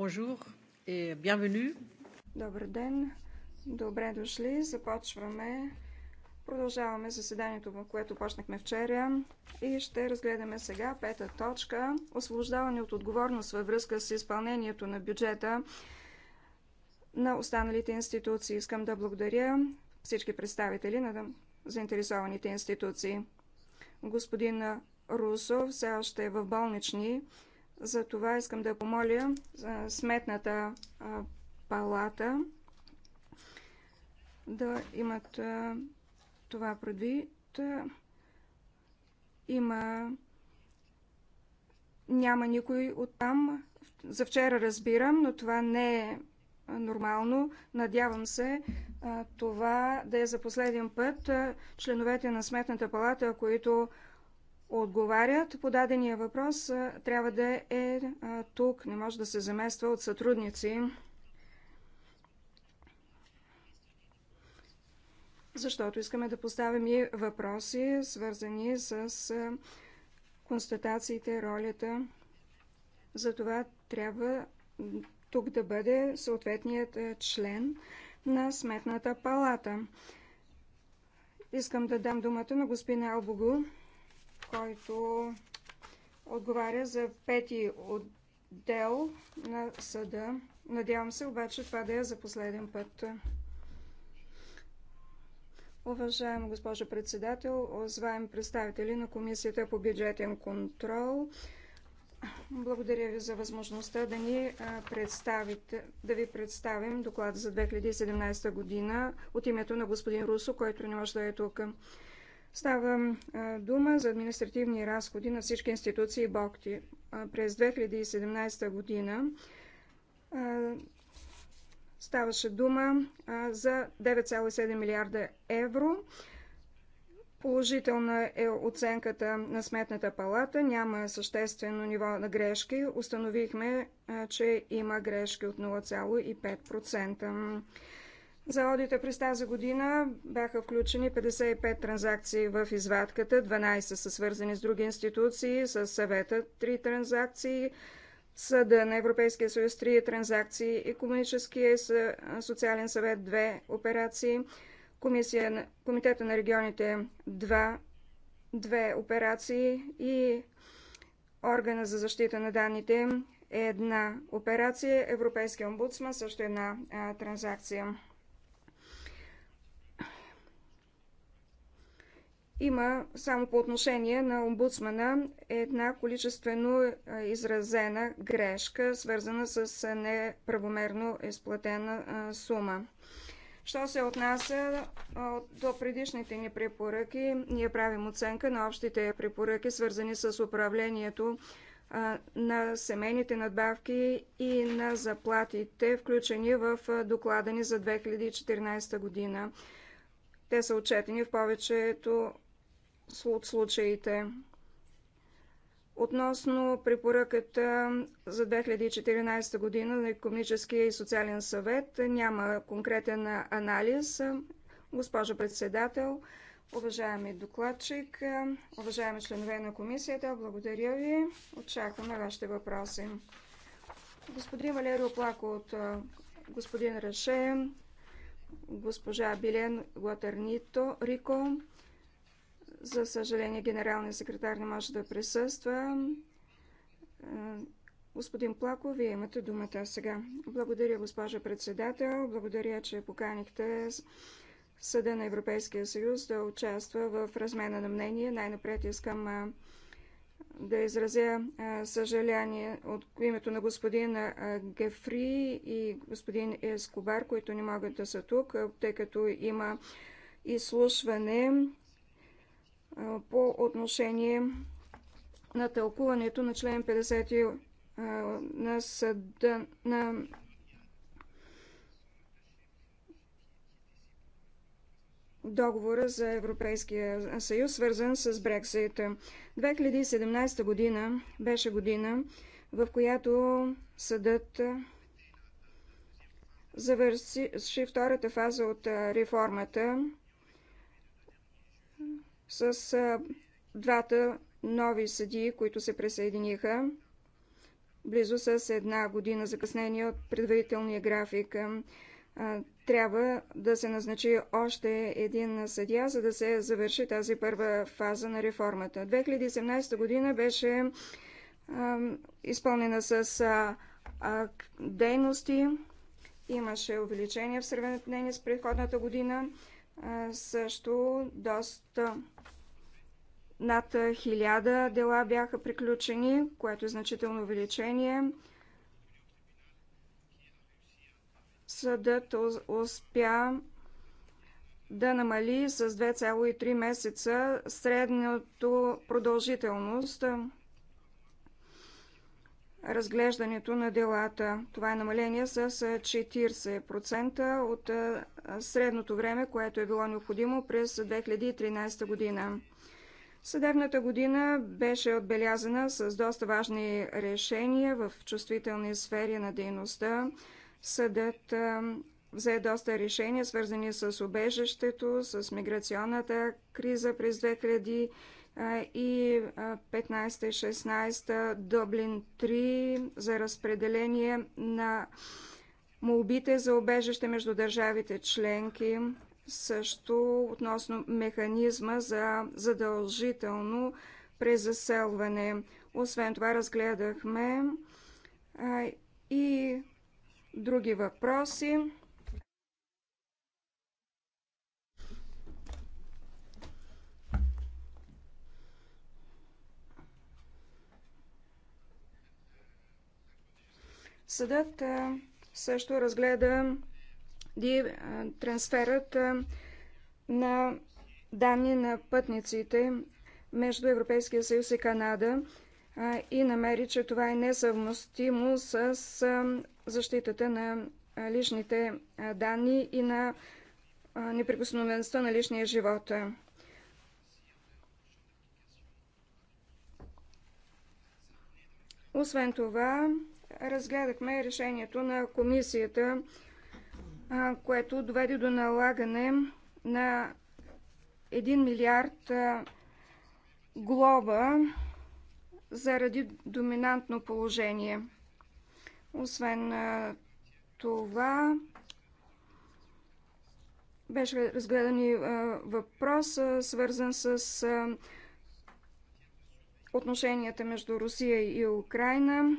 Bonjour et bienvenue. Добър ден. Добре дошли. Започваме. Продължаваме заседанието, което почнахме вчера и ще разгледаме сега пета точка – освобождаване от отговорност във връзка с изпълнението на бюджета на останалите институции. Искам да благодаря всички представители на заинтересованите институции. Господин Русов все още е в болнични за това искам да помоля сметната палата да имат това предвид. Има няма никой от там. За вчера разбирам, но това не е нормално. Надявам се това да е за последен път. Членовете на Сметната палата, които отговарят по дадения въпрос, трябва да е тук, не може да се замества от сътрудници. Защото искаме да поставим и въпроси, свързани с констатациите, ролята. Затова трябва тук да бъде съответният член на Сметната палата. Искам да дам думата на господин Албогу който отговаря за пети отдел на съда. Надявам се обаче това да е за последен път. Уважаема госпожо председател, озваем представители на Комисията по бюджетен контрол. Благодаря ви за възможността да ни представите, да ви представим доклада за 2017 година от името на господин Русо, който не може да е тук. Става дума за административни разходи на всички институции и бокти. През 2017 година ставаше дума за 9,7 милиарда евро. Положителна е оценката на Сметната палата. Няма съществено ниво на грешки. Установихме, че има грешки от 0,5%. За одита през тази година бяха включени 55 транзакции в извадката, 12 са свързани с други институции, с съвета 3 транзакции, Съда на Европейския съюз 3 транзакции, Економическия и социален съвет 2 операции, комисия, Комитета на регионите 2, 2 операции и Органа за защита на данните е една операция, Европейския омбудсман също е една а, транзакция. Има само по отношение на омбудсмана една количествено е, изразена грешка, свързана с е, неправомерно изплатена е, сума. Що се отнася до предишните ни препоръки, ние правим оценка на общите препоръки, свързани с управлението на семейните надбавки и на заплатите, включени в доклада ни за 2014 година. Те са отчетени в повечето от случаите. Относно препоръката за 2014 година на Економическия и социален съвет няма конкретен анализ. Госпожо председател, уважаеми докладчик, уважаеми членове на комисията, благодаря ви. Очакваме вашите въпроси. Господин Валерио Плако от господин Раше, госпожа Билен Гуатернито Рико, за съжаление, генералният секретар не може да присъства. Е, господин Плако, вие имате думата сега. Благодаря, госпожа председател. Благодаря, че поканихте Съда на Европейския съюз да участва в размена на мнение. Най-напред искам е, да изразя е, съжаление от името на господин Гефри и господин Ескобар, които не могат да са тук, тъй като има изслушване по отношение на тълкуването на член 50 на съда на договора за Европейския съюз, свързан с Брексит. 2017 година беше година, в която съдът завърши втората фаза от реформата с двата нови съдии, които се присъединиха близо с една година закъснение от предварителния график. Трябва да се назначи още един съдия, за да се завърши тази първа фаза на реформата. 2017 година беше изпълнена с дейности. Имаше увеличение в сравнение с предходната година също доста над 1000 дела бяха приключени, което е значително увеличение. Съдът успя да намали с 2,3 месеца средното продължителност разглеждането на делата. Това е намаление с 40% от средното време, което е било необходимо през 2013 година. Съдебната година беше отбелязана с доста важни решения в чувствителни сфери на дейността. Съдът взе доста решения, свързани с обежището, с миграционната криза през 2000 и 15 и 16 Дъблин 3 за разпределение на молбите за обежище между държавите членки, също относно механизма за задължително презаселване. Освен това разгледахме и други въпроси. Съдът също разгледа трансферът на данни на пътниците между Европейския съюз и Канада и намери, че това е несъвместимо с защитата на личните данни и на неприкосновеността на личния живот. Освен това, разгледахме решението на комисията, което доведе до налагане на 1 милиард глоба заради доминантно положение. Освен това, беше разгледан и въпрос, свързан с отношенията между Русия и Украина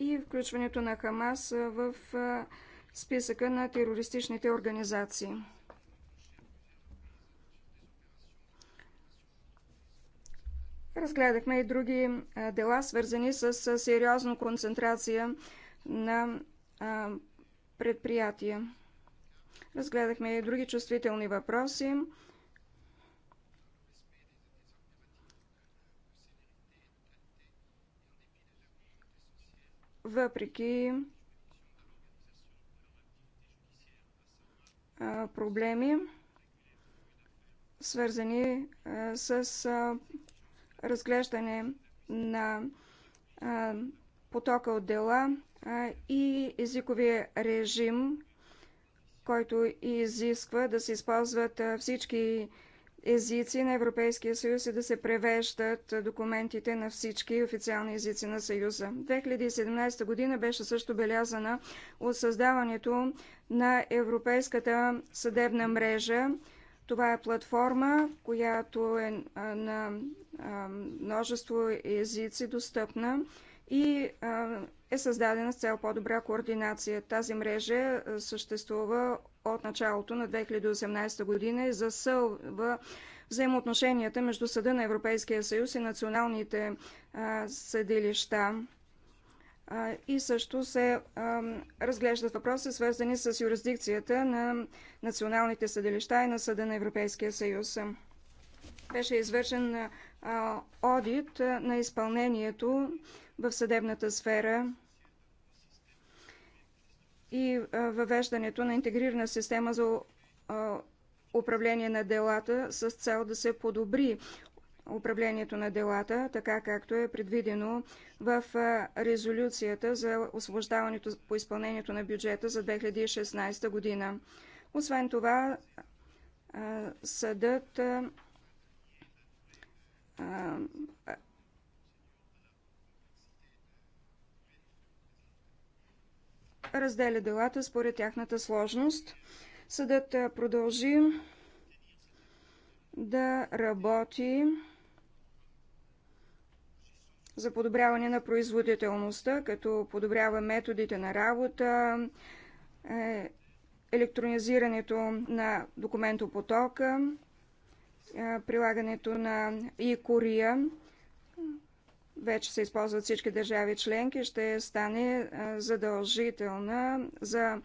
и включването на Хамас в списъка на терористичните организации. Разгледахме и други дела, свързани с сериозна концентрация на предприятия. Разгледахме и други чувствителни въпроси. въпреки проблеми, свързани с разглеждане на потока от дела и езиковия режим, който изисква да се използват всички езици на Европейския съюз и да се превеждат документите на всички официални езици на съюза. 2017 година беше също белязана от създаването на Европейската съдебна мрежа. Това е платформа, която е на множество езици достъпна и е създадена с цел по-добра координация. Тази мрежа съществува от началото на 2018 година и засълва взаимоотношенията между Съда на Европейския съюз и националните а, съдилища. А, и също се а, разглеждат въпроси, свързани с юрисдикцията на националните съдилища и на Съда на Европейския съюз. Беше извършен а, одит на изпълнението в съдебната сфера и въвеждането на интегрирана система за управление на делата с цел да се подобри управлението на делата, така както е предвидено в резолюцията за освобождаването по изпълнението на бюджета за 2016 година. Освен това, съдът разделя делата според тяхната сложност. Съдът продължи да работи за подобряване на производителността, като подобрява методите на работа, е, електронизирането на документопотока, е, прилагането на и кория вече се използват всички държави членки, ще стане задължителна за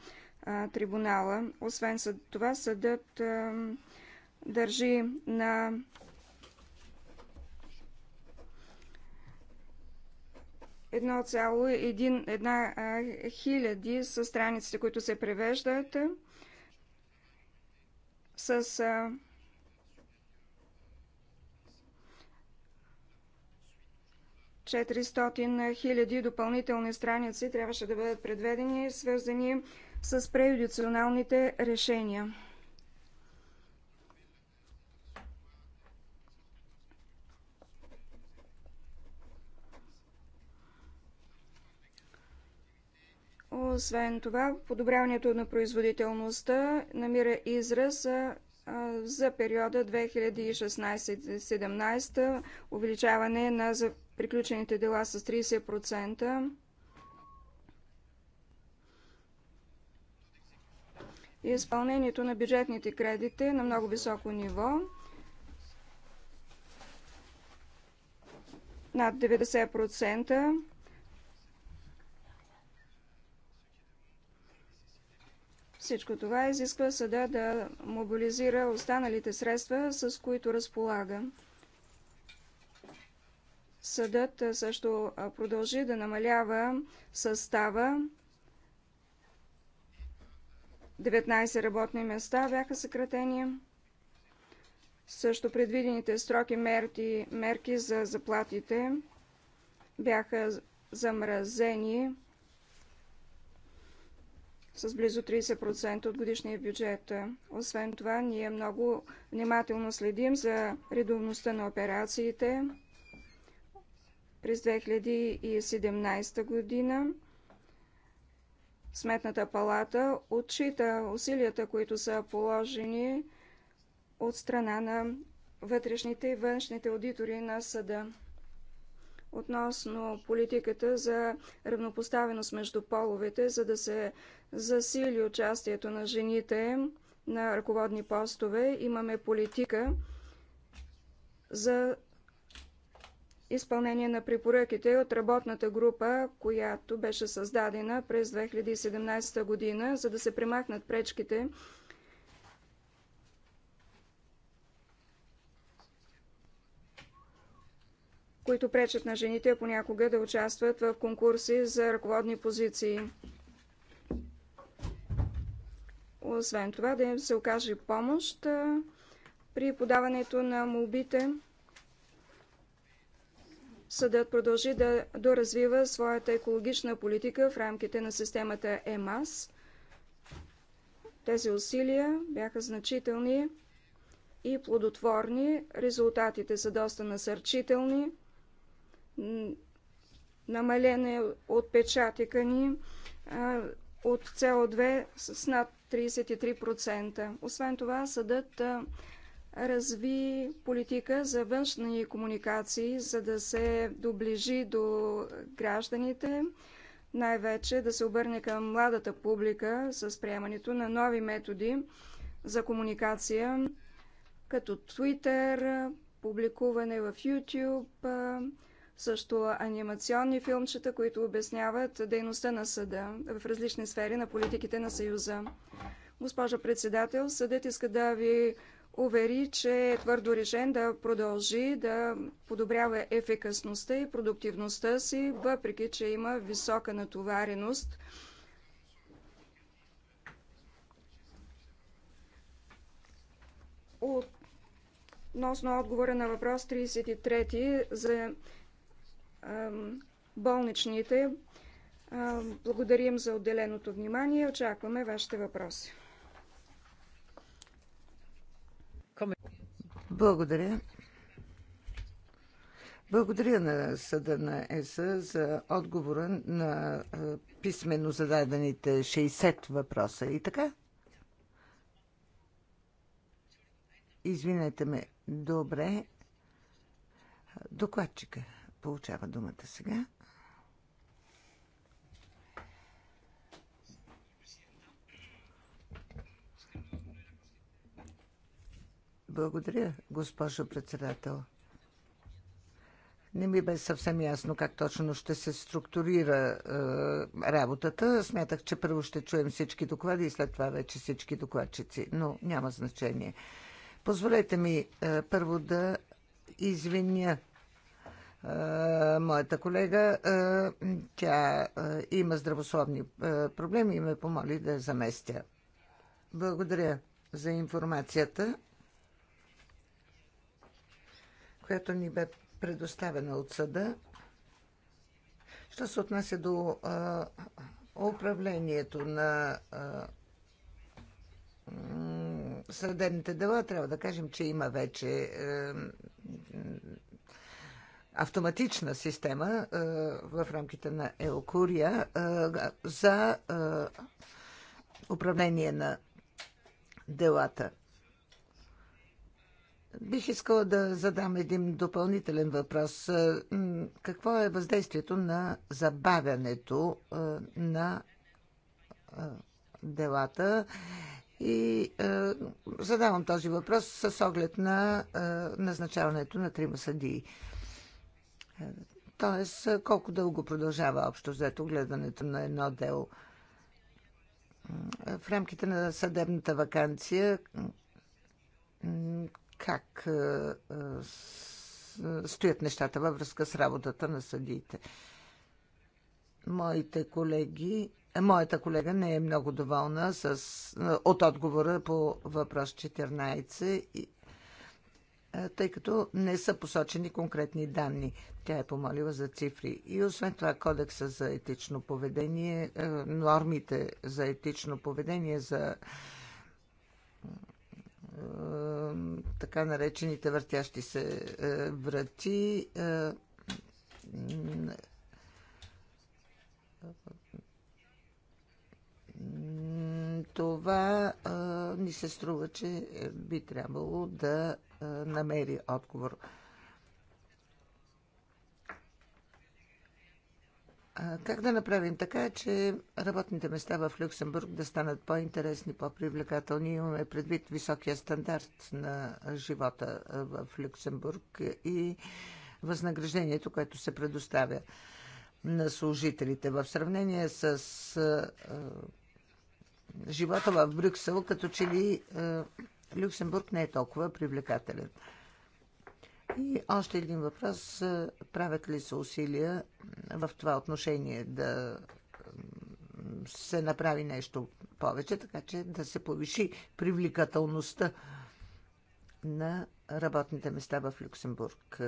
трибунала. Освен съд, това, съдът държи на едно цяло един, една хиляди са страниците, които се превеждат с а, 400 000 допълнителни страници трябваше да бъдат предведени, свързани с преюдиционалните решения. Освен това, подобряването на производителността намира израз за периода 2016-2017 увеличаване на приключените дела с 30%. И изпълнението на бюджетните кредити на много високо ниво. Над 90%. Всичко това изисква съда да мобилизира останалите средства, с които разполага. Съдът също продължи да намалява състава. 19 работни места бяха съкратени. Също предвидените строки мерки, мерки за заплатите бяха замразени с близо 30% от годишния бюджет. Освен това, ние много внимателно следим за редовността на операциите. През 2017 година Сметната палата отчита усилията, които са положени от страна на вътрешните и външните аудитори на съда относно политиката за равнопоставеност между половете, за да се засили участието на жените на ръководни постове. Имаме политика за изпълнение на препоръките от работната група, която беше създадена през 2017 година, за да се примахнат пречките които пречат на жените понякога да участват в конкурси за ръководни позиции. Освен това да им се окаже помощ при подаването на молбите. Съдът продължи да доразвива своята екологична политика в рамките на системата ЕМАС. Тези усилия бяха значителни и плодотворни. Резултатите са доста насърчителни. Намалене печатика ни от CO2 с над 33%. Освен това, съдът разви политика за външни комуникации, за да се доближи до гражданите, най-вече да се обърне към младата публика с приемането на нови методи за комуникация, като Twitter, публикуване в YouTube, също анимационни филмчета, които обясняват дейността на съда в различни сфери на политиките на Съюза. Госпожа председател, съдът иска да ви увери, че е твърдо решен да продължи да подобрява ефикасността и продуктивността си, въпреки че има висока натовареност. Относно отговора на въпрос 33 за болничните, благодарим за отделеното внимание и очакваме вашите въпроси. Благодаря. Благодаря на съда на ЕСА за отговора на писменно зададените 60 въпроса. И така? Извинете ме. Добре. Докладчика получава думата сега. Благодаря, госпожо председател. Не ми бе съвсем ясно как точно ще се структурира е, работата. Смятах, че първо ще чуем всички доклади и след това вече всички докладчици, но няма значение. Позволете ми е, първо да извиня е, моята колега. Е, тя е, има здравословни проблеми и ме помоли да я заместя. Благодаря за информацията която ни бе предоставена от съда. Що се отнася до а, управлението на а, съдебните дела, трябва да кажем, че има вече а, е, автоматична система а, е, в рамките на Елкурия а, е, за а, управление на делата. Бих искала да задам един допълнителен въпрос. Е, какво е въздействието на забавянето е, на е, делата? И задавам този въпрос с оглед на назначаването на трима съдии. Тоест, колко дълго продължава общо взето гледането на едно дело? В рамките на съдебната вакансия, как е, е, стоят нещата във връзка с работата на съдиите. Моите колеги, е, моята колега не е много доволна с, от отговора по въпрос 14, тъй като не са посочени конкретни данни. Тя е помолила за цифри. И освен това, кодекса за етично поведение, нормите за етично поведение, за така наречените въртящи се е, врати. Е, това ни е, се струва, че би трябвало да намери отговор. Как да направим така, че работните места в Люксембург да станат по-интересни, по-привлекателни? Имаме предвид високия стандарт на живота в Люксембург и възнаграждението, което се предоставя на служителите. В сравнение с живота в Брюксел, като че ли Люксембург не е толкова привлекателен. И още един въпрос. Правят ли се усилия в това отношение да се направи нещо повече, така че да се повиши привлекателността на работните места в Люксембург?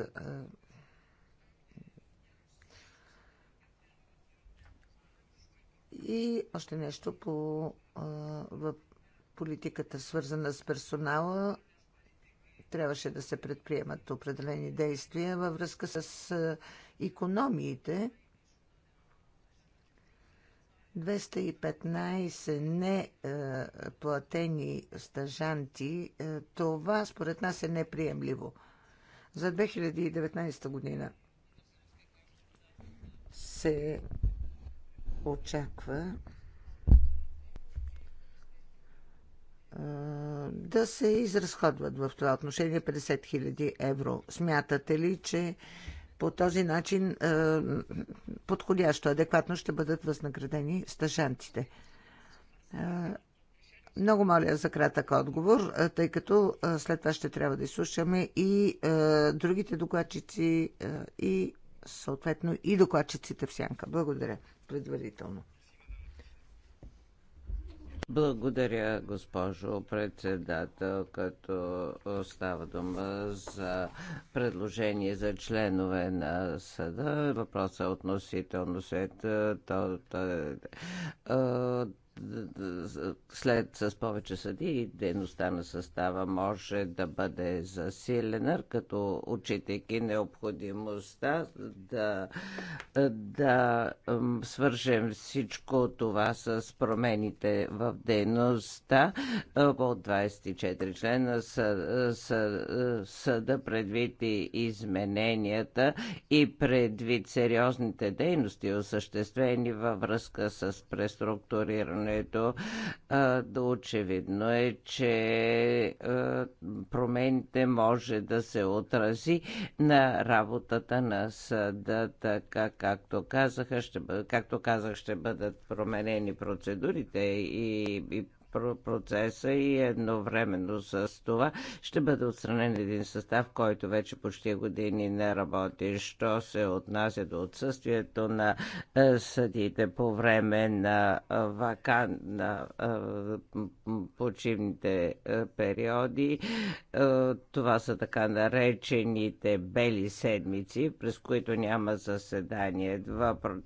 И още нещо по политиката, свързана с персонала трябваше да се предприемат определени действия във връзка с економиите. 215 неплатени стажанти. Това според нас е неприемливо. За 2019 година се очаква да се изразходват в това отношение 50 000 евро. Смятате ли, че по този начин е, подходящо, адекватно ще бъдат възнаградени стажантите? Е, много моля за кратък отговор, е, тъй като след това ще трябва да изслушаме и другите докладчици и съответно и докладчиците в сянка. Благодаря предварително. Благодаря, госпожо председател, като става дума за предложение за членове на съда. Въпросът е относително след този. Е, след с повече съди дейността на състава може да бъде засилена, като отчитайки необходимостта да, да свържем всичко това с промените в дейността по 24 члена съда предвид и измененията и предвид сериозните дейности, осъществени във връзка с преструктуриране гласуването. Очевидно е, че промените може да се отрази на работата на съда, така както, казаха, ще както казах, ще бъдат променени процедурите и, и процеса и едновременно с това ще бъде отстранен един състав, който вече почти години не работи. Що се отнася до отсъствието на е, съдите по време на, е, вакан, на е, почивните периоди, това са така наречените бели седмици, през които няма заседание.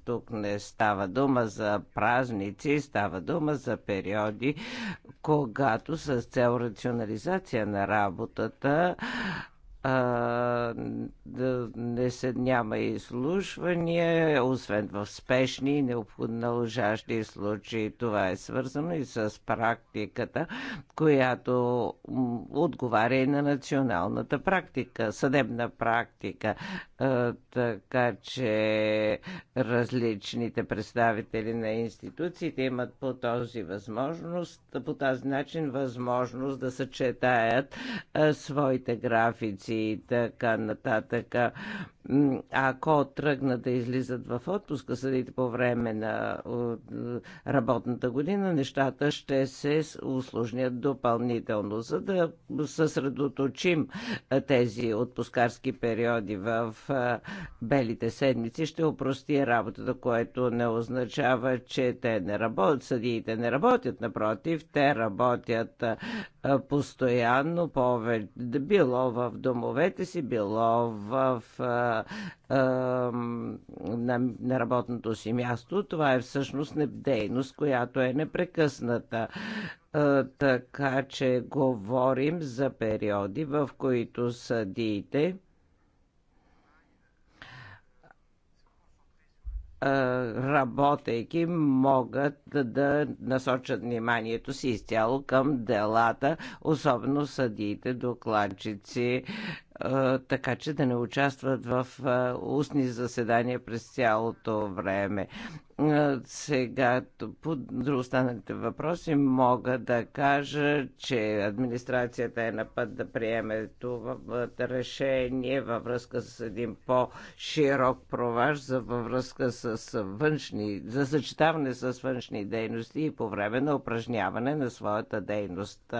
Тук не става дума за празници, става дума за периоди, когато с цел рационализация на работата а, да не се няма изслушвания, освен в спешни и необходи случаи. Това е свързано и с практиката, която отговаря и на националната практика, съдебна практика така че различните представители на институциите имат по този възможност, по този начин възможност да съчетаят своите графици и така нататък. Ако тръгнат да излизат в отпуска съдите по време на работната година, нещата ще се усложнят допълнително. За да съсредоточим тези отпускарски периоди в белите седмици ще опрости работата, което не означава, че те не работят, съдиите не работят, напротив, те работят постоянно, повече, било в домовете си, било в на, на работното си място. Това е всъщност дейност, която е непрекъсната. Така че говорим за периоди, в които съдиите работейки, могат да насочат вниманието си изцяло към делата, особено съдиите, докладчици, така че да не участват в устни заседания през цялото време. Сега по останалите въпроси мога да кажа, че администрацията е на път да приеме това решение във връзка с един по-широк проваж за във връзка с външни, за съчетаване с външни дейности и по време на упражняване на своята дейност.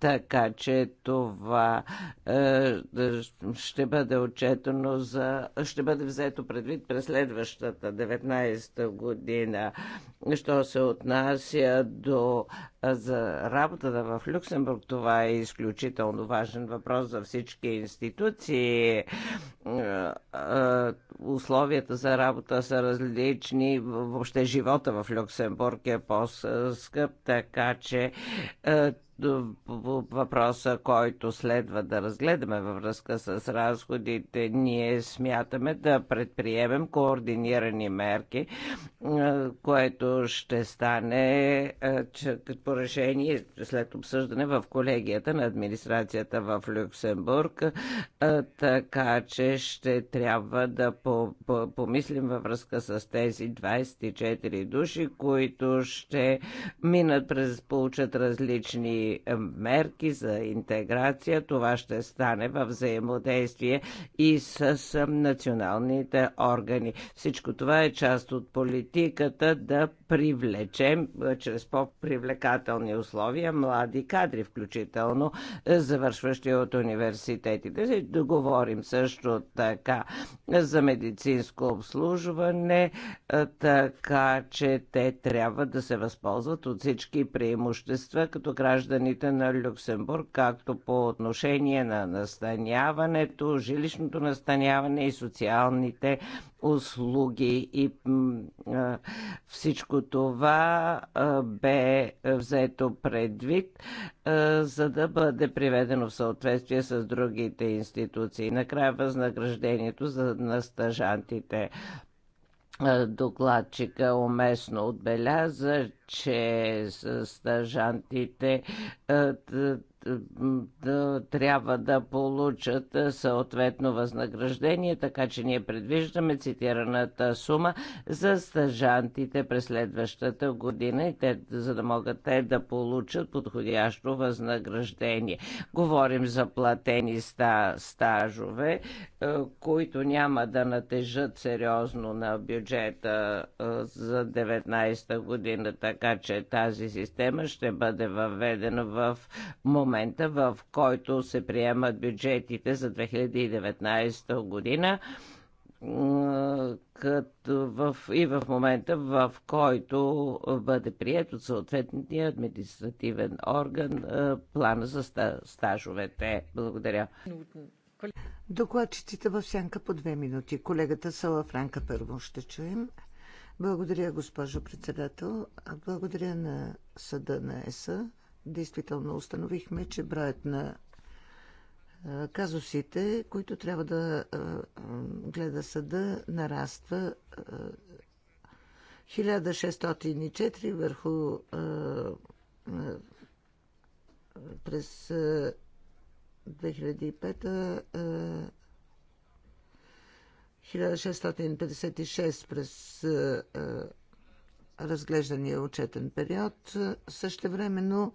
Така че това е, е, ще бъде отчетено за... ще бъде взето предвид през следващата 19-та година. Що се отнася до е, за работата в Люксембург, това е изключително важен въпрос за всички институции. Е, условията за работа са различни. Въобще живота в Люксембург е по-скъп, така че въпроса, който следва да разгледаме във връзка с разходите, ние смятаме да предприемем координирани мерки, което ще стане по решение след обсъждане в колегията на администрацията в Люксембург, така че ще трябва да помислим във връзка с тези 24 души, които ще минат през, получат различни мерки за интеграция. Това ще стане във взаимодействие и с националните органи. Всичко това е част от политиката да привлечем чрез по-привлекателни условия млади кадри, включително завършващи от университетите. Да говорим също така за медицинско обслужване, така че те трябва да се възползват от всички преимущества като граждани гражданите на Люксембург, както по отношение на настаняването, жилищното настаняване и социалните услуги. И всичко това бе взето предвид, за да бъде приведено в съответствие с другите институции. Накрая възнаграждението за на стажантите. Е, докладчика уместно отбеляза, че стъжантите трябва да получат съответно възнаграждение, така че ние предвиждаме цитираната сума за стъжантите през следващата година, и те, за да могат те да получат подходящо възнаграждение. Говорим за платени ста, стажове, които няма да натежат сериозно на бюджета за 19 година, така че тази система ще бъде въведена в момента момента, в който се приемат бюджетите за 2019 година като в, и в момента, в който бъде прият от съответния административен орган е, плана за стажовете. Благодаря. Докладчиците в сянка по две минути. Колегата Сала Франка първо ще чуем. Благодаря, госпожо председател. Благодаря на съда на ЕСА действително установихме, че броят на казусите, които трябва да гледа съда, нараства 1604 върху през 2005 1656 през разглеждания отчетен период. също времено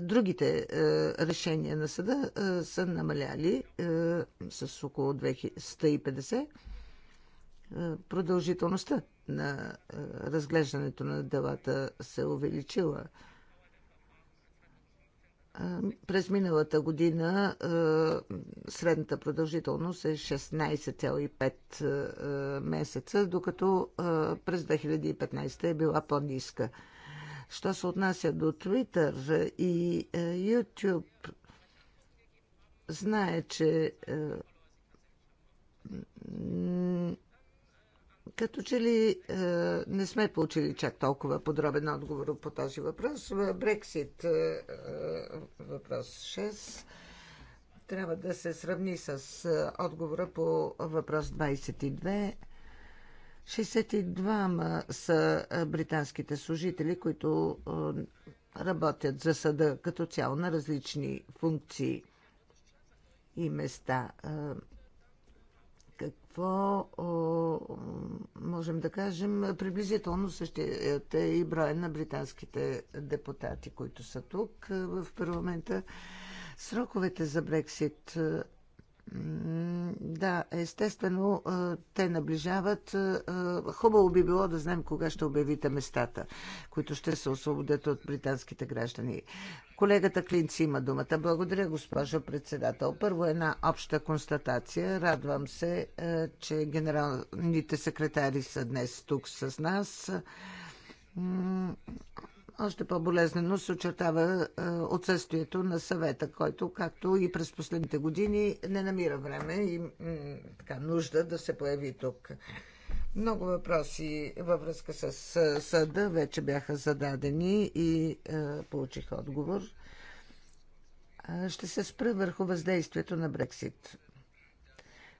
Другите е, решения на съда е, са намаляли е, с около е, продължителността на разглеждането на делата се е увеличила. През миналата година средната продължителност е 16,5 месеца, докато през 2015 е била по-ниска. Що се отнася до Twitter и е, YouTube, знае, че е, като че ли е, не сме получили чак толкова подробен отговор по този въпрос. Брексит е, е въпрос 6 трябва да се сравни с отговора по въпрос 22. 62 са британските служители, които работят за съда като цяло на различни функции и места. Какво можем да кажем? Приблизително същият е и броя на британските депутати, които са тук в парламента. Сроковете за Брексит да, естествено, те наближават. Хубаво би било да знаем кога ще обявите местата, които ще се освободят от британските граждани. Колегата Клинци има думата. Благодаря, госпожо председател. Първо една обща констатация. Радвам се, че генералните секретари са днес тук с нас. Още по-болезнено се очертава е, отсъствието на съвета, който, както и през последните години, не намира време и така, нужда да се появи тук. Много въпроси във връзка с е, съда вече бяха зададени и е, получих отговор. Е, ще се спра върху въздействието на Брексит.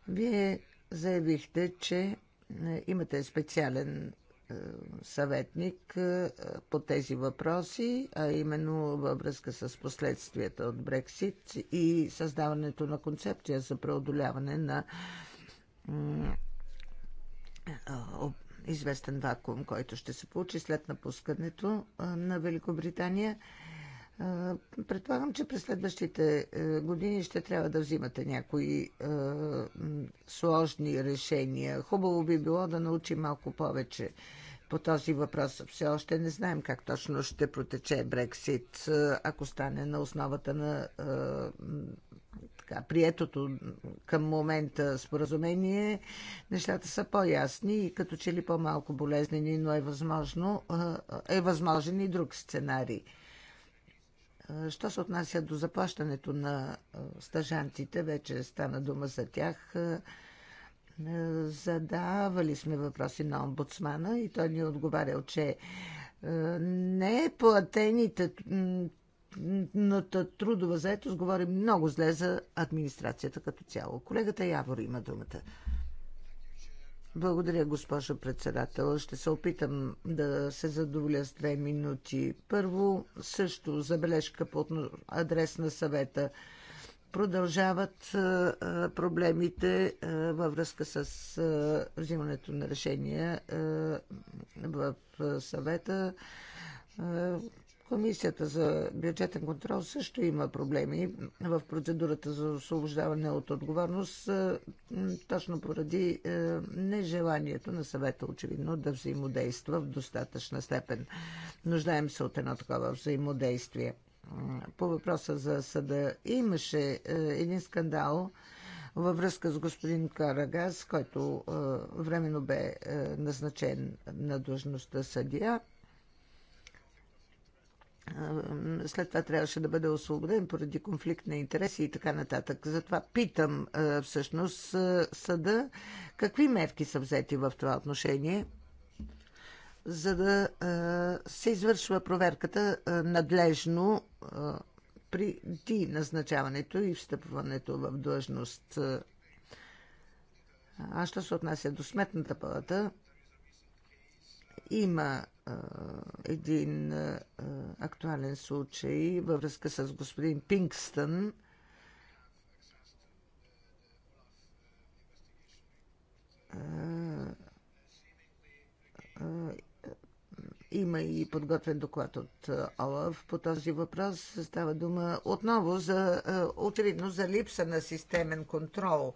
Вие заявихте, че имате специален съветник е, по тези въпроси, а именно във връзка с последствията от Брексит и създаването на концепция за преодоляване на известен вакуум, който ще се получи след напускането на Великобритания. Предполагам, че през следващите е, години ще трябва да взимате някои е, сложни решения. Хубаво би било да научим малко повече по този въпрос. Все още не знаем как точно ще протече Брексит, ако стане на основата на така, приетото към момента споразумение, нещата са по-ясни и като че ли по-малко болезнени, но е, възможно, е възможен и друг сценарий. Що се отнася до заплащането на стажантите, вече стана дума за тях. Задавали сме въпроси на омбудсмана и той ни е отговарял, че е, не платените трудова заетост говори много зле за администрацията като цяло. Колегата Явор има думата. Благодаря, госпожо председател. Ще се опитам да се задоволя с две минути. Първо, също забележка по адрес на съвета продължават проблемите във връзка с взимането на решения в съвета. Комисията за бюджетен контрол също има проблеми в процедурата за освобождаване от отговорност, точно поради нежеланието на съвета, очевидно, да взаимодейства в достатъчна степен. Нуждаем се от едно такова взаимодействие по въпроса за съда. Имаше е, един скандал във връзка с господин Карагас, който е, временно бе е, назначен на длъжността съдия. След това трябваше да бъде освободен поради конфликт на интереси и така нататък. Затова питам всъщност съда какви мерки са взети в това отношение – за да се извършва проверката надлежно ти назначаването и встъпването в длъжност. А що се отнася до сметната палата, има а, един а, актуален случай във връзка с господин Пингстън. а, има и подготвен доклад от е, ОЛАВ по този въпрос. Става дума отново за, е, очевидно, за липса на системен контрол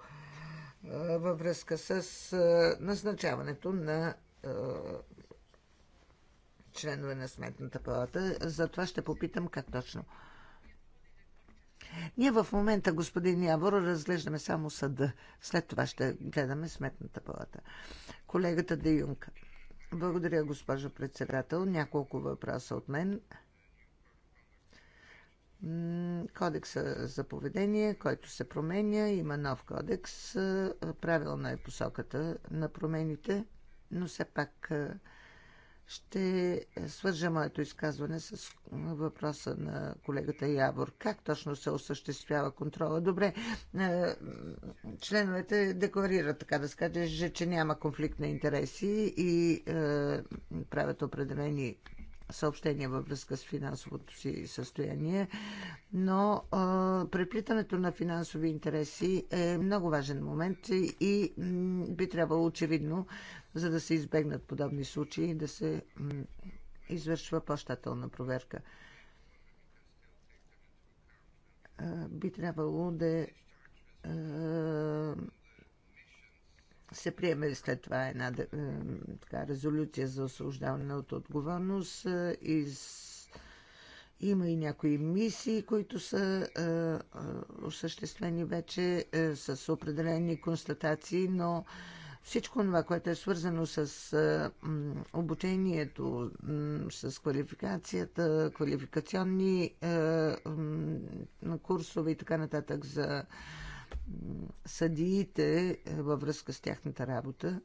е, във връзка с назначаването на членове на Сметната палата. За това ще попитам как точно. Ние в момента, господин Явор, разглеждаме само съда. След това ще гледаме Сметната палата. Колегата Де Юнка. Благодаря, госпожо председател. Няколко въпроса от мен. Кодекса за поведение, който се променя, има нов кодекс. Правилна е посоката на промените, но все пак ще свържа моето изказване с въпроса на колегата Явор. Как точно се осъществява контрола? Добре, е, членовете декларират, така да скаже, че няма конфликт на интереси и е, правят определени съобщения във връзка с финансовото си състояние, но а, е, преплитането на финансови интереси е много важен момент и, и би трябвало очевидно за да се избегнат подобни случаи и да се извършва по-щателна проверка. Би трябвало да се приеме след това една така, резолюция за освобождаване от отговорност и има и някои мисии, които са а, е, а, осъществени вече а, е, с определени констатации, но всичко това, което е свързано с обучението, с квалификацията, квалификационни курсове и така нататък за съдиите във връзка с тяхната работа,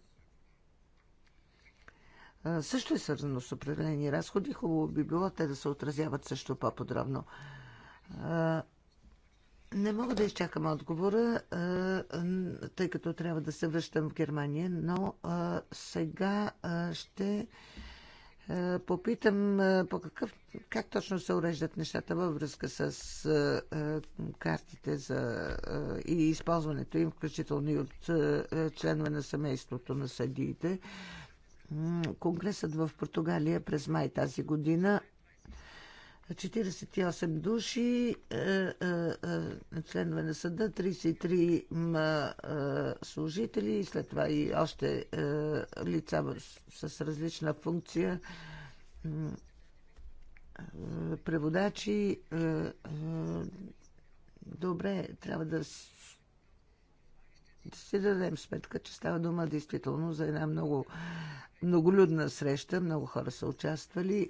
също е свързано с определени разходи. Хубаво би било те да се отразяват също по-подробно. Не мога да изчакам отговора, тъй като трябва да се връщам в Германия, но сега ще попитам по какъв, как точно се уреждат нещата във връзка с картите за, и използването им, включително и от членове на семейството на съдиите. Конгресът в Португалия през май тази година 48 души, е, е, е, членове на съда, 33 служители и след това и още лица с различна функция, преводачи. Добре, трябва да да си дадем сметка, че става дума действително за една много многолюдна среща. Много хора са участвали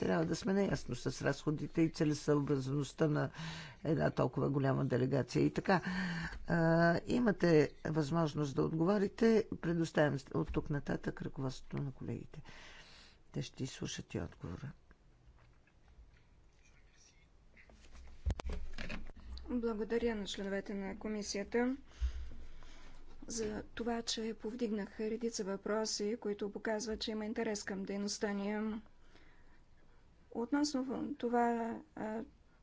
трябва да сме наясно с разходите и целесъобразността на една толкова голяма делегация. И така, а, имате възможност да отговорите. Предоставям от тук нататък ръководството на колегите. Те ще изслушат и отговора. Благодаря на членовете на комисията за това, че повдигнаха редица въпроси, които показват, че има интерес към дейността ни. Относно това,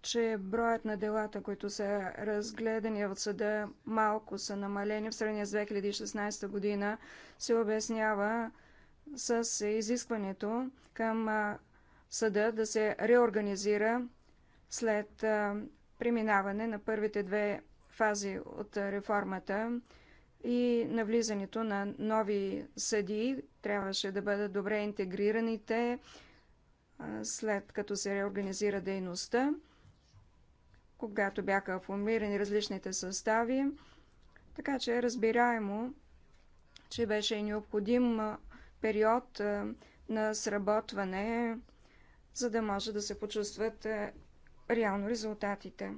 че броят на делата, които са разгледани от съда, малко са намалени в сравнение с 2016 година, се обяснява с изискването към съда да се реорганизира след преминаване на първите две фази от реформата и навлизането на нови съдии. Трябваше да бъдат добре интегрираните след като се реорганизира дейността, когато бяха формирани различните състави, така че е разбираемо, че беше необходим период на сработване, за да може да се почувстват реално резултатите.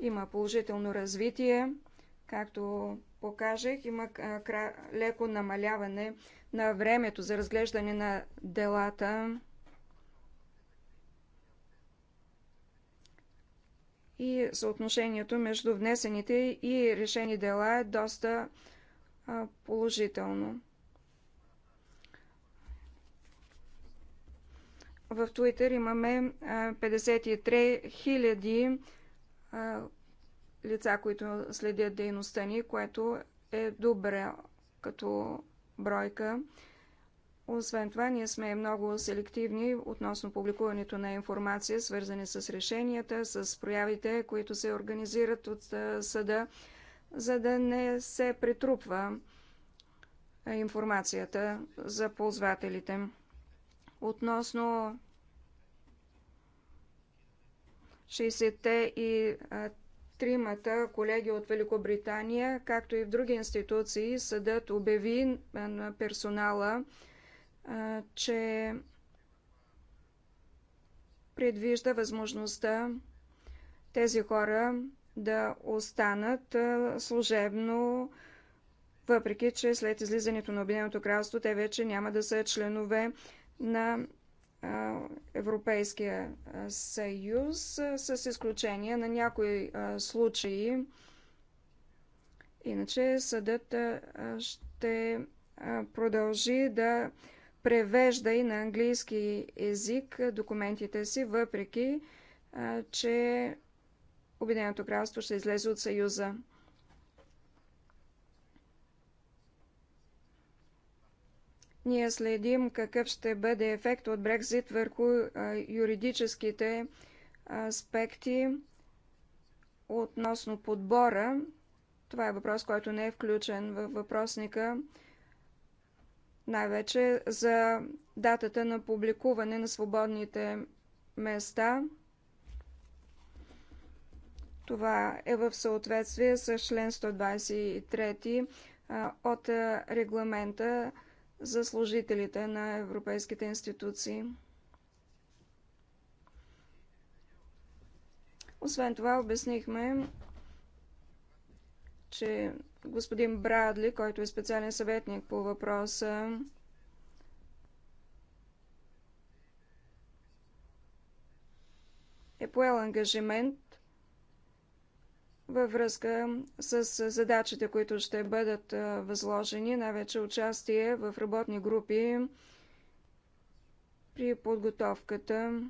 Има положително развитие, както покажех, има леко намаляване на времето за разглеждане на делата и съотношението между внесените и решени дела е доста положително. В Twitter имаме 53 000 лица, които следят дейността ни, което е добре като бройка. Освен това, ние сме много селективни относно публикуването на информация, свързани с решенията, с проявите, които се организират от съда, за да не се притрупва информацията за ползвателите. Относно 60-те и тримата колеги от Великобритания, както и в други институции, съдът обяви на персонала, че предвижда възможността тези хора да останат служебно, въпреки че след излизането на Обединеното кралство те вече няма да са членове на Европейския съюз, с изключение на някои случаи. Иначе съдът ще продължи да превежда и на английски език документите си, въпреки че Обединеното кралство ще излезе от Съюза. Ние следим какъв ще бъде ефект от Брекзит върху юридическите аспекти относно подбора. Това е въпрос, който не е включен във въпросника, най-вече за датата на публикуване на свободните места. Това е в съответствие с член 123 от регламента за служителите на европейските институции. Освен това, обяснихме, че господин Брадли, който е специален съветник по въпроса, е поел ангажимент във връзка с задачите, които ще бъдат възложени, най-вече участие в работни групи при подготовката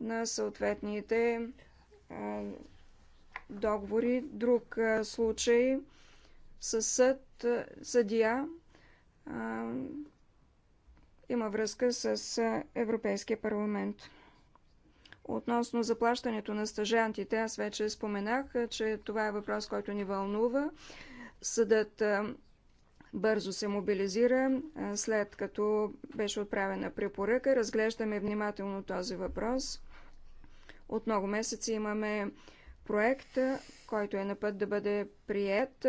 на съответните договори. Друг случай със съд, съдия има връзка с Европейския парламент. Относно заплащането на стажантите, аз вече споменах, че това е въпрос, който ни вълнува. Съдът бързо се мобилизира, след като беше отправена препоръка. Разглеждаме внимателно този въпрос. От много месеци имаме проект, който е на път да бъде прият,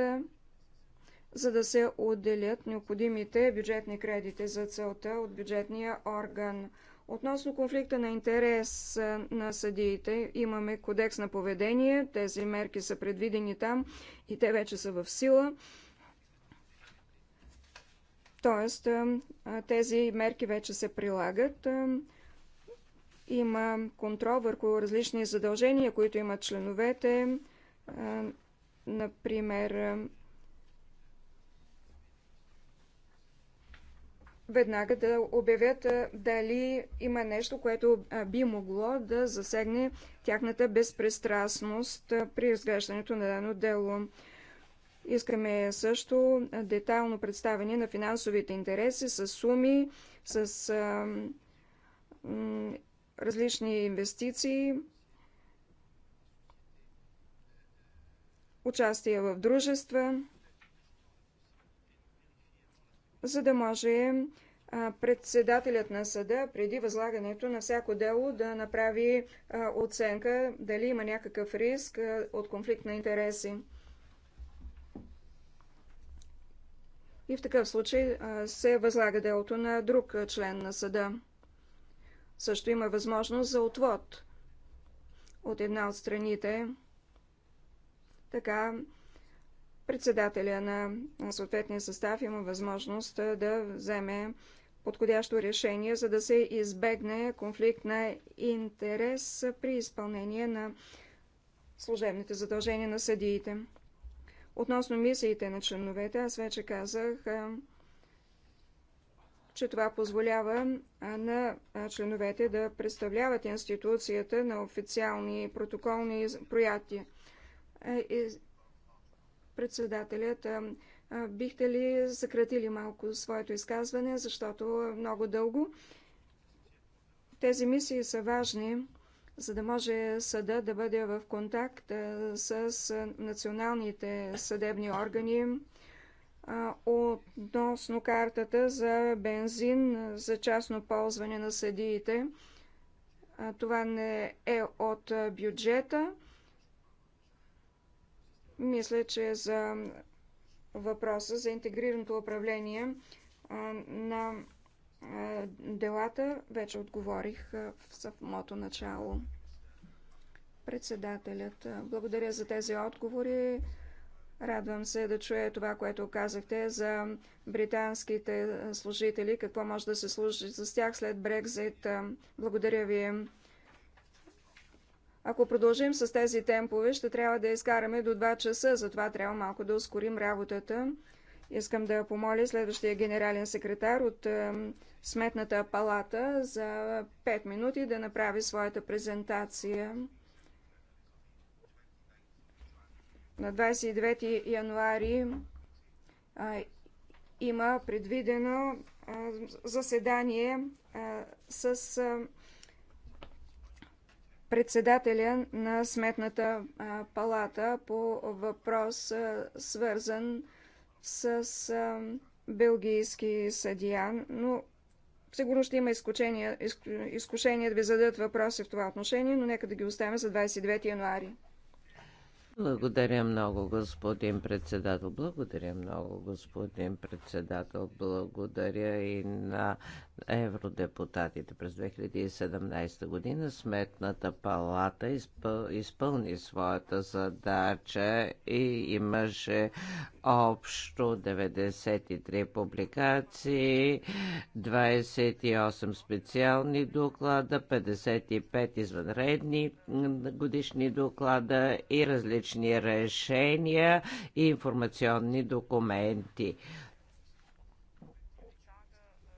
за да се отделят необходимите бюджетни кредити за целта от бюджетния орган – Относно конфликта на интерес на съдиите, имаме кодекс на поведение. Тези мерки са предвидени там и те вече са в сила. Тоест, тези мерки вече се прилагат. Има контрол върху различни задължения, които имат членовете. Например, веднага да обявят дали има нещо, което би могло да засегне тяхната безпристрастност при разглеждането на дано дело. Искаме също детайлно представяне на финансовите интереси с суми, с а, м, различни инвестиции, участие в дружества за да може председателят на съда, преди възлагането на всяко дело, да направи оценка дали има някакъв риск от конфликт на интереси. И в такъв случай се възлага делото на друг член на съда. Също има възможност за отвод от една от страните. Така председателя на съответния състав има възможност да вземе подходящо решение, за да се избегне конфликт на интерес при изпълнение на служебните задължения на съдиите. Относно мисиите на членовете, аз вече казах, че това позволява на членовете да представляват институцията на официални протоколни прояти. Председателят, бихте ли съкратили малко своето изказване, защото е много дълго. Тези мисии са важни, за да може съда да бъде в контакт с националните съдебни органи относно картата за бензин за частно ползване на съдиите. Това не е от бюджета. Мисля, че за въпроса за интегрираното управление на делата вече отговорих в самото начало. Председателят, благодаря за тези отговори. Радвам се да чуя това, което казахте за британските служители, какво може да се служи с тях след Брекзит. Благодаря ви. Ако продължим с тези темпове, ще трябва да изкараме до 2 часа, затова трябва малко да ускорим работата. Искам да помоля следващия генерален секретар от е, Сметната палата за 5 минути да направи своята презентация. На 29 януари а, има предвидено а, заседание а, с. А, председателя на Сметната палата по въпрос, свързан с белгийски съдия, но сигурно ще има изкушение, изкушение да ви зададат въпроси в това отношение, но нека да ги оставим за 29 януари. Благодаря много, господин председател. Благодаря много, господин председател. Благодаря и на евродепутатите през 2017 година Сметната палата изпъл... изпълни своята задача и имаше общо 93 публикации, 28 специални доклада, 55 извънредни годишни доклада и различни решения и информационни документи.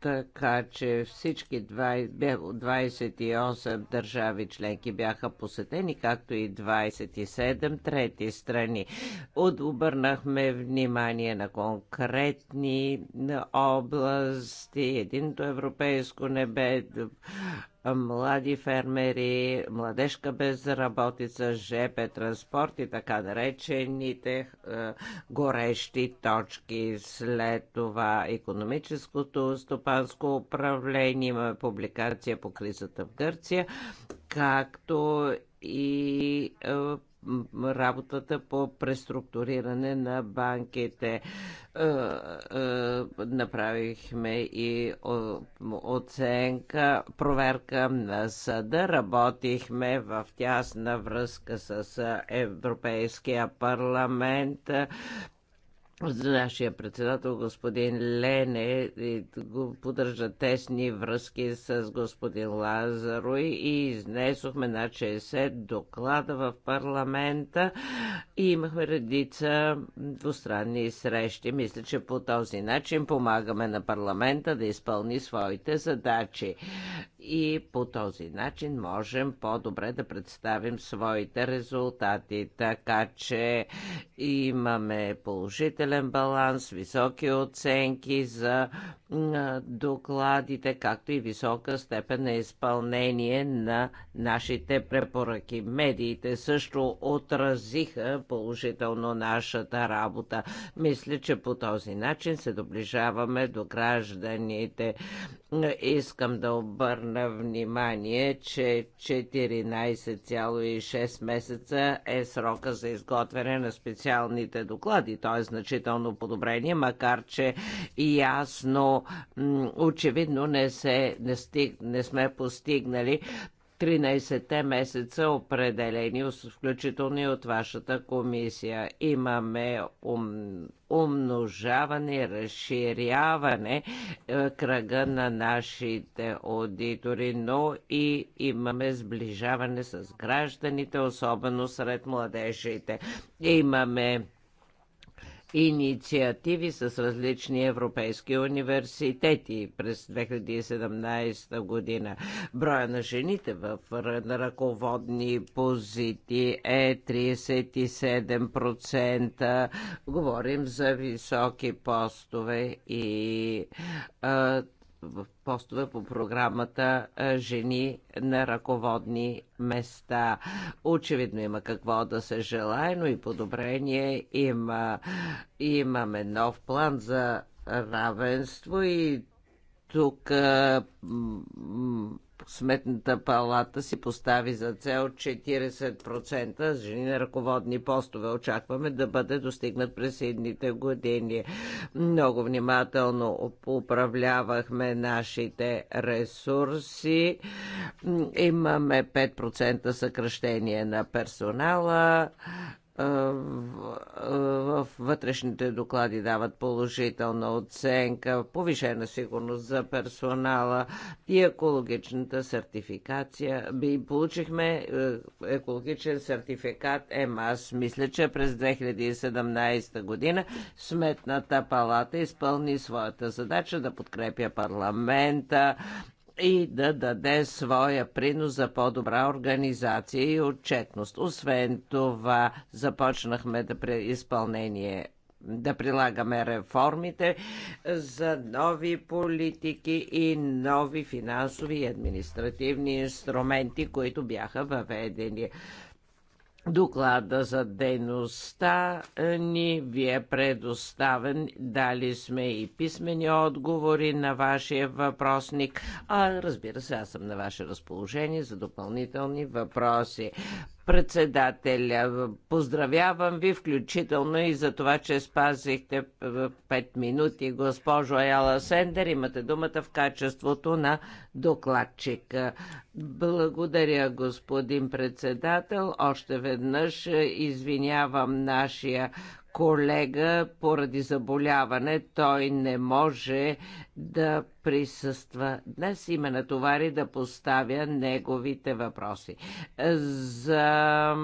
така че всички 28 държави членки бяха посетени, както и 27 трети страни. Обърнахме внимание на конкретни области, единто европейско небе, млади фермери, младежка безработица, ЖП транспорт и така наречените е, горещи точки. След това економическото стопанство испанско управление. Имаме публикация по кризата в Гърция, както и е, работата по преструктуриране на банките. Е, е, направихме и оценка, проверка на съда. Работихме в тясна връзка с Европейския парламент Нашия председател господин Лене го поддържа тесни връзки с господин Лазаро и изнесохме на 60 доклада в парламента и имахме редица двустранни срещи. Мисля, че по този начин помагаме на парламента да изпълни своите задачи и по този начин можем по-добре да представим своите резултати. Така че имаме положителен баланс, високи оценки за докладите, както и висока степен на изпълнение на нашите препоръки. Медиите също отразиха положително нашата работа. Мисля, че по този начин се доближаваме до гражданите. Искам да обърна внимание, че 14,6 месеца е срока за изготвяне на специалните доклади. То е значително подобрение, макар че ясно, очевидно не, се, не, стиг, не сме постигнали 13-те месеца определени, включително и от вашата комисия. Имаме ум, умножаване, разширяване е, кръга на нашите аудитори, но и имаме сближаване с гражданите, особено сред младежите. Имаме инициативи с различни европейски университети през 2017 година. Броя на жените в ръководни позити е 37%. Говорим за високи постове и а, в постове по програмата Жени на ръководни места. Очевидно има какво да се желае, но и подобрение има. Имаме нов план за равенство и тук Сметната палата си постави за цел 40% жени на ръководни постове. Очакваме да бъде достигнат през едните години. Много внимателно управлявахме нашите ресурси. Имаме 5% съкръщение на персонала в вътрешните доклади дават положителна оценка, повишена сигурност за персонала и екологичната сертификация. Би получихме екологичен сертификат ЕМАС. Мисля, че през 2017 година Сметната палата изпълни своята задача да подкрепя парламента, и да даде своя принос за по-добра организация и отчетност. Освен това, започнахме да при изпълнение да прилагаме реформите за нови политики и нови финансови и административни инструменти, които бяха въведени доклада за дейността е, ни ви е предоставен. Дали сме и писмени отговори на вашия въпросник, а разбира се, аз съм на ваше разположение за допълнителни въпроси. Председателя, поздравявам ви, включително и за това, че спазихте 5 минути. Госпожо Аяла Сендер, имате думата в качеството на докладчик. Благодаря, господин председател. Още веднъж извинявам нашия колега поради заболяване. Той не може да присъства днес и ме натовари да поставя неговите въпроси. За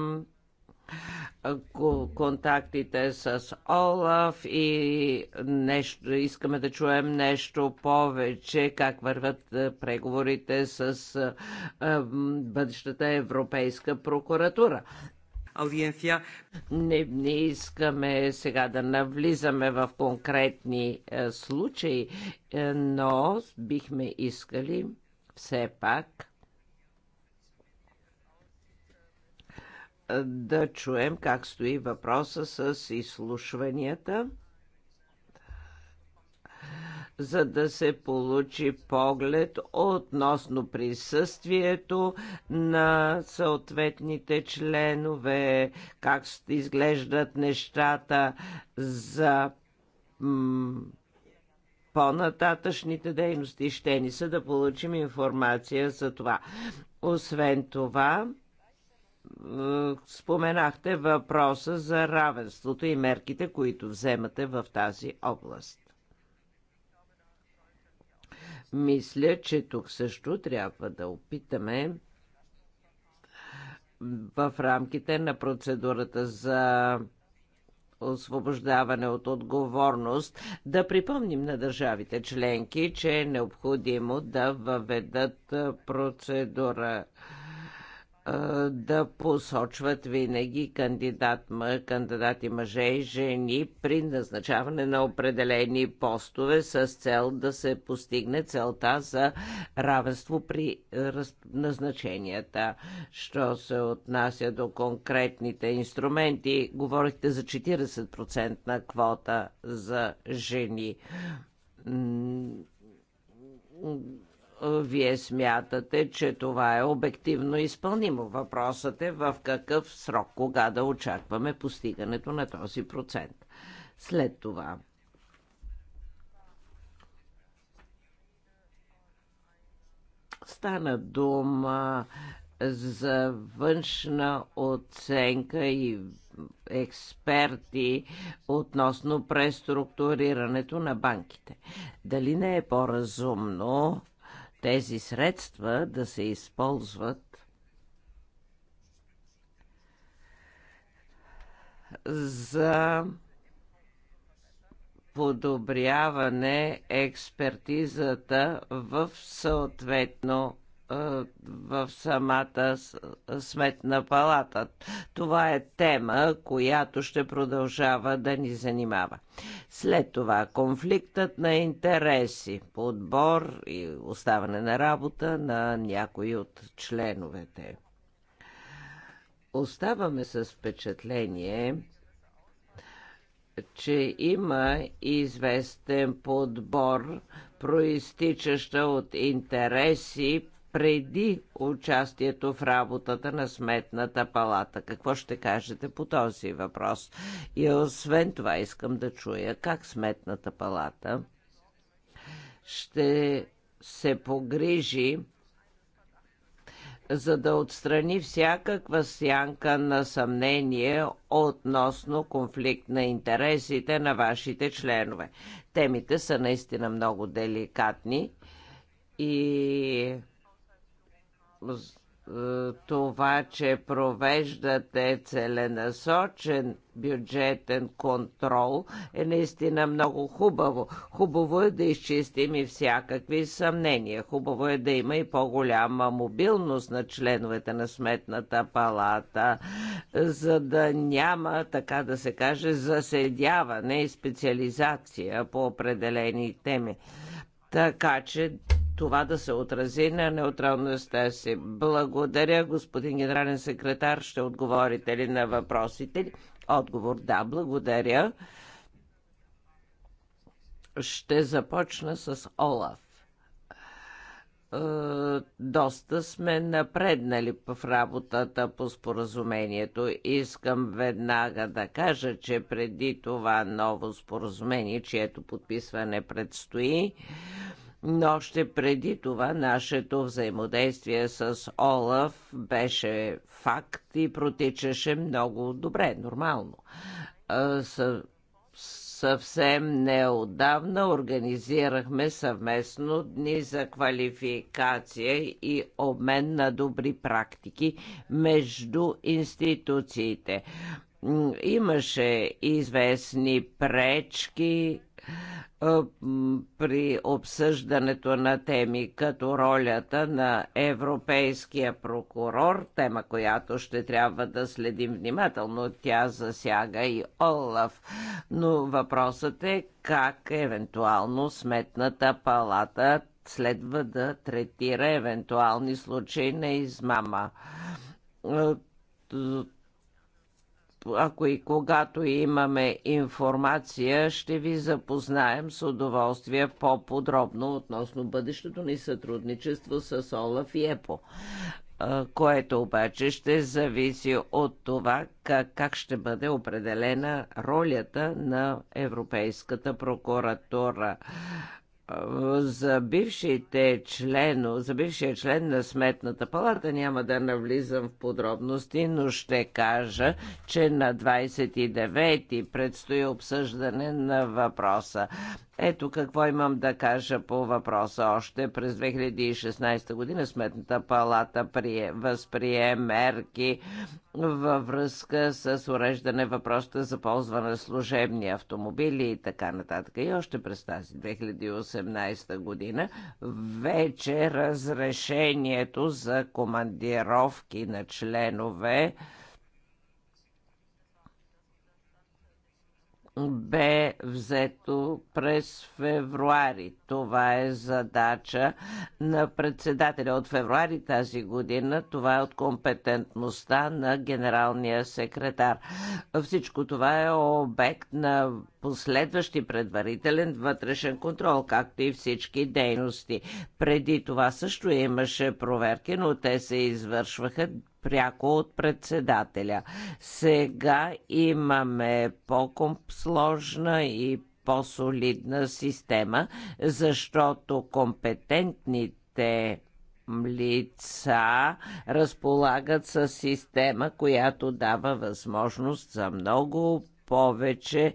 контактите с Олаф и нещо, искаме да чуем нещо повече, как върват е, преговорите с е, бъдещата Европейска прокуратура аудиенция. Не, не искаме сега да навлизаме в конкретни е, случаи, е, но бихме искали все пак е, да чуем как стои въпроса с изслушванията за да се получи поглед относно присъствието на съответните членове, как изглеждат нещата за по-нататъчните дейности. Ще ни са да получим информация за това. Освен това, споменахте въпроса за равенството и мерките, които вземате в тази област. Мисля, че тук също трябва да опитаме в рамките на процедурата за освобождаване от отговорност, да припомним на държавите членки, че е необходимо да въведат процедура да посочват винаги кандидат, кандидати мъже и жени при назначаване на определени постове с цел да се постигне целта за равенство при назначенията. Що се отнася до конкретните инструменти, говорихте за 40% на квота за жени е, вие смятате, че това е обективно изпълнимо. Въпросът е в какъв срок, кога да очакваме постигането на този процент. След това. Стана дума за външна оценка и експерти относно преструктурирането на банките. Дали не е по-разумно тези средства да се използват за подобряване експертизата в съответно е, в самата сметна палата. Това е тема, която ще продължава да ни занимава. След това конфликтът на интереси, подбор и оставане на работа на някои от членовете. Оставаме с впечатление, че има известен подбор, проистичаща от интереси, преди участието в работата на Сметната палата. Какво ще кажете по този въпрос? И освен това искам да чуя как Сметната палата ще се погрижи за да отстрани всякаква сянка на съмнение относно конфликт на интересите на вашите членове. Темите са наистина много деликатни и това, че провеждате целенасочен бюджетен контрол е наистина много хубаво. Хубаво е да изчистим и всякакви съмнения. Хубаво е да има и по-голяма мобилност на членовете на Сметната палата, за да няма, така да се каже, заседяване и специализация по определени теми. Така че това да се отрази на неутралността си. Благодаря, господин генерален секретар. Ще отговорите ли на въпросите? Отговор да, благодаря. Ще започна с Олаф е, доста сме напреднали в работата по споразумението. Искам веднага да кажа, че преди това ново споразумение, чието подписване предстои, но още преди това нашето взаимодействие с Олаф беше факт и протичаше много добре, нормално. Съвсем неодавна организирахме съвместно дни за квалификация и обмен на добри практики между институциите. Имаше известни пречки при обсъждането на теми като ролята на европейския прокурор, тема, която ще трябва да следим внимателно. Тя засяга и Олаф. Но въпросът е как евентуално сметната палата следва да третира евентуални случаи на измама ако и когато имаме информация, ще ви запознаем с удоволствие по-подробно относно бъдещето ни сътрудничество с Олаф и ЕПО което обаче ще зависи от това как, как ще бъде определена ролята на Европейската прокуратура за бившите члено, за бившия член на Сметната палата няма да навлизам в подробности, но ще кажа, че на 29-ти предстои обсъждане на въпроса. Ето какво имам да кажа по въпроса. Още през 2016 година Сметната палата прие, възприе мерки във връзка с уреждане въпроса за ползване на служебни автомобили и така нататък. И още през тази 2018 2018 година вече разрешението за командировки на членове бе взето през февруари това е задача на председателя от февруари тази година. Това е от компетентността на генералния секретар. Всичко това е обект на последващи предварителен вътрешен контрол, както и всички дейности. Преди това също имаше проверки, но те се извършваха пряко от председателя. Сега имаме по-сложна и по-солидна система, защото компетентните лица разполагат с система, която дава възможност за много повече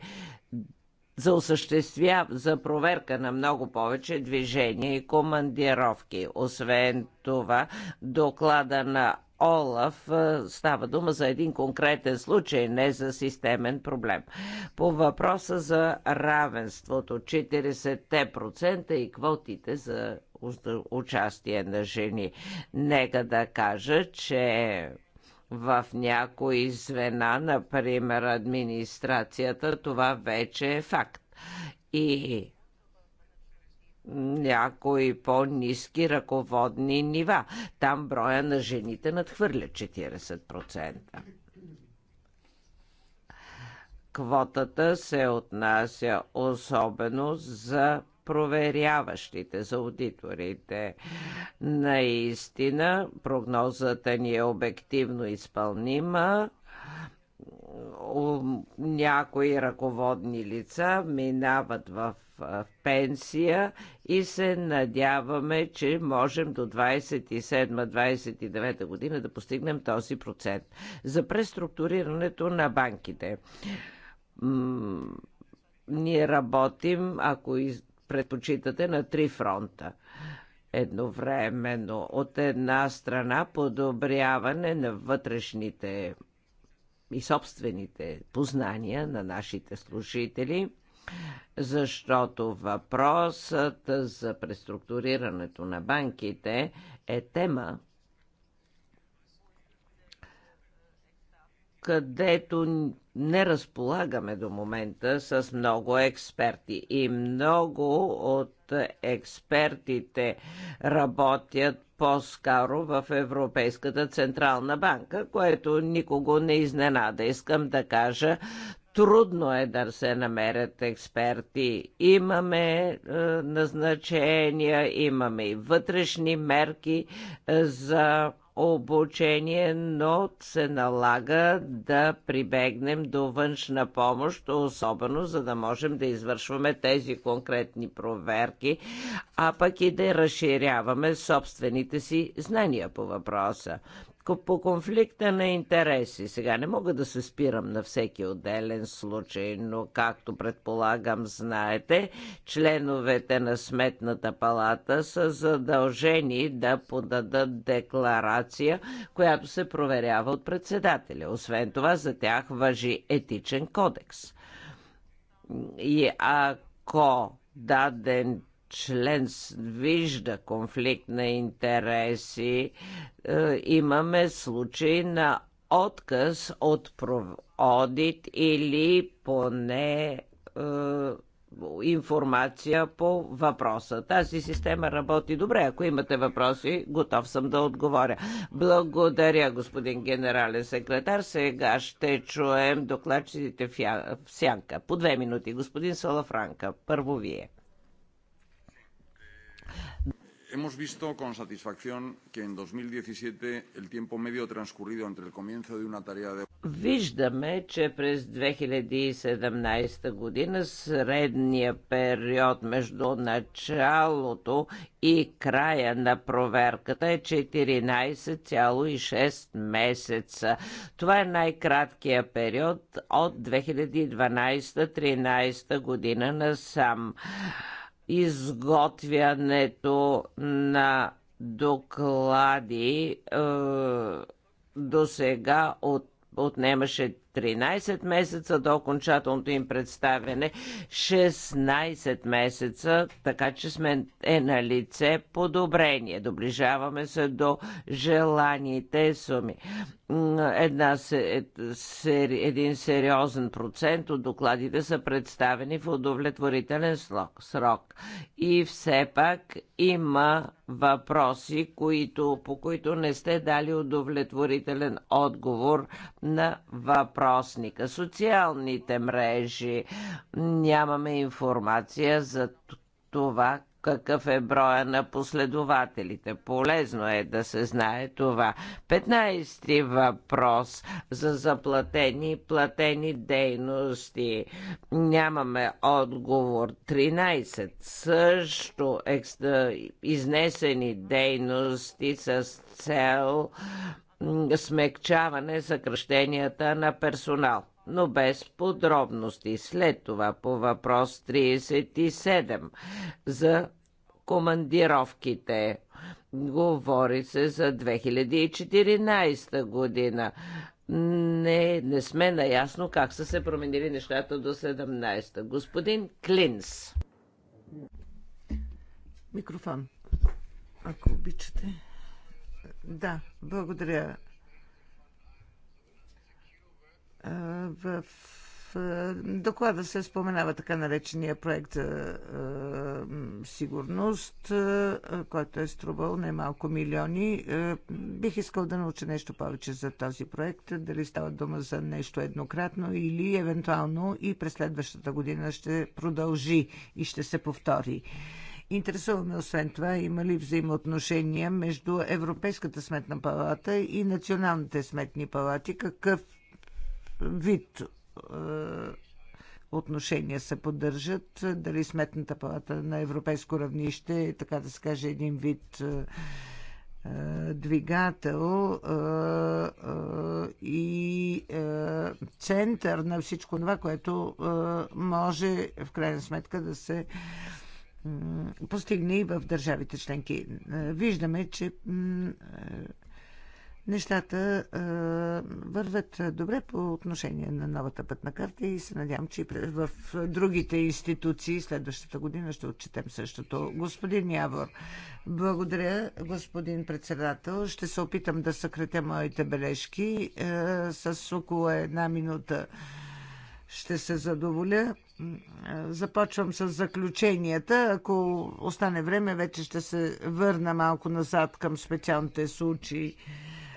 за осъществя, за проверка на много повече движения и командировки. Освен това, доклада на Олаф. Става дума за един конкретен случай, не за системен проблем. По въпроса за равенството 40% и квотите за участие на жени. Нека да кажа, че в някои звена, например администрацията, това вече е факт. И някои по-низки ръководни нива. Там броя на жените надхвърля 40%. Квотата се отнася особено за проверяващите, за аудиторите. Наистина прогнозата ни е обективно изпълнима някои ръководни лица минават в пенсия и се надяваме, че можем до 27-29 година да постигнем този процент. За преструктурирането на банките. Ние работим, ако предпочитате, на три фронта едновременно. От една страна подобряване на вътрешните и собствените познания на нашите служители, защото въпросът за преструктурирането на банките е тема, където не разполагаме до момента с много експерти. И много от експертите работят по-скоро в Европейската Централна банка, което никого не изненада. Искам да кажа, трудно е да се намерят експерти. Имаме е, назначения, имаме и вътрешни мерки е, за обучение, но се налага да прибегнем до външна помощ, особено за да можем да извършваме тези конкретни проверки, а пък и да разширяваме собствените си знания по въпроса по конфликта на интереси. Сега не мога да се спирам на всеки отделен случай, но както предполагам знаете, членовете на Сметната палата са задължени да подадат декларация, която се проверява от председателя. Освен това, за тях въжи етичен кодекс. И ако даден член вижда конфликт на интереси, е, имаме случай на отказ от одит или поне е, информация по въпроса. Тази система работи добре. Ако имате въпроси, готов съм да отговоря. Благодаря, господин генерален секретар. Сега ще чуем докладчиците в сянка. По две минути, господин Салафранка. Първо вие. Hemos visto con satisfacción que en 2017 el tiempo medio transcurrido entre el comienzo de una tarea de... Виждаме, че през 2017 година средния период между началото и края на проверката е 14,6 месеца. Това е най-краткият период от 2012-13 година насам. сам изготвянето на доклади е, до сега от, отнемаше 13 месеца до окончателното им представяне, 16 месеца, така че сме е на лице подобрение. Доближаваме се до желаните суми. Една, един сериозен процент от докладите са представени в удовлетворителен срок. И все пак има въпроси, които, по които не сте дали удовлетворителен отговор на въпроса въпросника. Социалните мрежи. Нямаме информация за това какъв е броя на последователите. Полезно е да се знае това. 15 въпрос за заплатени и платени дейности. Нямаме отговор. 13 също изнесени дейности с цел смекчаване съкръщенията на персонал, но без подробности. След това по въпрос 37 за командировките. Говори се за 2014 година. Не, не сме наясно как са се променили нещата до 17-та. Господин Клинс. Микрофон. Ако обичате. Да, благодаря. В доклада се споменава така наречения проект за сигурност, който е струвал немалко милиони. Бих искал да науча нещо повече за този проект. Дали става дума за нещо еднократно или евентуално и през следващата година ще продължи и ще се повтори. Интересуваме освен това има ли взаимоотношения между Европейската сметна палата и националните сметни палати, какъв вид е, отношения се поддържат, дали сметната палата на европейско равнище е, така да се каже, един вид е, е, двигател и център на всичко това, което може в крайна сметка да се постигне и в държавите членки. Е, виждаме, че е, нещата е, върват добре по отношение на новата пътна карта и се надявам, че в другите институции следващата година ще отчетем същото. Господин Явор, благодаря, господин председател. Ще се опитам да съкратя моите бележки с около една минута ще се задоволя. Започвам с заключенията. Ако остане време, вече ще се върна малко назад към специалните случаи.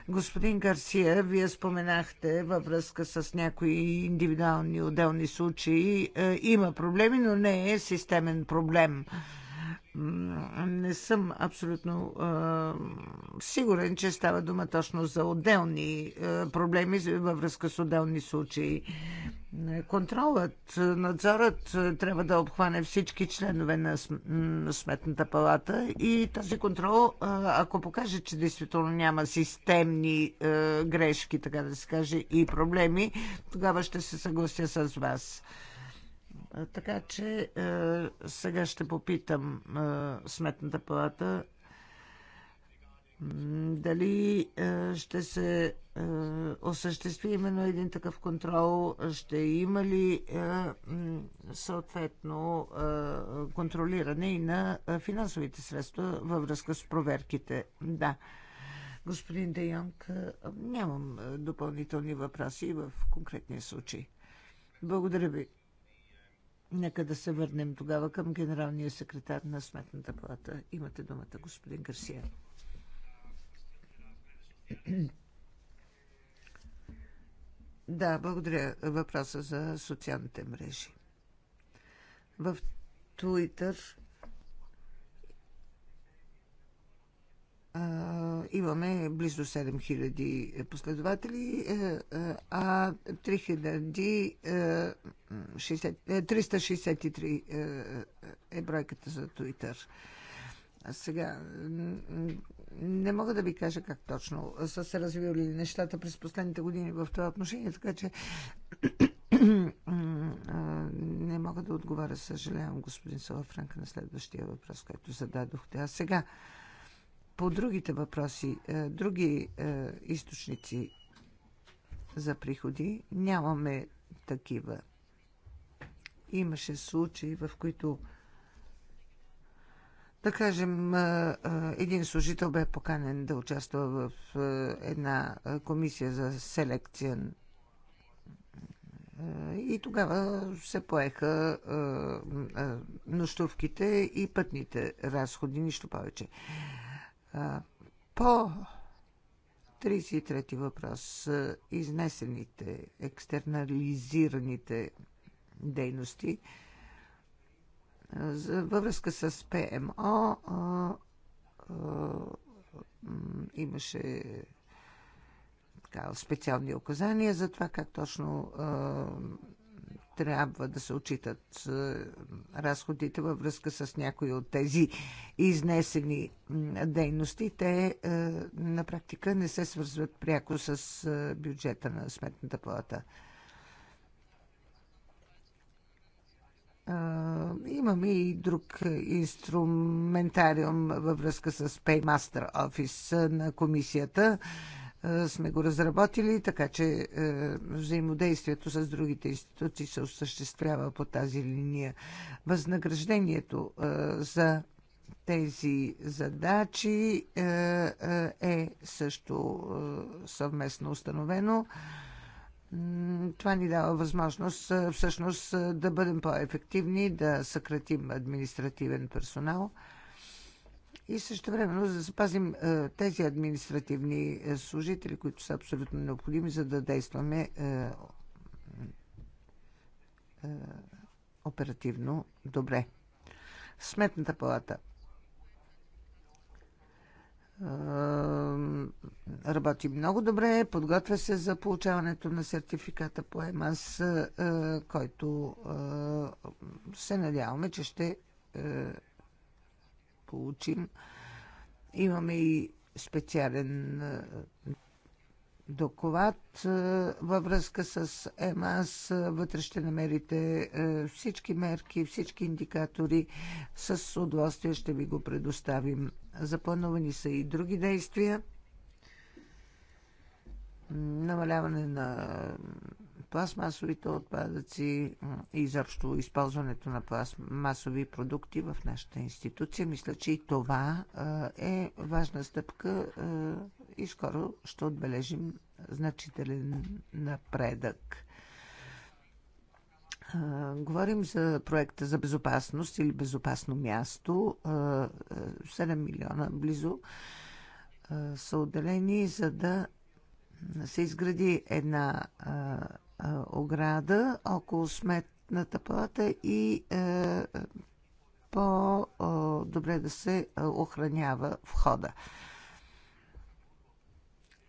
Господин Гарсия, вие споменахте във връзка с някои индивидуални отделни случаи. Е, има проблеми, но не е системен проблем не съм абсолютно сигурен, че става дума точно за отделни проблеми във връзка с отделни случаи. Контролът, надзорът трябва да обхване всички членове на Сметната палата и този контрол, ако покаже, че действително няма системни грешки, така да се каже, и проблеми, тогава ще се съглася с вас. Така че е, сега ще попитам е, Сметната палата дали е, ще се осъществи именно един такъв контрол, ще има ли съответно контролиране и на финансовите средства във връзка с проверките. Да. Господин Де Йонг, нямам допълнителни въпроси в конкретния случай. Благодаря ви. Нека да се върнем тогава към генералния секретар на Сметната палата. Имате думата, господин Гарсия. Да, благодаря въпроса за социалните мрежи. В Twitter имаме близо 7000 последователи, е, е, а 3000, 363 е, е бройката за Twitter. Сега, не мога да ви кажа как точно са се развивали нещата през последните години в това отношение, така че не мога да отговаря, съжалявам, господин Салафранка, на следващия въпрос, който зададохте. А сега, по другите въпроси, е, други е, източници за приходи, нямаме такива. Имаше случаи, в които да кажем, е, един служител бе поканен да участва в една комисия за селекция. И тогава се поеха нощувките и пътните разходи, нищо повече. По 33 ти въпрос. Е, изнесените, екстернализираните дейности е, във връзка с ПМО е, имаше така, специални указания за това как точно трябва да се отчитат е, разходите във връзка с някои от тези изнесени дейности. Те е, на практика не се свързват пряко с е, бюджета на Сметната плата. имаме и друг инструментариум във връзка с Paymaster Office на комисията. Е, сме го разработили, така че е, взаимодействието с другите институции се осъществява по тази линия. Възнаграждението е, за тези задачи е също съвместно установено. Това ни дава възможност всъщност да бъдем по-ефективни, да съкратим административен персонал – и също времено да запазим е, тези административни е, служители, които са абсолютно необходими, за да действаме е, оперативно добре. Сметната палата работи много добре, подготвя се за получаването на сертификата по ЕМАС, който се надяваме, че ще получим. Имаме и специален доклад във връзка с ЕМАС. Вътре ще намерите всички мерки, всички индикатори. С удоволствие ще ви го предоставим. Заплановани са и други действия. Намаляване на пластмасовите отпадъци и изобщо използването на пластмасови продукти в нашата институция. Мисля, че и това е важна стъпка и скоро ще отбележим значителен напредък. Говорим за проекта за безопасност или безопасно място. 7 милиона близо са отделени, за да се изгради една ограда около сметната палата и е, по-добре да се е, охранява входа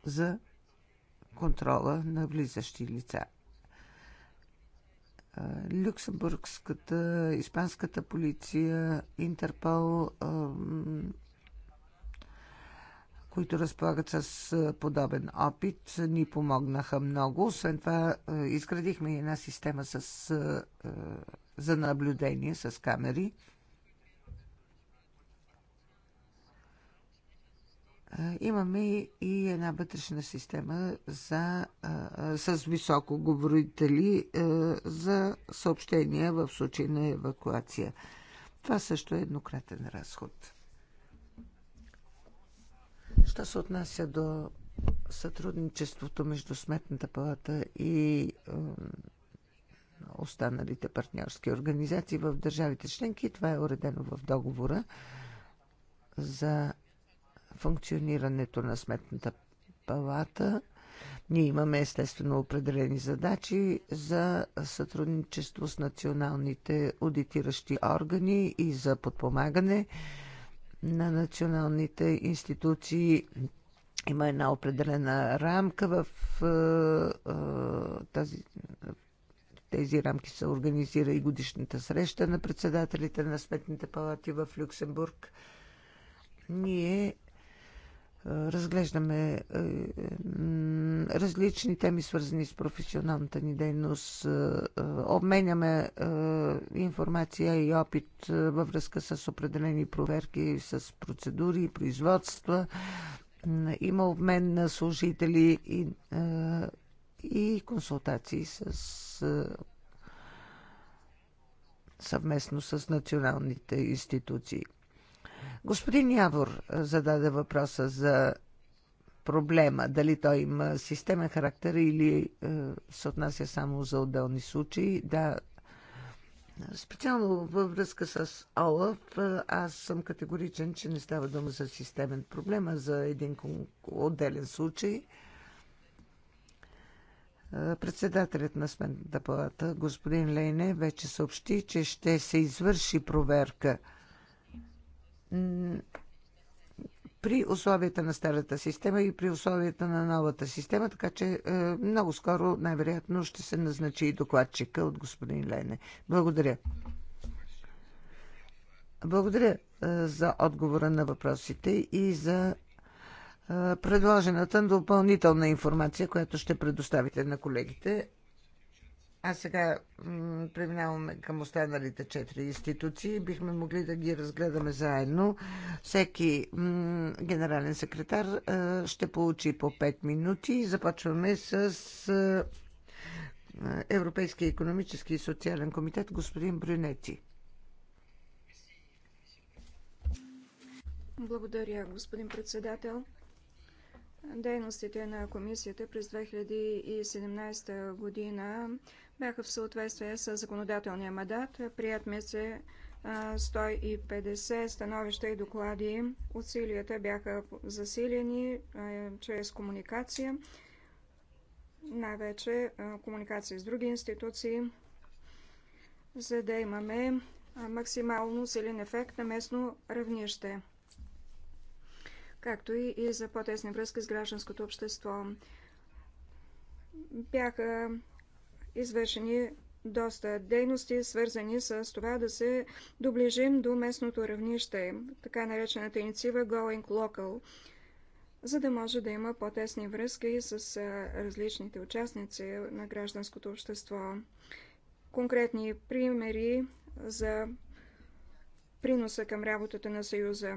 за контрола на влизащи лица. Е, Люксембургската, испанската полиция, Интерпол които разполагат с подобен опит, ни помогнаха много. Освен това, изградихме една система с, за наблюдение с камери. Имаме и една вътрешна система за, с високоговорители за съобщения в случай на евакуация. Това също е еднократен разход. Що се отнася до сътрудничеството между Сметната палата и останалите партньорски организации в държавите членки, това е уредено в договора за функционирането на Сметната палата. Ние имаме естествено определени задачи за сътрудничество с националните аудитиращи органи и за подпомагане на националните институции. Има една определена рамка в е, е, тази тези рамки се организира и годишната среща на председателите на сметните палати в Люксембург. Ние разглеждаме е, е, различни теми, свързани с професионалната ни дейност, е, обменяме информация и опит във връзка с определени проверки, с процедури, производства. Има обмен на служители и, и консултации с съвместно с националните институции. Господин Явор зададе въпроса за проблема, дали той има системен характер или е, се отнася само за отделни случаи. Да, специално във връзка с ОЛАФ, е, аз съм категоричен, че не става дума за системен проблем, а за един отделен случай. Е, председателят на Сметната палата, господин Лейне, вече съобщи, че ще се извърши проверка – при условията на старата система и при условията на новата система, така че е, много скоро най-вероятно ще се назначи и докладчика от господин Лене. Благодаря. Благодаря е, за отговора на въпросите и за е, предложената допълнителна информация, която ще предоставите на колегите. А сега преминаваме към останалите четири институции. Бихме могли да ги разгледаме заедно. Всеки генерален секретар ще получи по 5 минути. Започваме с Европейския економически и социален комитет, господин Брюнети. Благодаря, господин председател. Дейностите на комисията през 2017 година бяха в съответствие с законодателния мандат. Прият ми се 150 становища и доклади. Усилията бяха засилени чрез комуникация, най-вече комуникация с други институции, за да имаме максимално силен ефект на местно равнище, както и за по-тесни връзки с гражданското общество. Бяха извършени доста дейности, свързани с това да се доближим до местното равнище, така наречената инициатива Going Local, за да може да има по-тесни връзки с различните участници на гражданското общество. Конкретни примери за приноса към работата на Съюза.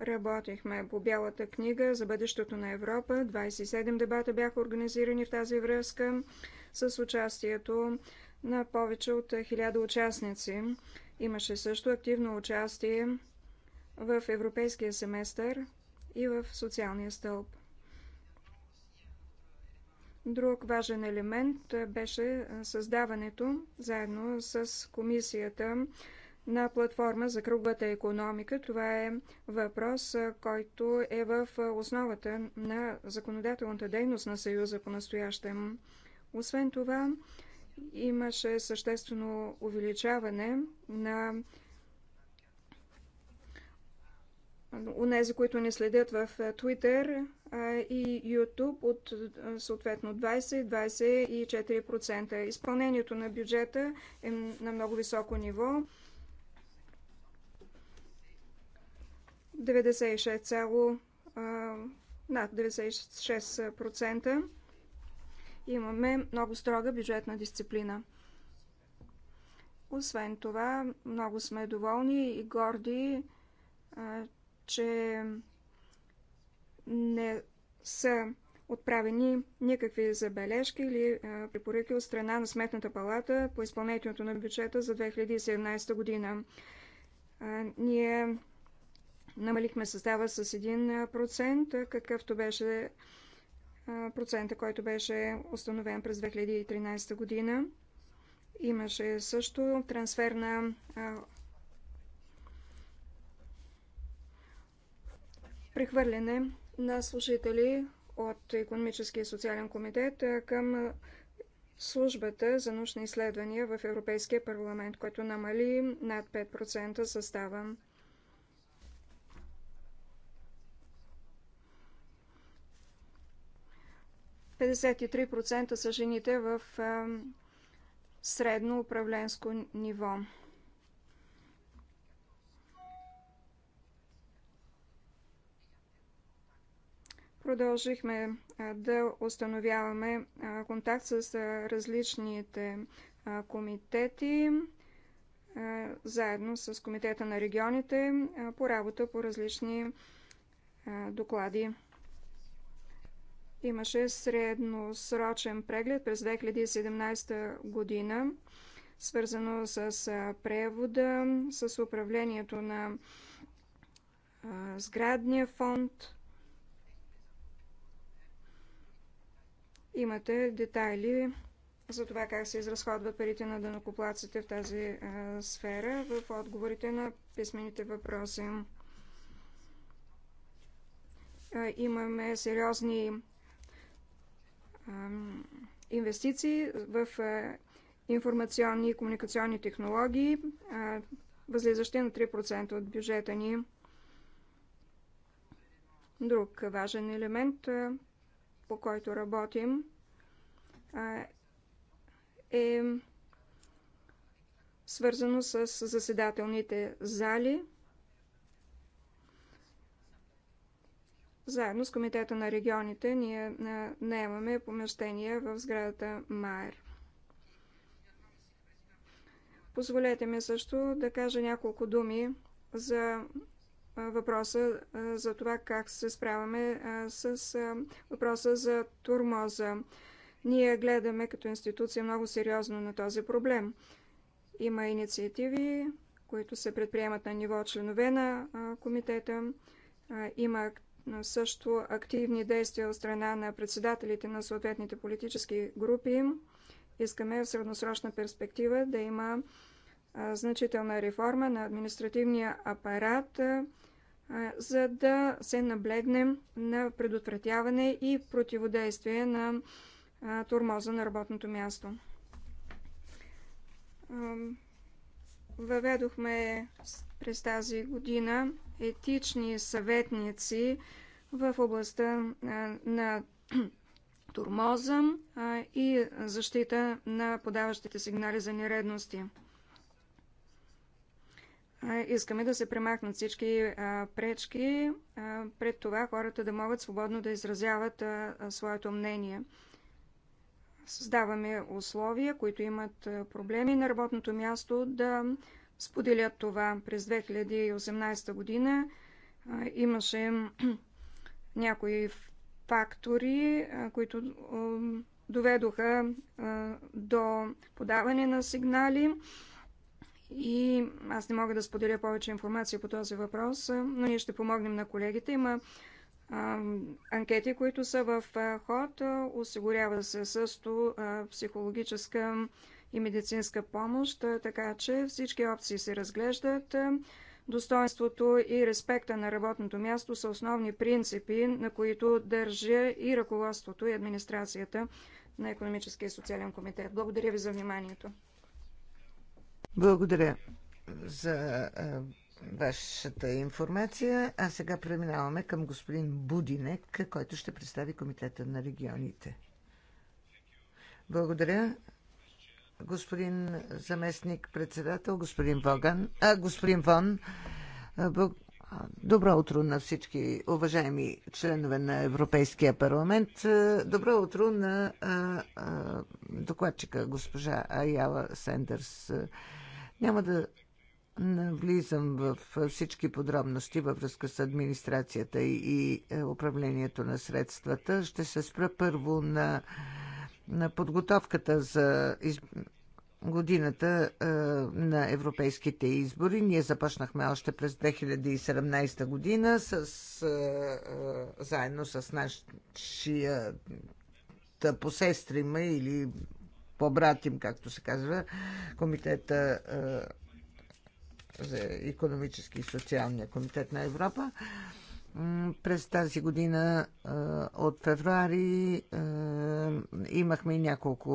Работихме по Бялата книга за бъдещето на Европа. 27 дебата бяха организирани в тази връзка с участието на повече от 1000 участници. Имаше също активно участие в европейския семестър и в социалния стълб. Друг важен елемент беше създаването, заедно с комисията, на платформа за кръглата економика. Това е въпрос, който е в основата на законодателната дейност на Съюза по-настоящем. Освен това, имаше съществено увеличаване на унези, които ни следят в е, Twitter и YouTube от е, съответно 20-24%. Изпълнението на бюджета е на много високо ниво. 96, над 96% имаме много строга бюджетна дисциплина. Освен това, много сме доволни и горди, че не са отправени никакви забележки или препоръки от страна на Сметната палата по изпълнението на бюджета за 2017 година. Ние намалихме състава с 1%, какъвто беше процента, който беше установен през 2013 година. Имаше също трансфер на прехвърляне на служители от Економическия и социален комитет към службата за научни изследвания в Европейския парламент, който намали над 5% състава. 53% са жените в средно управленско ниво. Продължихме да установяваме контакт с различните комитети, заедно с Комитета на регионите по работа по различни доклади. Имаше средносрочен преглед през 2017 година, свързано с превода, с управлението на сградния фонд. Имате детайли за това как се изразходват парите на дънокоплаците в тази сфера в отговорите на писмените въпроси. Имаме сериозни инвестиции в информационни и комуникационни технологии, възлизащи на 3% от бюджета ни. Друг важен елемент, по който работим, е свързано с заседателните зали – Заедно с Комитета на регионите ние наемаме помещение в сградата Майер. Позволете ми също да кажа няколко думи за въпроса за това как се справяме с въпроса за турмоза. Ние гледаме като институция много сериозно на този проблем. Има инициативи, които се предприемат на ниво членове на комитета. Има също активни действия от страна на председателите на съответните политически групи. Искаме в средносрочна перспектива да има значителна реформа на административния апарат, за да се наблегнем на предотвратяване и противодействие на турмоза на работното място. Въведохме през тази година етични съветници в областта на турмоза и защита на подаващите сигнали за нередности. Искаме да се премахнат всички пречки пред това хората да могат свободно да изразяват своето мнение. Създаваме условия, които имат проблеми на работното място, да споделят това. През 2018 година имаше някои фактори, които доведоха до подаване на сигнали. И аз не мога да споделя повече информация по този въпрос, но ние ще помогнем на колегите. Има анкети, които са в ход. Осигурява се също психологическа и медицинска помощ, така че всички опции се разглеждат. Достоинството и респекта на работното място са основни принципи, на които държа и ръководството и администрацията на Економическия и социален комитет. Благодаря ви за вниманието. Благодаря за вашата информация. А сега преминаваме към господин Будинек, който ще представи Комитета на регионите. Благодаря господин заместник председател, господин Воган, а, господин Вон. Добро утро на всички уважаеми членове на Европейския парламент. Добро утро на а, а, докладчика госпожа Аяла Сендърс. Няма да навлизам в всички подробности във връзка с администрацията и управлението на средствата. Ще се спра първо на а, на подготовката за годината а, на европейските избори. Ние започнахме още през 2017 година с, а, а, заедно с нашия посестрима или побратим, както се казва, комитета а, за економически и социалния комитет на Европа. А, през тази година от февруари имахме и няколко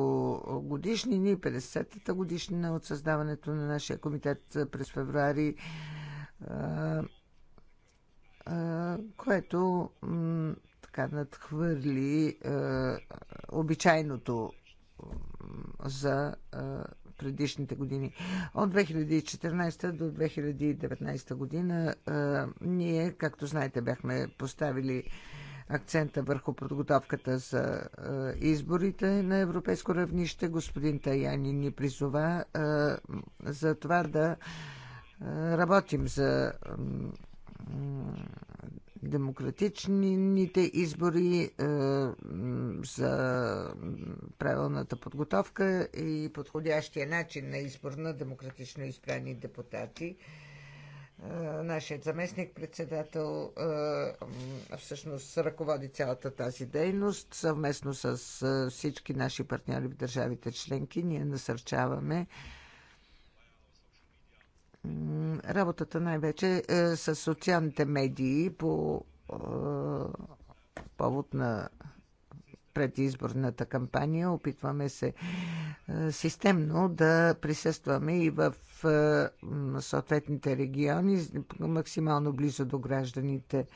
ни 50-та годишнина от създаването на нашия комитет през февруари, което така надхвърли обичайното за предишните години. От 2014 до 2019 година ние, както знаете, бяхме поставили акцента върху подготовката за изборите на европейско равнище. Господин Таяни ни призова за това да работим за демократичните избори, е, за правилната подготовка и подходящия начин на избор на демократично избрани депутати. Е, нашият заместник-председател е, всъщност ръководи цялата тази дейност. Съвместно с всички наши партньори в държавите членки ние насърчаваме работата най-вече е, с социалните медии по е, повод на предизборната кампания. Опитваме се е, системно да присъстваме и в съответните региони, максимално близо до гражданите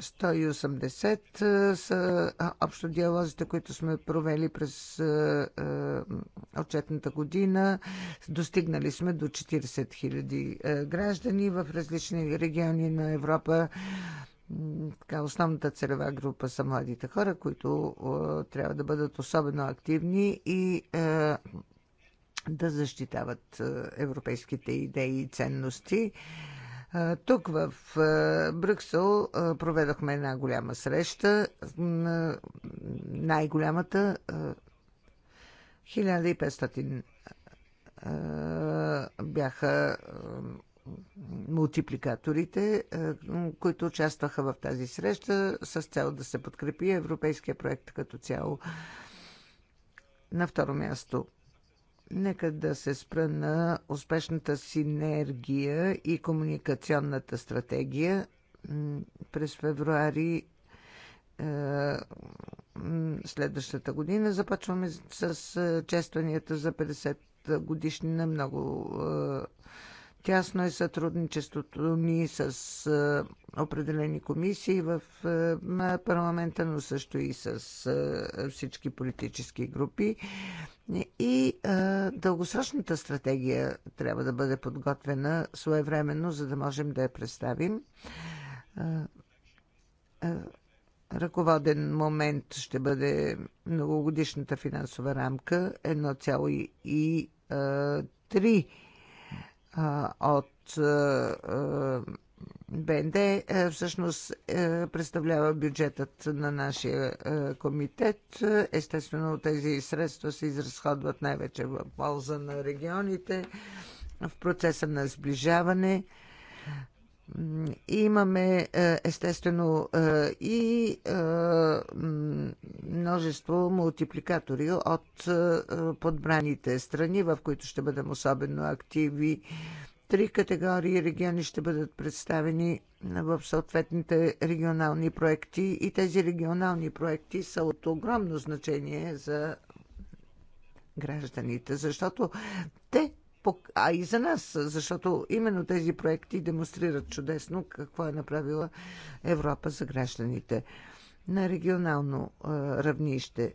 180 са общо диалозите, които сме провели през отчетната година. Достигнали сме до 40 000 граждани в различни региони на Европа. Така, основната целева група са младите хора, които трябва да бъдат особено активни и да защитават европейските идеи и ценности. Тук в Брюксел проведохме една голяма среща, най-голямата 1500 бяха мултипликаторите, които участваха в тази среща с цел да се подкрепи европейския проект като цяло. На второ място Нека да се спра на успешната синергия и комуникационната стратегия. През февруари е, следващата година започваме с е, честванията за 50 годишни на много е, Тясно е сътрудничеството ни с определени комисии в парламента, но също и с всички политически групи. И дългосрочната стратегия трябва да бъде подготвена своевременно, за да можем да я представим ръководен момент ще бъде многогодишната финансова рамка 1,3 от БНД всъщност представлява бюджетът на нашия комитет. Естествено, тези средства се изразходват най-вече в полза на регионите в процеса на сближаване – Имаме е, естествено е, и е, множество мултипликатори от подбраните страни, в които ще бъдем особено активи. Три категории региони ще бъдат представени в съответните регионални проекти и тези регионални проекти са от огромно значение за гражданите, защото те а и за нас, защото именно тези проекти демонстрират чудесно какво е направила Европа за гражданите. На регионално равнище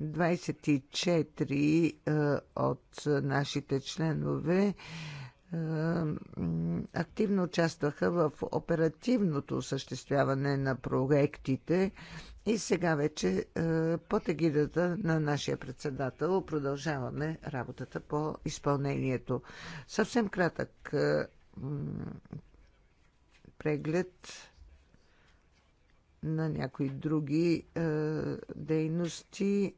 24 от нашите членове активно участваха в оперативното осъществяване на проектите и сега вече е, под егидата на нашия председател продължаваме работата по изпълнението. Съвсем кратък е, преглед на някои други е, дейности.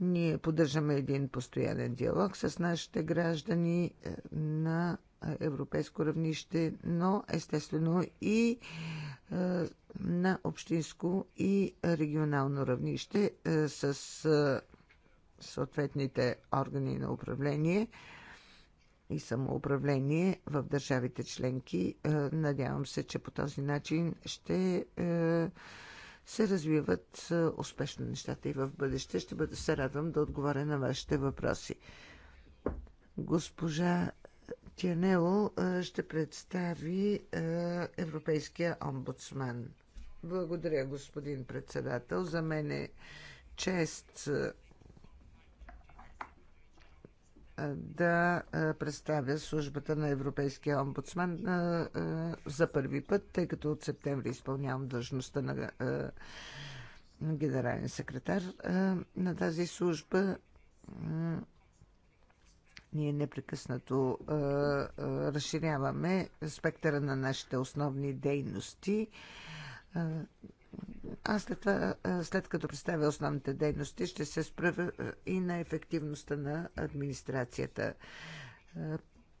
Ние поддържаме един постоянен диалог с нашите граждани на европейско равнище, но естествено и на общинско и регионално равнище е, с е, съответните органи на управление и самоуправление в държавите членки. Е, надявам се, че по този начин ще се развиват успешно нещата и в бъдеще. Ще бъде се радвам да отговоря на вашите въпроси. Госпожа Тянело ще представи Европейския омбудсман. Благодаря, господин председател. За мен е чест да представя службата на Европейския омбудсман за първи път, тъй като от септември изпълнявам длъжността на генерален секретар на тази служба. Ние непрекъснато разширяваме спектъра на нашите основни дейности аз след, това, след като представя основните дейности, ще се спра и на ефективността на администрацията.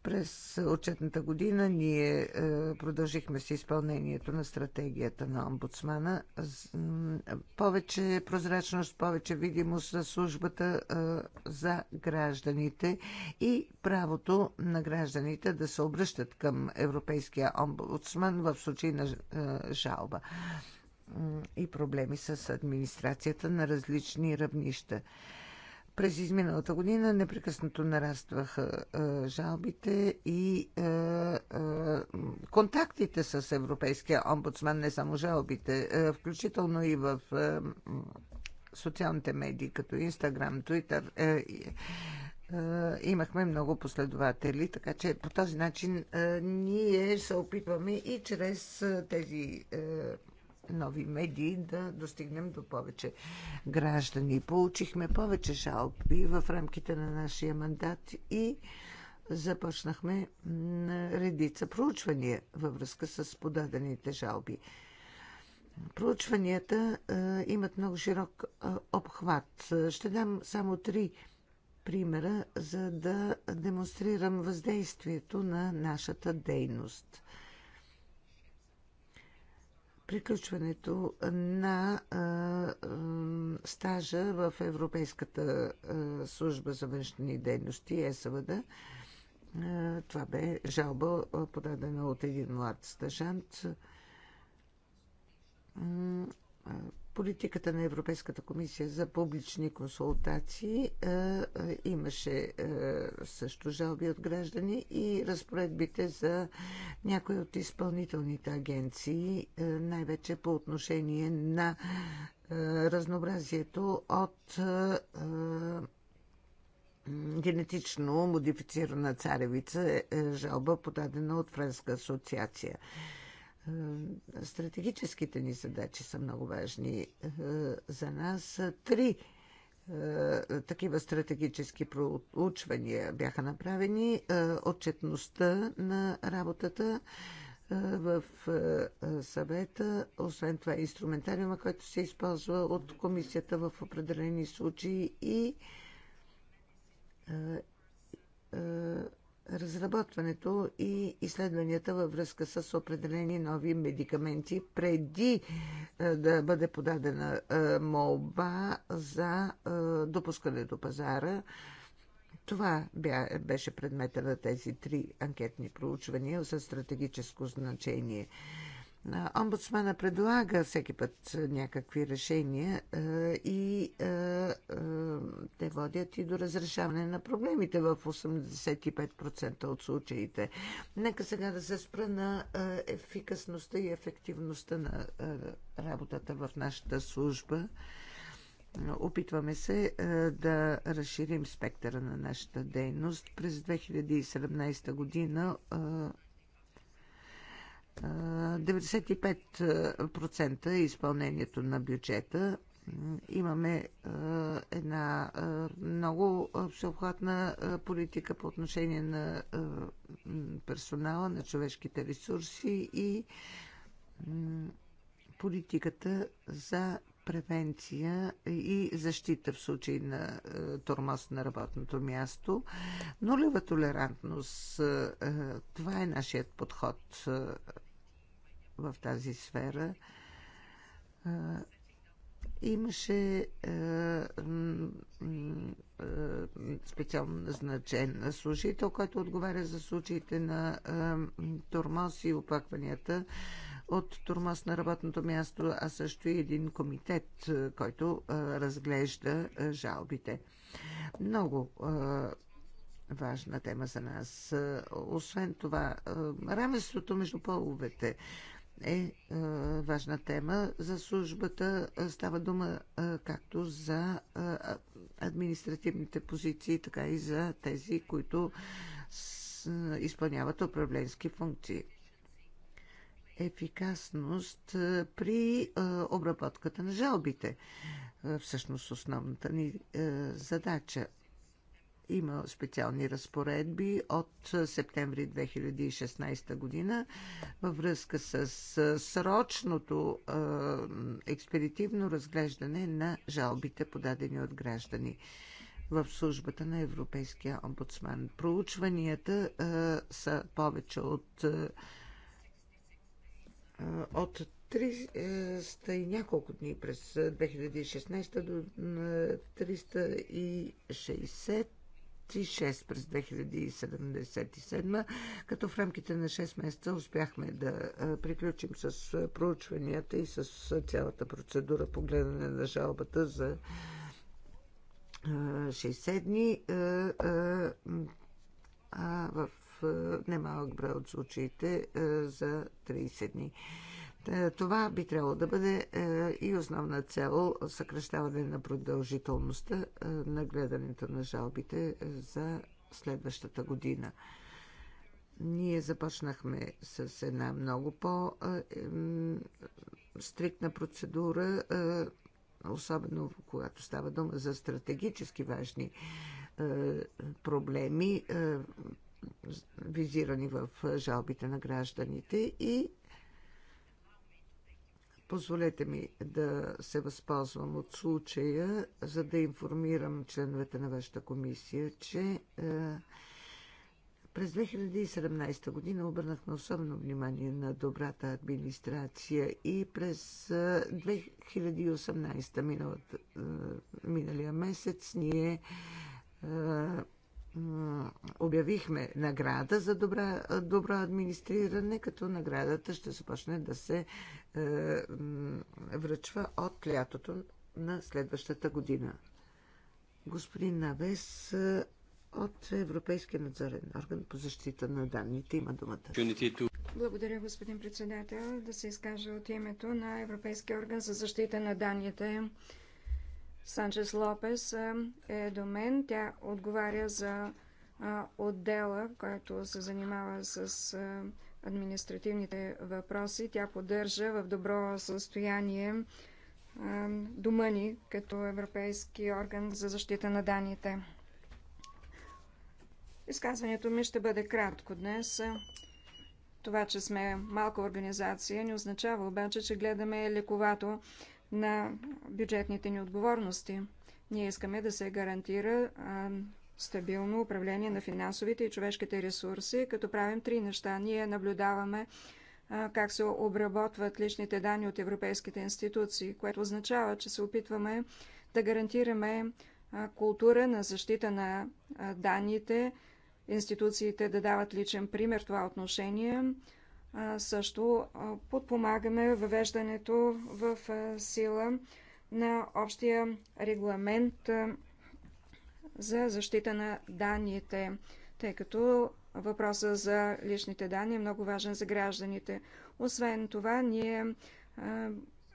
През отчетната година ние е, продължихме с изпълнението на стратегията на омбудсмана. Повече прозрачност, повече видимост за службата е, за гражданите и правото на гражданите да се обръщат към Европейския омбудсман в случай на е, жалба и проблеми с администрацията на различни равнища. През изминалата година непрекъснато нарастваха жалбите и контактите с Европейския омбудсман, не само жалбите, включително и в социалните медии, като Инстаграм, Твитър. Имахме много последователи, така че по този начин ние се опитваме и чрез тези нови медии да достигнем до повече граждани. Получихме повече жалби в рамките на нашия мандат и започнахме редица проучвания във връзка с подадените жалби. Проучванията е, имат много широк е, обхват. Ще дам само три примера, за да демонстрирам въздействието на нашата дейност приключването на стажа в Европейската служба за външни дейности ЕСВД. Това бе жалба, подадена от един млад стажант политиката на Европейската комисия за публични консултации е, е, имаше е, също жалби от граждани и разпоредбите за някои от изпълнителните агенции, най-вече по отношение на разнообразието от генетично модифицирана царевица, жалба подадена от Френска асоциация. Е, стратегическите ни задачи са много важни. Е, за нас три е, такива стратегически проучвания бяха направени. Отчетността на работата в съвета, освен това инструментариума, който се използва от комисията в определени случаи и разработването и изследванията във връзка с определени нови медикаменти преди е, да бъде подадена е, молба за е, допускане до пазара. Това беше предмета на тези три анкетни проучвания за стратегическо значение. Омбудсмана предлага всеки път някакви решения и те водят и до разрешаване на проблемите в 85% от случаите. Нека сега да се спра на ефикасността и ефективността на работата в нашата служба. Опитваме се да разширим спектъра на нашата дейност. През 2017 година 95% е изпълнението на бюджета. Имаме е, една е, много всеобхватна политика по отношение на персонала, на човешките ресурси и политиката за превенция и защита в случай на тормоз на работното място. Нулева толерантност, това е нашият подход в тази сфера. Имаше специално назначен служител, който отговаря за случаите на тормоз и опакванията от тормоз на работното място, а също и един комитет, който разглежда жалбите. Много важна тема за нас. Освен това, равенството между половете, е, е важна тема. За службата става дума е, както за е, административните позиции, така и за тези, които изпълняват управленски функции. Ефикасност при обработката на жалбите. Всъщност основната ни задача има специални разпоредби от септември 2016 година във връзка с срочното експедитивно разглеждане на жалбите, подадени от граждани в службата на Европейския омбудсман. Проучванията са повече от, от 300 и няколко дни през 2016 до 360 3,6 през 2077, като в рамките на 6 месеца успяхме да приключим с проучванията и с цялата процедура по гледане на жалбата за 60 дни а в немалък брой от случаите за 30 дни. Е, това би трябвало да бъде е, и основна цел съкръщаване на продължителността е, на гледането на жалбите за следващата година. Ние започнахме с една много по-стриктна процедура, особено когато става дума за стратегически важни проблеми, визирани в жалбите на гражданите и Позволете ми да се възползвам от случая, за да информирам членовете на вашата комисия, че е, през 2017 година обърнахме особено внимание на добрата администрация и през 2018 е, миналата, е, миналия месец ние е, обявихме награда за добра, добро администриране, като наградата ще започне да се е, връчва от лятото на следващата година. Господин Навес е, от Европейския надзорен орган по защита на данните има думата. Благодаря, господин председател, да се изкажа от името на Европейския орган за защита на данните. Санчес Лопес е, е до мен. Тя отговаря за отдела, който се занимава с административните въпроси. Тя поддържа в добро състояние дома ни като Европейски орган за защита на данните. Изказването ми ще бъде кратко днес. Това, че сме малка организация, не означава обаче, че гледаме лековато на бюджетните ни отговорности. Ние искаме да се гарантира стабилно управление на финансовите и човешките ресурси, като правим три неща. Ние наблюдаваме как се обработват личните данни от европейските институции, което означава, че се опитваме да гарантираме култура на защита на данните, институциите да дават личен пример в това отношение също подпомагаме въвеждането в сила на общия регламент за защита на данните, тъй като въпроса за личните данни е много важен за гражданите. Освен това, ние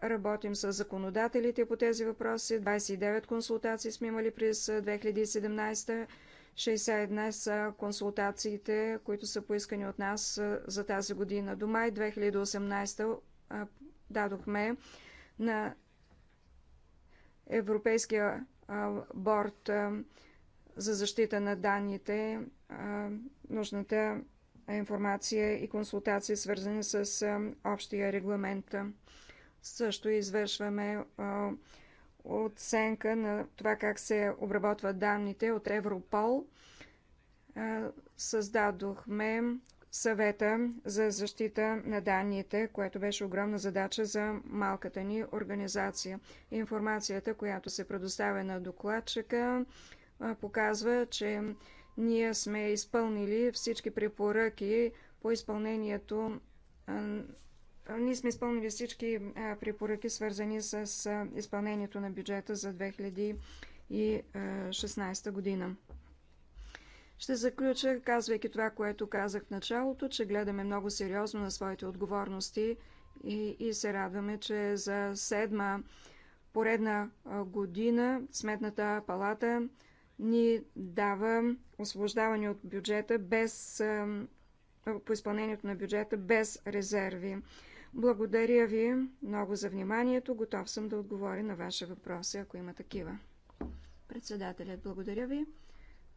Работим с законодателите по тези въпроси. 29 консултации сме имали през 2017 61 са консултациите, които са поискани от нас за тази година. До май 2018 дадохме на Европейския борт за защита на данните нужната информация и консултации, свързани с общия регламент. Също извършваме оценка на това как се обработват данните от Европол, създадохме съвета за защита на данните, което беше огромна задача за малката ни организация. Информацията, която се предоставя на докладчика, показва, че ние сме изпълнили всички препоръки по изпълнението ние сме изпълнили всички препоръки, свързани с изпълнението на бюджета за 2016 година. Ще заключа, казвайки това, което казах в началото, че гледаме много сериозно на своите отговорности и, и се радваме, че за седма поредна година Сметната палата ни дава освобождаване от бюджета без по изпълнението на бюджета без резерви. Благодаря ви много за вниманието. Готов съм да отговоря на ваши въпроси, ако има такива. Председателят, благодаря ви.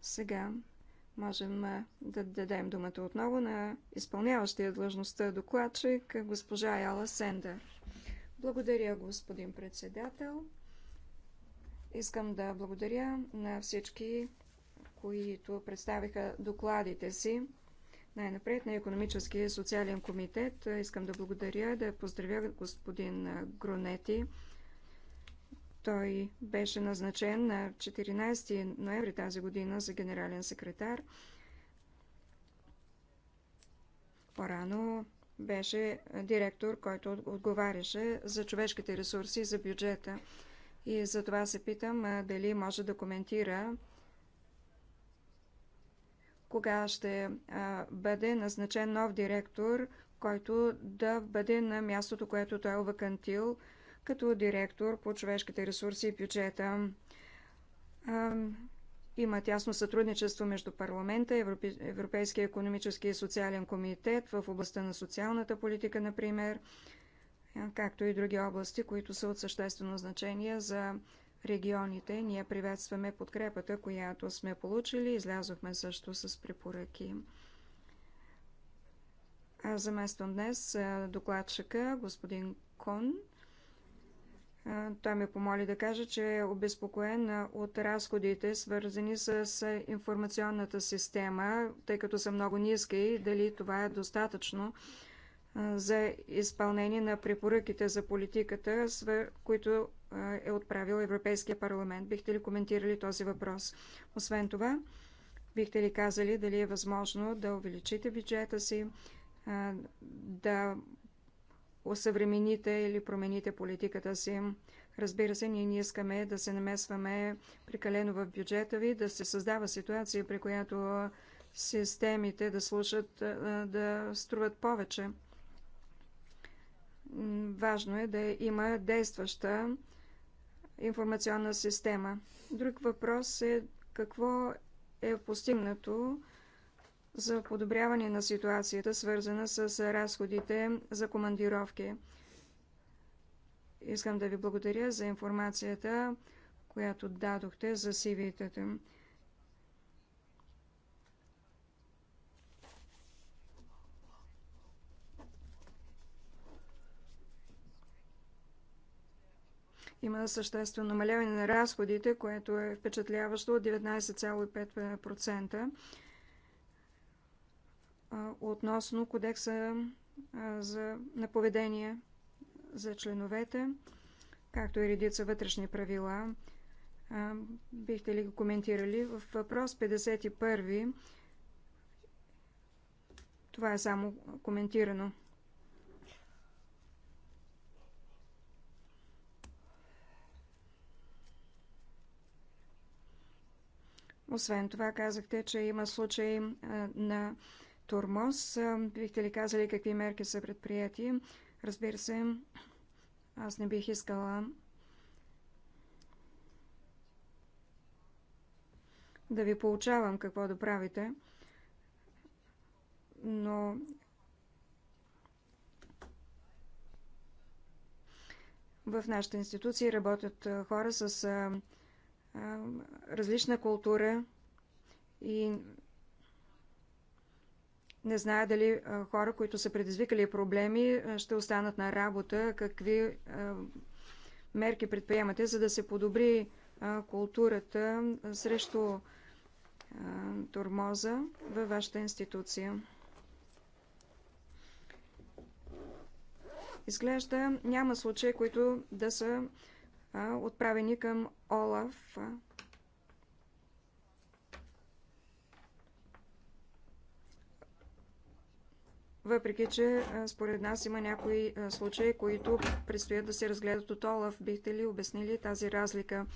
Сега можем да дадем думата отново на изпълняващия длъжността докладчик госпожа Яла Сендър. Благодаря, господин председател. Искам да благодаря на всички, които представиха докладите си. Най-напред на Економическия и социален комитет искам да благодаря, да поздравя господин Гронети. Той беше назначен на 14 ноември тази година за генерален секретар. По-рано беше директор, който отговаряше за човешките ресурси и за бюджета. И за това се питам дали може да коментира кога ще бъде назначен нов директор, който да бъде на мястото, което той е вакантил като директор по човешките ресурси и бюджета. Има тясно сътрудничество между парламента, Европейския економически и социален комитет в областта на социалната политика, например, както и други области, които са от съществено значение за регионите. Ние приветстваме подкрепата, която сме получили. Излязохме също с препоръки. замествам днес докладчика, господин Кон. Той ме помоли да каже, че е обезпокоен от разходите, свързани с информационната система, тъй като са много ниски и дали това е достатъчно за изпълнение на препоръките за политиката, които е отправил Европейския парламент. Бихте ли коментирали този въпрос? Освен това, бихте ли казали дали е възможно да увеличите бюджета си, да осъвремените или промените политиката си? Разбира се, ние не искаме да се намесваме прекалено в бюджета ви, да се създава ситуация, при която системите да слушат, да струват повече. Важно е да има действаща информационна система. Друг въпрос е какво е постигнато за подобряване на ситуацията, свързана с разходите за командировки. Искам да ви благодаря за информацията, която дадохте за CV-тата. Има съществено намаляване на разходите, което е впечатляващо от 19,5% относно кодекса за, на поведение за членовете, както и редица вътрешни правила. Бихте ли го коментирали? В въпрос 51 това е само коментирано. Освен това, казахте, че има случаи на турмоз. Бихте ли казали какви мерки са предприяти? Разбира се, аз не бих искала да ви получавам какво да правите, но в нашата институция работят хора с различна култура и не зная дали хора, които са предизвикали проблеми, ще останат на работа, какви мерки предприемате, за да се подобри културата срещу тормоза във вашата институция. Изглежда няма случаи, които да са отправени към Олаф. Въпреки, че според нас има някои случаи, които предстоят да се разгледат от Олаф. Бихте ли обяснили тази разлика?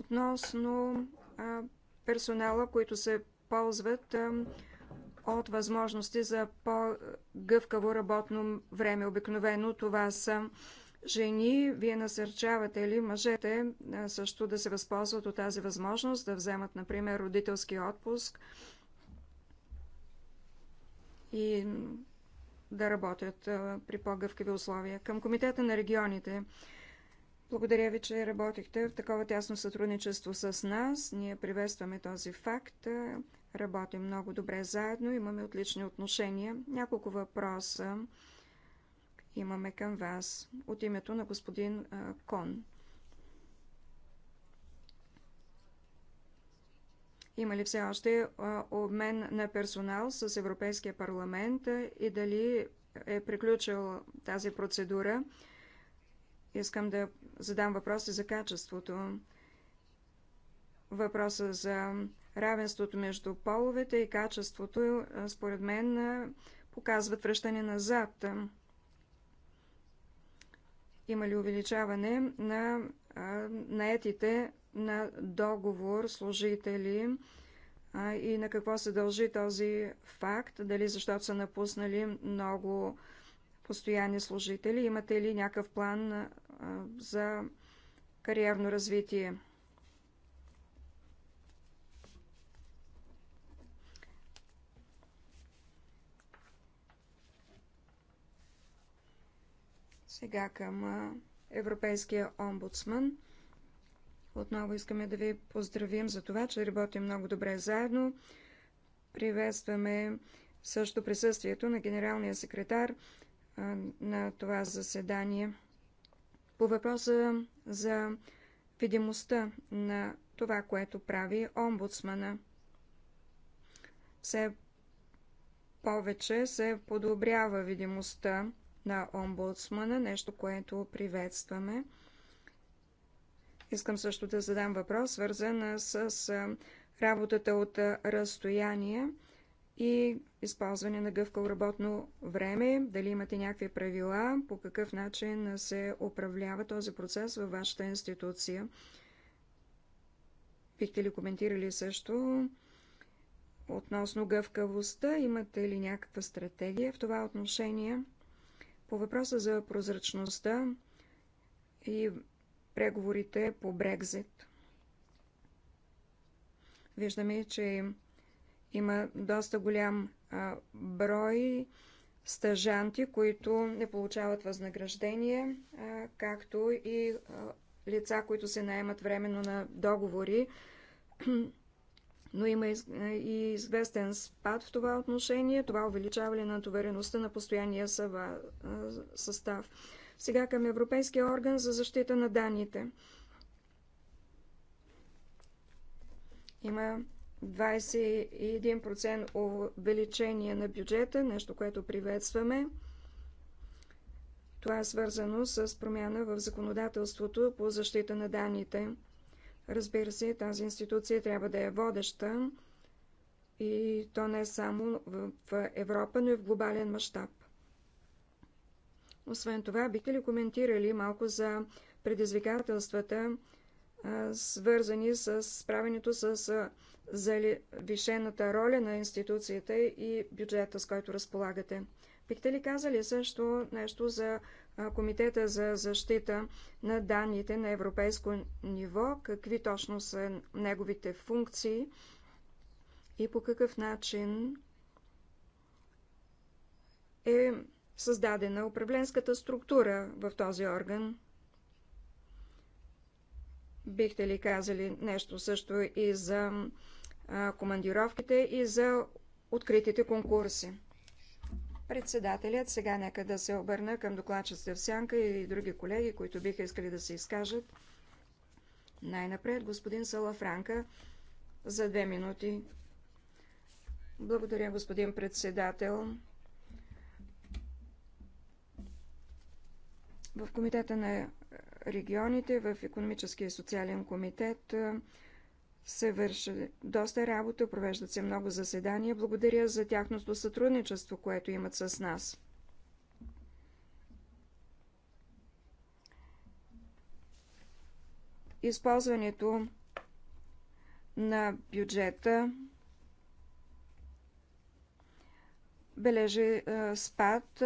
Относно персонала, които се ползват от възможности за по-гъвкаво работно време. Обикновено това са жени. Вие насърчавате ли мъжете също да се възползват от тази възможност, да вземат, например, родителски отпуск и да работят при по-гъвкави условия. Към Комитета на регионите. Благодаря ви, че работихте в такова тясно сътрудничество с нас. Ние приветстваме този факт. Работим много добре заедно, имаме отлични отношения. Няколко въпроса имаме към вас от името на господин Кон. Има ли все още обмен на персонал с Европейския парламент и дали е приключил тази процедура? Искам да задам въпроси за качеството. Въпроса за равенството между половете и качеството, е, според мен, е, показват връщане назад. Има ли увеличаване на наетите на договор служители и на какво се дължи този факт? Дали защото са напуснали много постоянни служители? Имате ли някакъв план за кариерно развитие? Сега към Европейския омбудсман. Отново искаме да ви поздравим за това, че работим много добре заедно. Приветстваме също присъствието на генералния секретар на това заседание. По въпроса за видимостта на това, което прави омбудсмана. Все повече се подобрява видимостта на омбудсмана, нещо, което приветстваме. Искам също да задам въпрос, свързан с работата от разстояние и използване на гъвкаво работно време. Дали имате някакви правила, по какъв начин се управлява този процес във вашата институция? Бихте ли коментирали също относно гъвкавостта? Имате ли някаква стратегия в това отношение? По въпроса за прозрачността и преговорите по Брекзит. Виждаме, че има доста голям брой стъжанти, които не получават възнаграждение, както и лица, които се наемат временно на договори но има е, и известен спад в това отношение. Това увеличаване на товареността на постоянния е, състав. Сега към Европейския орган за защита на данните. Има 21% увеличение на бюджета, нещо, което приветстваме. Това е свързано с промяна в законодателството по защита на данните. Разбира се, тази институция трябва да е водеща и то не само в Европа, но и в глобален мащаб. Освен това, бихте ли коментирали малко за предизвикателствата, свързани с справянето с завишената роля на институцията и бюджета, с който разполагате? Бихте ли казали също нещо за Комитета за защита на данните на европейско ниво, какви точно са неговите функции и по какъв начин е създадена управленската структура в този орган. Бихте ли казали нещо също и за командировките и за откритите конкурси? Председателят, сега нека да се обърна към докладчиците в сянка и други колеги, които биха искали да се изкажат. Най-напред господин Салафранка за две минути. Благодаря, господин председател. В Комитета на регионите, в Економическия и социален комитет се върши доста работа, провеждат се много заседания. Благодаря за тяхното сътрудничество, което имат с нас. Използването на бюджета бележи спад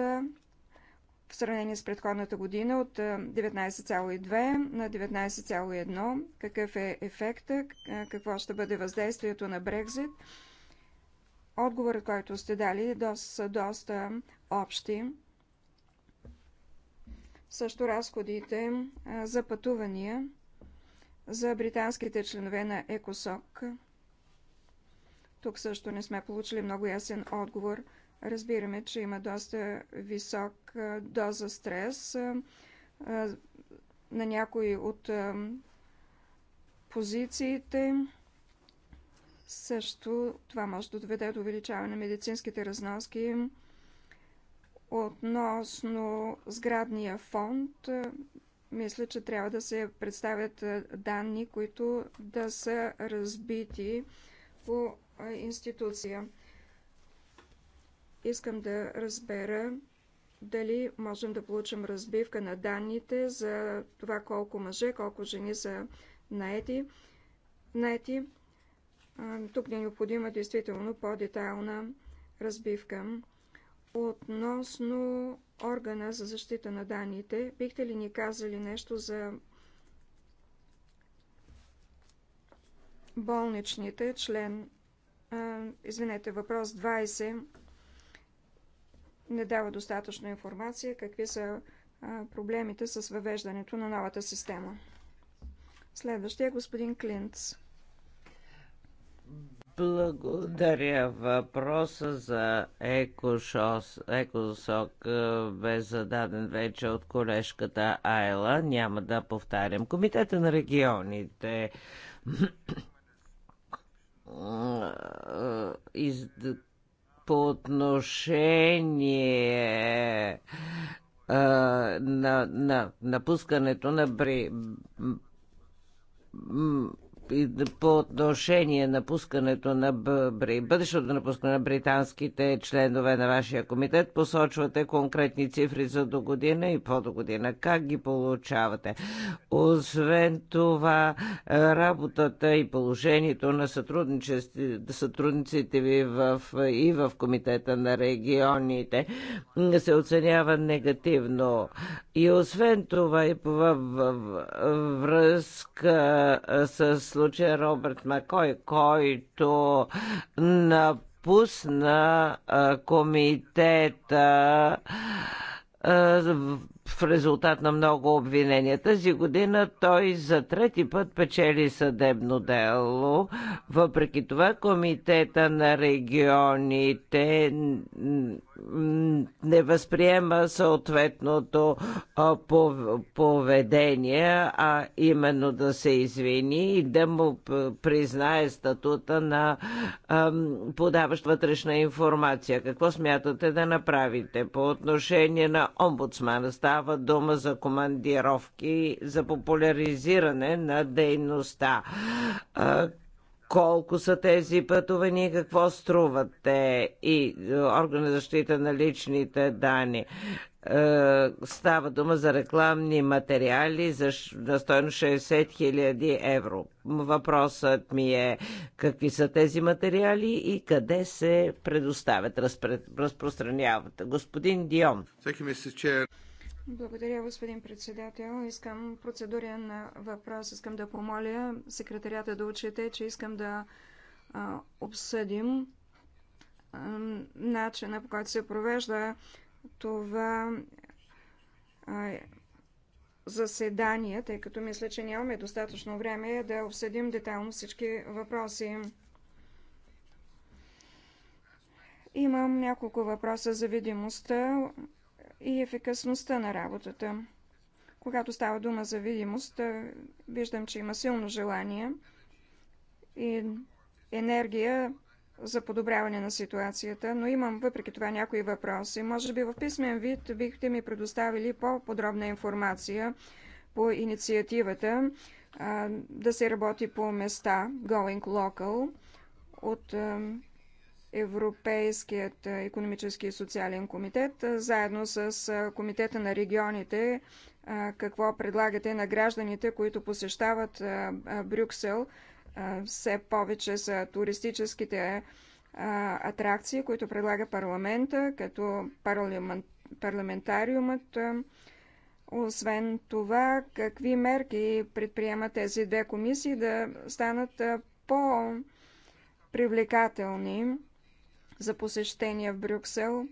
в сравнение с предходната година от 19,2 на 19,1. Какъв е ефекта? Какво ще бъде въздействието на Брекзит? Отговорът, който сте дали, е са доста общи. Също разходите за пътувания за британските членове на ЕКОСОК. Тук също не сме получили много ясен отговор – Разбираме, че има доста висок доза стрес на някои от позициите. Също това може да доведе до увеличаване на медицинските разноски относно сградния фонд. Мисля, че трябва да се представят данни, които да са разбити по институция. Искам да разбера дали можем да получим разбивка на данните за това колко мъже, колко жени са наети. наети. Тук не е необходима действително по-детайлна разбивка. Относно органа за защита на данните, бихте ли ни казали нещо за болничните, член, извинете, въпрос 20 не дава достатъчно информация какви са проблемите с въвеждането на новата система. Следващия е господин Клинц. Благодаря. Въпроса за екосок бе зададен вече от колежката Айла. Няма да повтарям. Комитета на регионите из, по отношение на, на напускането на Бри, по отношение на пускането на бъдещото напускане на британските членове на вашия комитет, посочвате конкретни цифри за до година и по до година. Как ги получавате? Освен това, е, работата и положението на сътрудниците ви в, и в комитета на регионите се оценява негативно. И освен това, и във връзка е, с случая Робърт Макой, който напусна комитета в резултат на много обвинения. Тази година той за трети път печели съдебно дело. Въпреки това, Комитета на регионите не възприема съответното поведение, а именно да се извини и да му признае статута на подаващ вътрешна информация. Какво смятате да направите по отношение на омбудсмана? става дума за командировки, за популяризиране на дейността. Колко са тези пътувания, какво струват те и органа защита на личните данни става дума за рекламни материали за настойно 60 000 евро. Въпросът ми е какви са тези материали и къде се предоставят, разпространяват. Господин Дион. Благодаря, господин председател. Искам процедурен въпрос. Искам да помоля секретарята да учите, че искам да а, обсъдим а, начина по който се провежда това а, заседание, тъй като мисля, че нямаме достатъчно време да обсъдим детайлно всички въпроси. Имам няколко въпроса за видимостта и ефикасността на работата. Когато става дума за видимост, виждам, че има силно желание и енергия за подобряване на ситуацията, но имам въпреки това някои въпроси. Може би в писмен вид бихте ми предоставили по-подробна информация по инициативата да се работи по места Going Local от Европейският економически и социален комитет, заедно с Комитета на регионите, какво предлагате на гражданите, които посещават Брюксел. Все повече са туристическите атракции, които предлага парламента, като парламентариумът. Освен това, какви мерки предприемат тези две комисии да станат по-привлекателни? за посещение в Брюксел.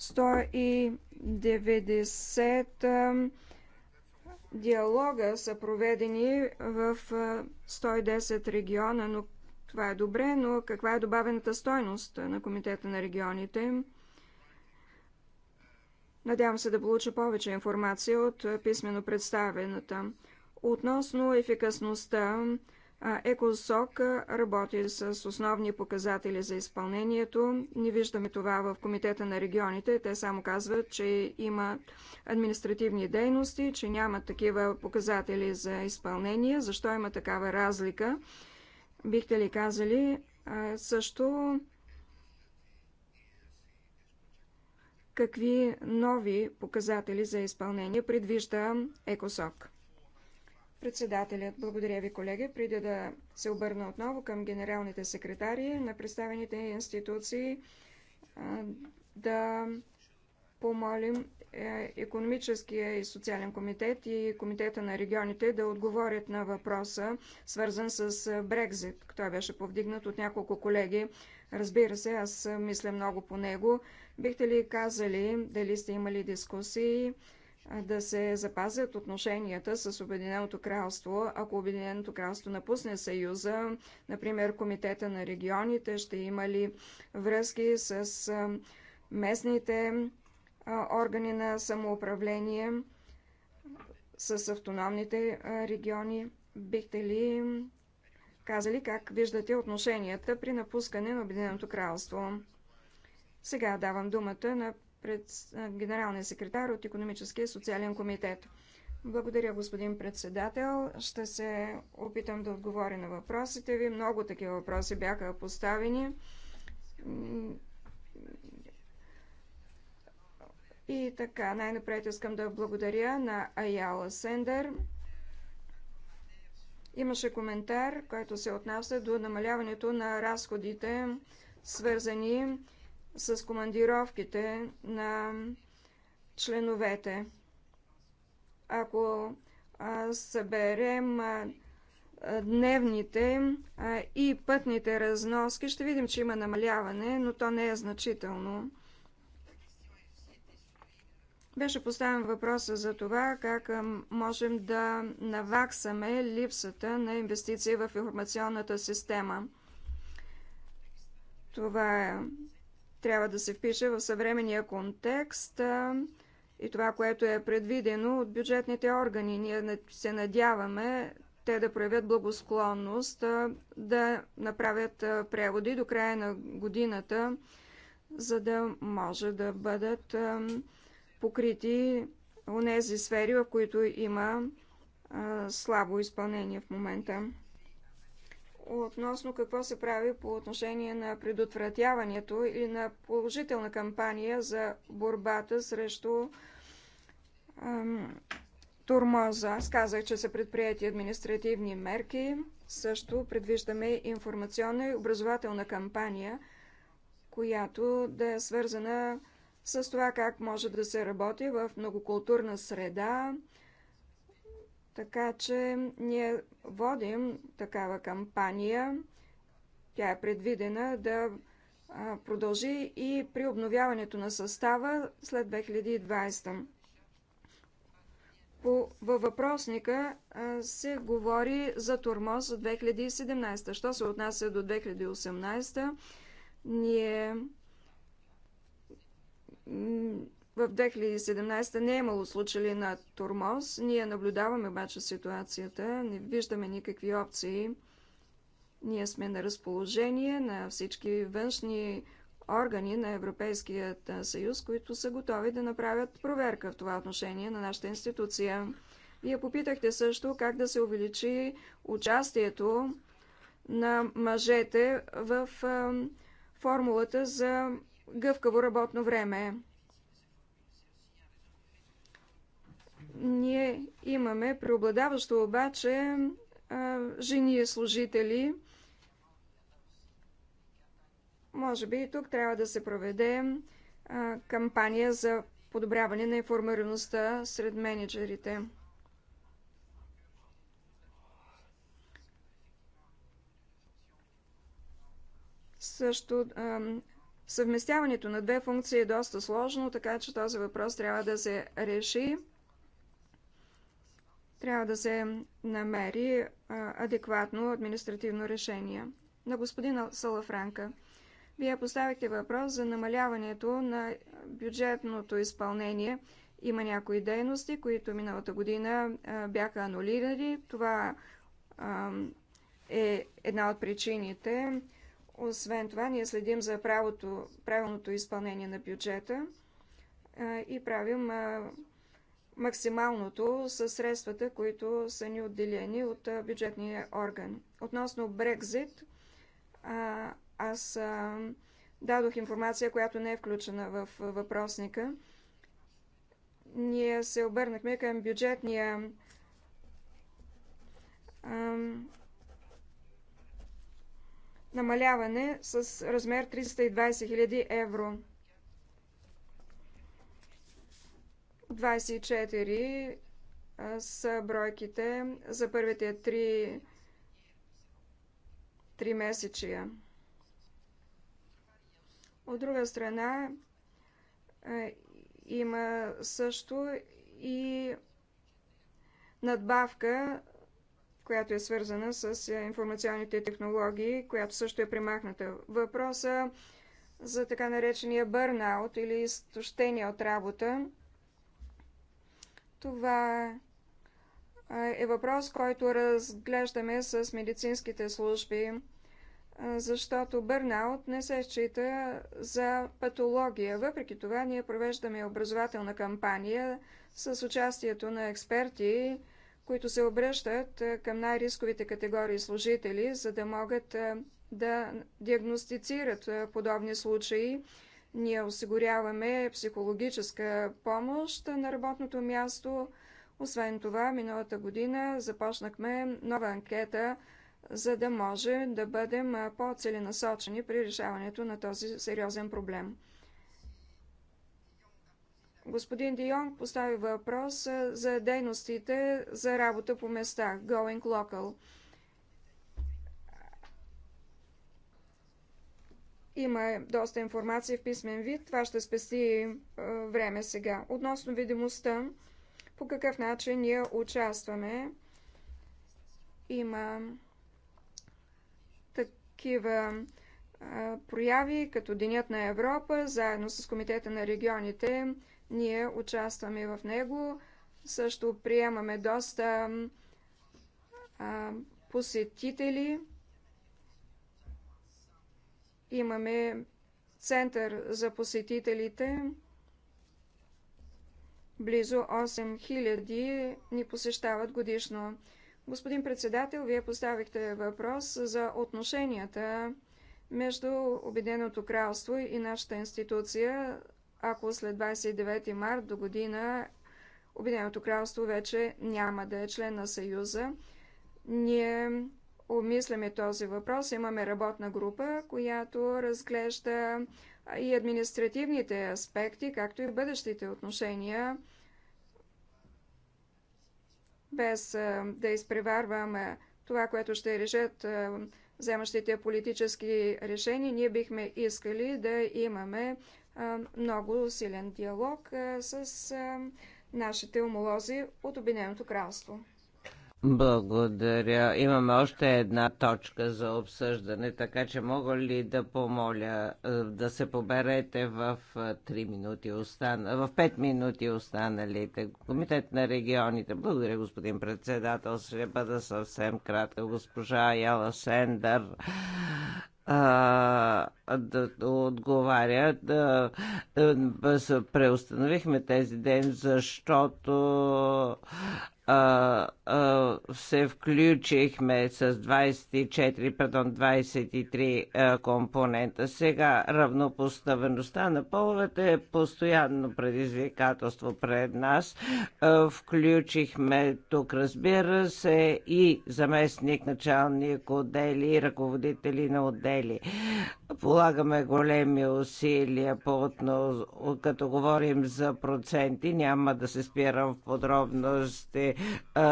190 диалога са проведени в 110 региона, но това е добре, но каква е добавената стойност на Комитета на регионите? Надявам се да получа повече информация от писменно представената. Относно ефикасността, ЕКОСОК работи с основни показатели за изпълнението. Не виждаме това в Комитета на регионите. Те само казват, че има административни дейности, че няма такива показатели за изпълнение. Защо има такава разлика? Бихте ли казали също какви нови показатели за изпълнение предвижда ЕКОСОК? Председателят, благодаря ви, колеги. Преди да се обърна отново към генералните секретари на представените институции, да помолим е, економическия и социален комитет и комитета на регионите да отговорят на въпроса, свързан с е, Брекзит. Той беше повдигнат от няколко колеги. Разбира се, аз е, мисля много по него. Бихте ли казали дали сте имали дискусии да се запазят отношенията с Обединеното кралство. Ако Обединеното кралство напусне Съюза, например Комитета на регионите, ще има ли връзки с местните органи на самоуправление, с автономните региони? Бихте ли казали как виждате отношенията при напускане на Обединеното кралство? Сега давам думата на пред генералния секретар от Економическия и социален комитет. Благодаря, господин председател. Ще се опитам да отговоря на въпросите ви. Много такива въпроси бяха поставени. И така, най-напред искам да благодаря на Аяла Сендер. Имаше коментар, който се отнася до намаляването на разходите, свързани с командировките на членовете. Ако съберем дневните и пътните разноски, ще видим, че има намаляване, но то не е значително. Беше поставен въпроса за това как можем да наваксаме липсата на инвестиции в информационната система. Това е трябва да се впише в съвременния контекст и това, което е предвидено от бюджетните органи. Ние се надяваме те да проявят благосклонност, да направят преводи до края на годината, за да може да бъдат покрити нези сфери, в които има слабо изпълнение в момента относно какво се прави по отношение на предотвратяването и на положителна кампания за борбата срещу ам, турмоза. Сказах, че са предприяти административни мерки. Също предвиждаме информационна и образователна кампания, която да е свързана с това как може да се работи в многокултурна среда, така че ние водим такава кампания. Тя е предвидена да продължи и при обновяването на състава след 2020. По, във въпросника се говори за тормоз за 2017. Що се отнася до 2018, ние в 2017 не е имало случаи на турмоз. Ние наблюдаваме обаче ситуацията, не виждаме никакви опции. Ние сме на разположение на всички външни органи на Европейският съюз, които са готови да направят проверка в това отношение на нашата институция. Вие попитахте също как да се увеличи участието на мъжете в формулата за гъвкаво работно време. Ние имаме преобладаващо обаче жени служители. Може би и тук трябва да се проведе кампания за подобряване на информираността сред менеджерите. Също съвместяването на две функции е доста сложно, така че този въпрос трябва да се реши трябва да се намери адекватно административно решение. На господин Салафранка, вие поставихте въпрос за намаляването на бюджетното изпълнение. Има някои дейности, които миналата година бяха анулирани. Това е една от причините. Освен това, ние следим за правото, правилното изпълнение на бюджета и правим максималното със средствата, които са ни отделени от бюджетния орган. Относно Брекзит, аз дадох информация, която не е включена в въпросника. Ние се обърнахме към бюджетния намаляване с размер 320 000 евро. 24 са бройките за първите три, три месечия. От друга страна има също и надбавка, която е свързана с информационните технологии, която също е примахната. Въпроса за така наречения бърнаут или изтощение от работа – това е въпрос, който разглеждаме с медицинските служби, защото бърнаут не се счита за патология. Въпреки това, ние провеждаме образователна кампания с участието на експерти, които се обръщат към най-рисковите категории служители, за да могат да диагностицират подобни случаи ние осигуряваме психологическа помощ на работното място. Освен това, миналата година започнахме нова анкета, за да може да бъдем по-целенасочени при решаването на този сериозен проблем. Господин Дионг постави въпрос за дейностите за работа по места, Going Local – Има доста информация в писмен вид. Това ще спести е, време сега. Относно видимостта, по какъв начин ние участваме. Има такива е, прояви, като Денят на Европа, заедно с Комитета на регионите. Ние участваме в него. Също приемаме доста е, посетители Имаме център за посетителите. Близо 8000 ни посещават годишно. Господин председател, вие поставихте въпрос за отношенията между Обединеното кралство и нашата институция, ако след 29 март до година Обединеното кралство вече няма да е член на Съюза. Ние обмисляме този въпрос. Имаме работна група, която разглежда и административните аспекти, както и бъдещите отношения, без да изпреварваме това, което ще решат вземащите политически решения. Ние бихме искали да имаме много силен диалог с нашите умолози от Обединеното кралство. Благодаря. Имаме още една точка за обсъждане, така че мога ли да помоля е, да се поберете в 3 е, минути остана, в 5 минути останалите. Комитет на регионите. Благодаря, господин председател. Ще бъда съвсем кратка. Госпожа Яла Сендър да, е, да отговаря. Да, да, преустановихме тези ден, защото а, а, се включихме с 24, пардон, 23 а, компонента. Сега равнопоставеността на половете е постоянно предизвикателство пред нас. А, включихме тук, разбира се, и заместник началник отдели и ръководители на отдели. Полагаме големи усилия по като говорим за проценти. Няма да се спирам в подробности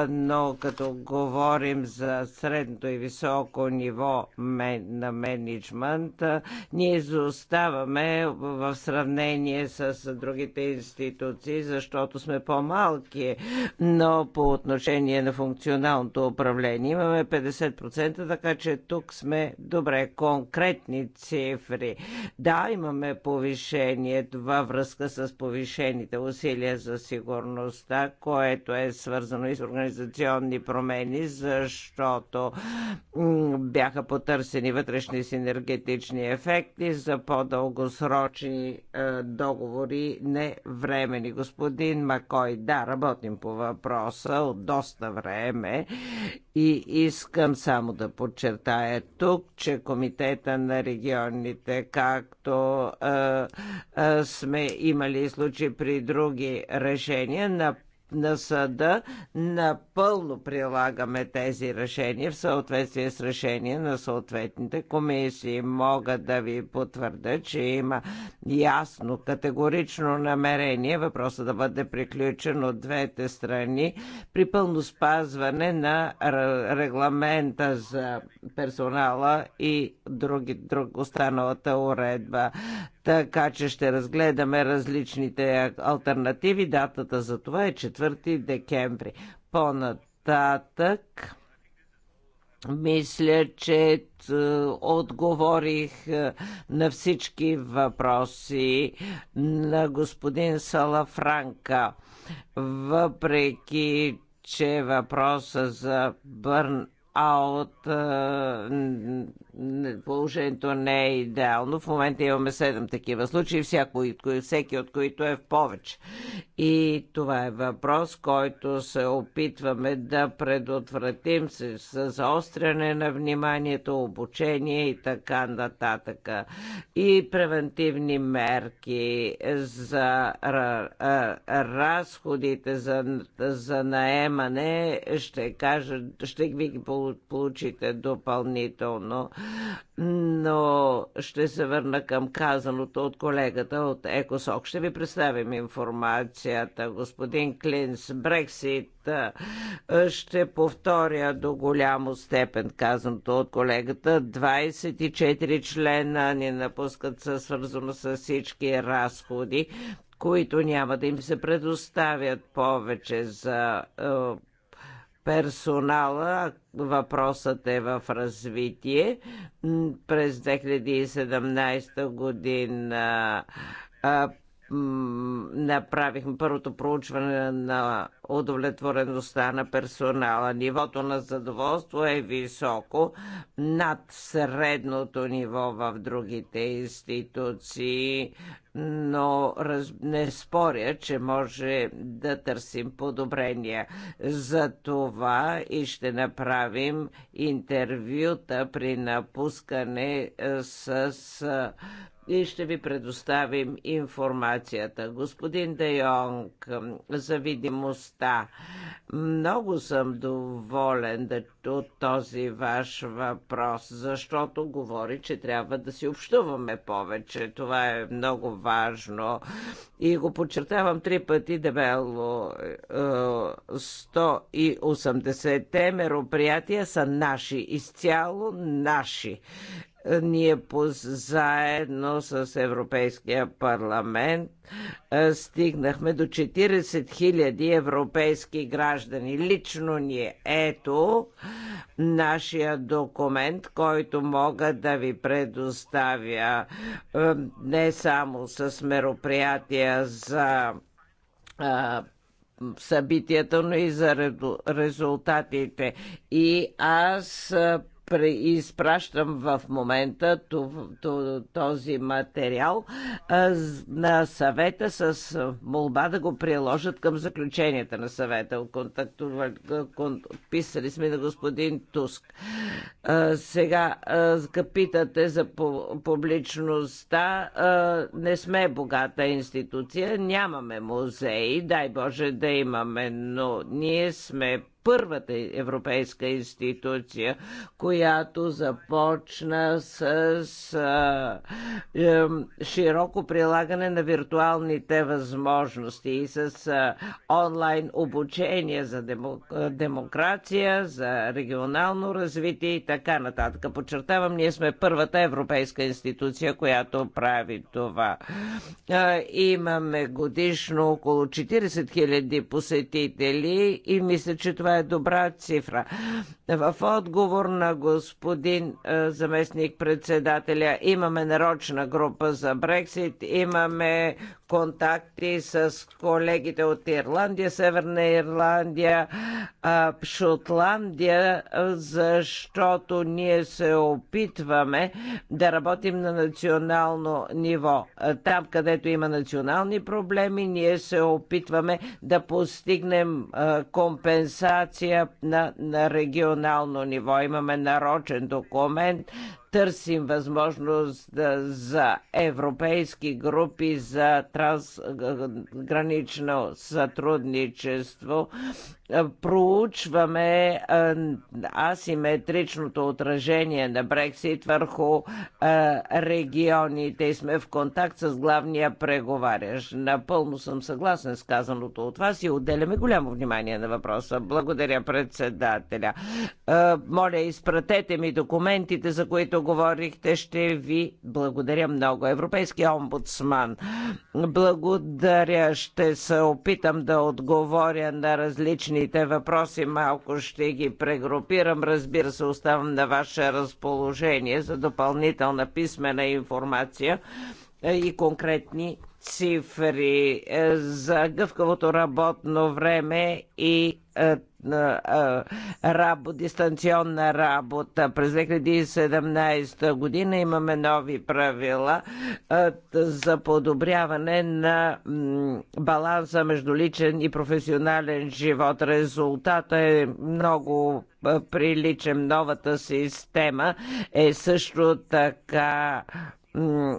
но като говорим за средното и високо ниво на менеджмент, ние заоставаме в сравнение с другите институции, защото сме по-малки, но по отношение на функционалното управление имаме 50%, така че тук сме добре конкретни цифри. Да, имаме повишение във връзка с повишените усилия за сигурността, което е свързано свързано и с организационни промени, защото бяха потърсени вътрешни синергетични ефекти за по-дългосрочни е, договори, не времени. Господин Макой, да, работим по въпроса от доста време и искам само да подчертая тук, че Комитета на регионите, както е, е, сме имали случаи при други решения, на на съда, напълно прилагаме тези решения в съответствие с решение на съответните комисии. Мога да ви потвърда, че има ясно, категорично намерение въпросът да бъде приключен от двете страни при пълно спазване на регламента за персонала и други, друг, останалата уредба. Така че ще разгледаме различните альтернативи. Датата за това е 4 декември. По-нататък. Мисля, че е, отговорих е, на всички въпроси на господин Салафранка. Въпреки, че въпроса за аут е, положението не е идеално. В момента имаме 7 такива случаи, всяко, всеки от които е в повече. И това е въпрос, който се опитваме да предотвратим с, с заостряне на вниманието, обучение и така нататък. И превентивни мерки за разходите за, за наемане, ще, кажа, ще ви ги получите допълнително но ще се върна към казаното от колегата от ЕКОСОК. Ще ви представим информацията. Господин Клинс, Брексит ще повторя до голямо степен казаното от колегата. 24 члена ни напускат със свързано с всички разходи които няма да им се предоставят повече за персонала. Въпросът е в развитие. През 2017 година направихме първото проучване на удовлетвореността на персонала. Нивото на задоволство е високо, над средното ниво в другите институции, но раз... не споря, че може да търсим подобрения. За това и ще направим интервюта при напускане е, с е, и ще ви предоставим информацията. Господин Де Йонг, за видимостта. Много съм доволен да, от този ваш въпрос, защото говори, че трябва да си общуваме повече. Това е много важно. И го подчертавам три пъти дебело. 180-те е, е, мероприятия са наши, изцяло наши. Е, ние заедно с Европейския парламент е, стигнахме до 40 000 европейски граждани. Лично ни е ето нашия документ, който мога да ви предоставя не само с мероприятия за събитията, но и за резултатите. И аз изпращам в момента този материал на съвета с молба да го приложат към заключенията на съвета. Писали сме на господин Туск. Сега питате за публичността. Не сме богата институция, нямаме музеи, дай Боже да имаме, но ние сме първата европейска институция, която започна с, а, е, широко прилагане на виртуалните възможности и с а, е, онлайн обучение за е, демокрация, за регионално развитие и така нататък. Подчертавам, ние сме първата европейска институция, която прави това. А, е, имаме годишно около 40 000 посетители и мисля, че това е добра цифра. В отговор на господин е, заместник председателя имаме нарочна група за Брексит, имаме контакти с колегите от Ирландия, Северна Ирландия, Шотландия, защото ние се опитваме да работим на национално ниво. Там, където има национални проблеми, ние се опитваме да постигнем компенсация на, на регионално ниво. Имаме нарочен документ търсим възможност за европейски групи за трансгранично сътрудничество е, проучваме е, асиметричното отражение на Брексит върху е, регионите и сме в контакт с главния преговарящ. Напълно съм съгласен с казаното от вас и отделяме голямо внимание на въпроса. Благодаря председателя. Моля, изпратете ми документите, за които говорихте. Ще ви благодаря много. Европейския омбудсман. Благодаря. Ще се опитам да отговоря на различни отделните въпроси малко ще ги прегрупирам. Разбира се, оставам на ваше разположение за допълнителна писмена информация е, и конкретни цифри е, за гъвкавото работно време и е, рабо, дистанционна работа. През 2017 година имаме нови правила за подобряване на баланса между личен и професионален живот. Резултата е много приличен. Новата система е също така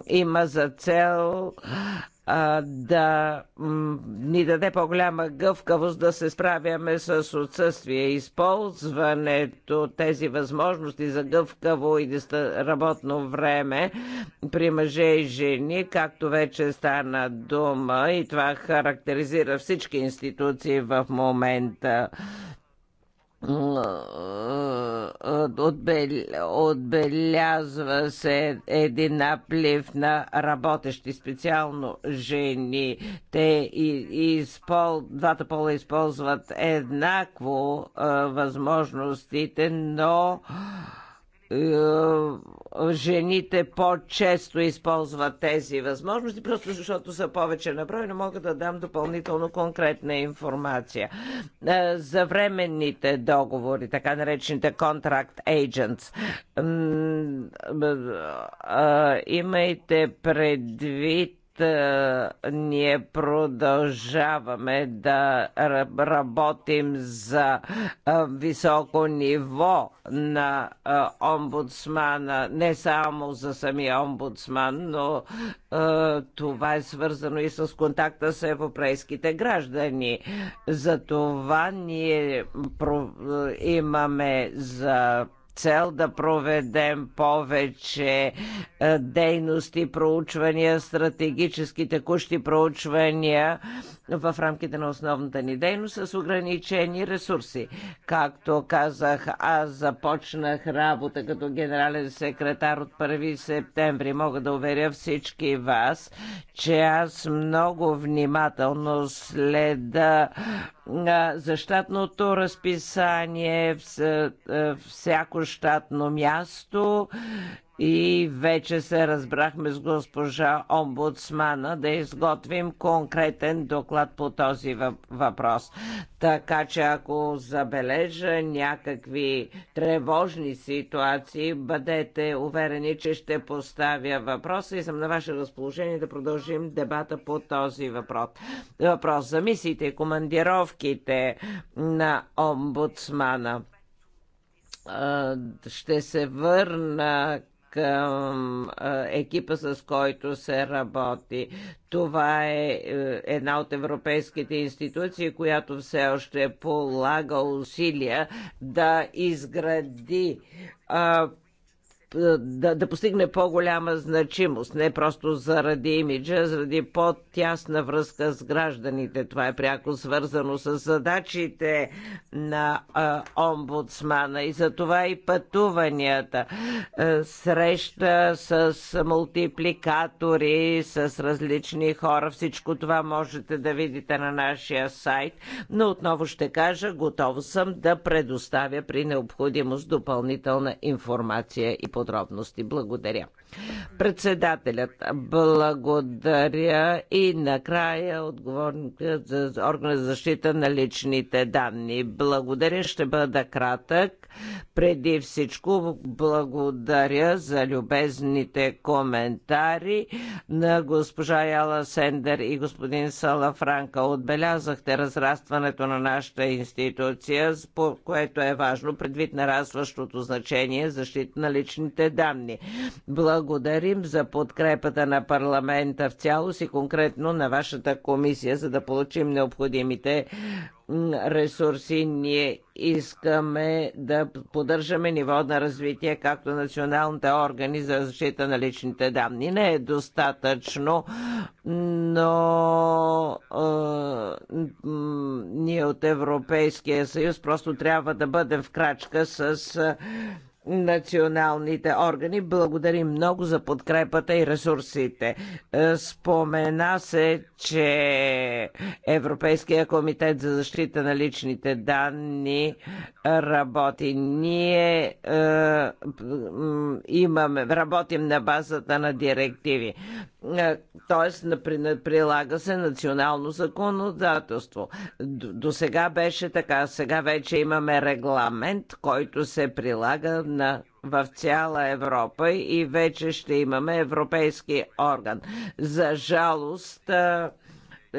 има за цел а, да ни даде по-голяма гъвкавост да се справяме с отсъствие. Използването тези възможности за гъвкаво и работно време при мъже и жени, както вече стана дума и това характеризира всички институции в момента отбелязва се един наплив на работещи, специално жени. Те и, и спол, двата пола използват еднакво възможностите, но е, жените по-често използват тези възможности, просто защото са повече на брой, но мога да дам допълнително конкретна информация. Е, за временните договори, така наречените contract agents, е, имайте предвид, ние продължаваме да работим за високо ниво на омбудсмана, не само за самия омбудсман, но това е свързано и с контакта с европейските граждани. За това ние имаме за цел да проведем повече е, дейности, проучвания, стратегически текущи проучвания в рамките на основната ни дейност с ограничени ресурси. Както казах, аз започнах работа като генерален секретар от 1 септември. Мога да уверя всички вас, че аз много внимателно следа за щатното разписание, е, е, всяко щатно място и вече се разбрахме с госпожа омбудсмана да изготвим конкретен доклад по този въпрос. Така че ако забележа някакви тревожни ситуации, бъдете уверени, че ще поставя въпроса и съм на ваше разположение да продължим дебата по този въпрос. Въпрос за мисиите и командировките на омбудсмана ще се върна към екипа, с който се работи. Това е, е една от европейските институции, която все още полага усилия да изгради е, да, да постигне по-голяма значимост, не просто заради имиджа, а заради по-тясна връзка с гражданите. Това е пряко свързано с задачите на а, е, омбудсмана и за това и пътуванията. А, е, среща с мултипликатори, с различни хора, всичко това можете да видите на нашия сайт, но отново ще кажа, готов съм да предоставя при необходимост допълнителна информация и по подробности. Благодаря. Председателят, благодаря и накрая отговорникът за органа за защита на личните данни. Благодаря, ще бъда кратък. Преди всичко благодаря за любезните коментари на госпожа Яла Сендер и господин Сала Франка. Отбелязахте разрастването на нашата институция, което е важно предвид нарастващото значение защита на личните личните данни. Благодарим за подкрепата на парламента в цялост и конкретно на вашата комисия, за да получим необходимите ресурси. Ние искаме да поддържаме ниво на развитие, както националните органи за защита на личните данни. Не е достатъчно, но е, ние от Европейския съюз просто трябва да бъдем в крачка с националните органи. Благодарим много за подкрепата и ресурсите. Е, спомена се, че Европейския комитет за защита на личните данни работи. Ние е, имаме, работим на базата на директиви. Е, тоест, прилага се национално законодателство. До сега беше така, сега вече имаме регламент, който се прилага на, в цяла Европа и вече ще имаме европейски орган. За жалост,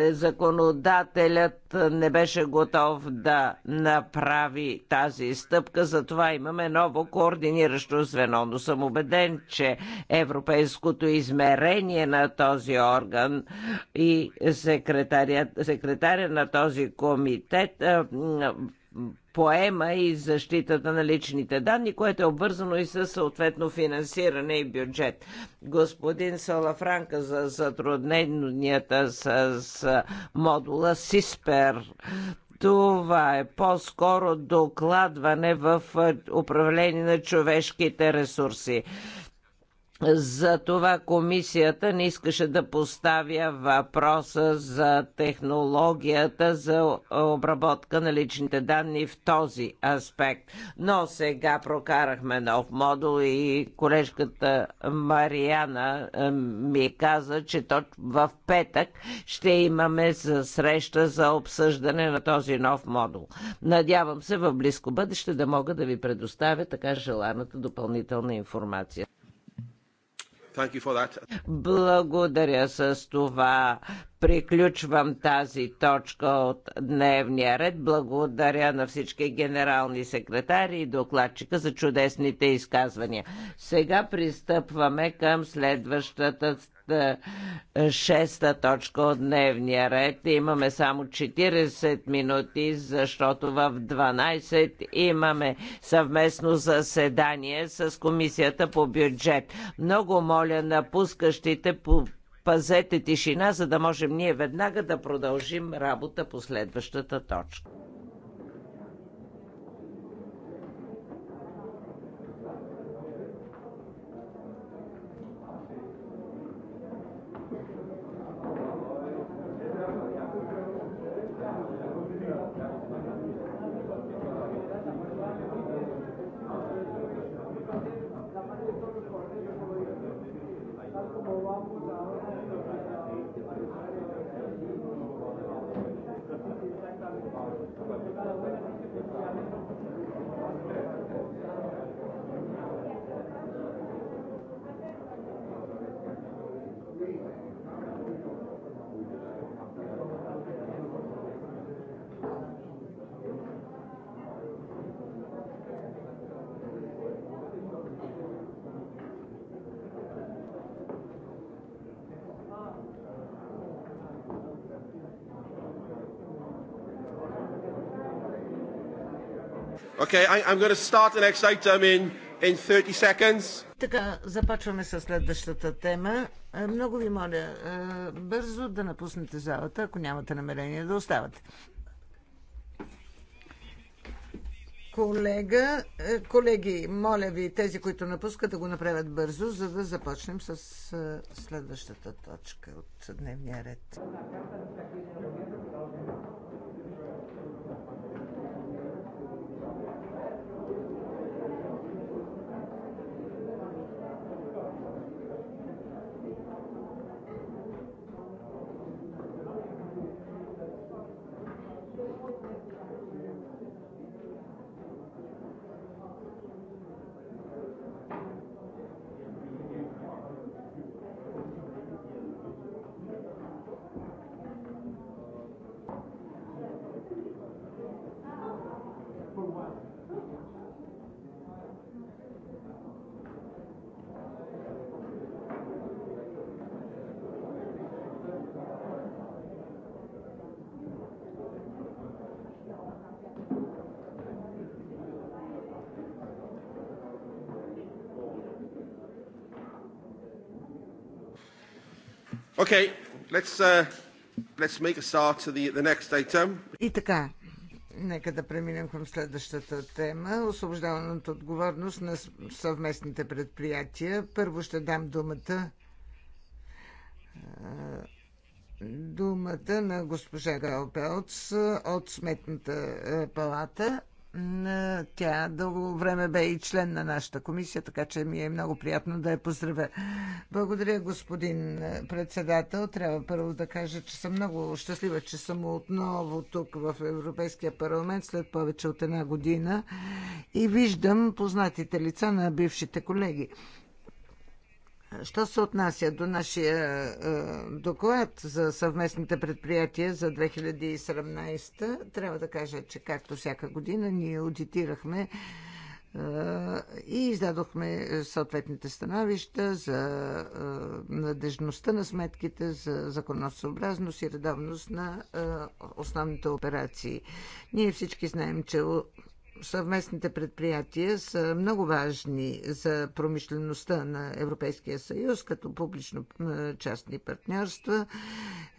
законодателят не беше готов да направи тази стъпка, затова имаме ново координиращо звено. Но съм убеден, че европейското измерение на този орган и секретаря, секретаря на този комитет поема и защитата на личните данни, което е обвързано и с съответно финансиране и бюджет. Господин Салафранка за затрудненията с модула СИСПЕР. Това е по-скоро докладване в управление на човешките ресурси. За това комисията не искаше да поставя въпроса за технологията за обработка на личните данни в този аспект. Но сега прокарахме нов модул и колежката Мариана е, ми каза, че в петък ще имаме среща за обсъждане на този нов модул. Надявам се в близко бъдеще да мога да ви предоставя така желаната допълнителна информация. Благодаря с това. Приключвам тази точка от дневния ред. Благодаря на всички генерални секретари и докладчика за чудесните изказвания. Сега пристъпваме към следващата е, шеста точка от дневния ред. Имаме само 40 минути, защото в 12 имаме съвместно заседание с Комисията по бюджет. Много моля напускащите по Пазете тишина, за да можем ние веднага да продължим работа по следващата точка. Okay, I, I'm going to start the next item in, in 30 seconds. Така, започваме с следващата тема. Е, много ви моля, е, бързо да напуснете залата, ако нямате намерение да оставате. Колега, е, колеги, моля ви, тези, които напускат, да го направят бързо, за да започнем с следващата точка от дневния ред. Okay, let's, uh, let's make a start to the, the next item. И така, нека да преминем към следващата тема освобождаването отговорност на съвместните предприятия. Първо ще дам думата думата на госпожа Галпелц от Сметната палата. Е, тя дълго време бе и член на нашата комисия, така че ми е много приятно да я поздравя. Благодаря, господин е, председател. Трябва първо да кажа, че съм много щастлива, че съм отново тук в Европейския парламент след повече от една година и виждам познатите лица на бившите колеги. Що се отнася до нашия е, доклад за съвместните предприятия за 2017, трябва да кажа, че както всяка година ние аудитирахме е, и издадохме съответните становища за е, надежността на сметките, за законосъобразност и редовност на основните операции. Ние всички знаем, че съвместните предприятия са много важни за промишлеността на Европейския съюз, като публично-частни партньорства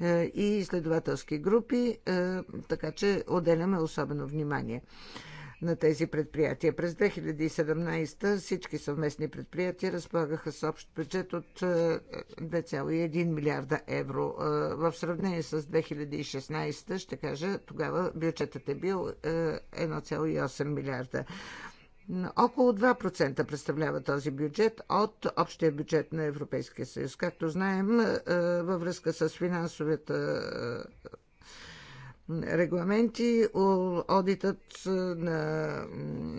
е, и изследователски групи, е, така че отделяме особено внимание на тези предприятия. През 2017 всички съвместни предприятия разполагаха с общ бюджет от 2,1 е, милиарда евро. Е, в сравнение с 2016, ще кажа, тогава бюджетът е бил 1,8 е, милиарда. Около 2% представлява този бюджет от общия бюджет на Европейския съюз. Както знаем, във връзка с финансовата регламенти, одитът е, на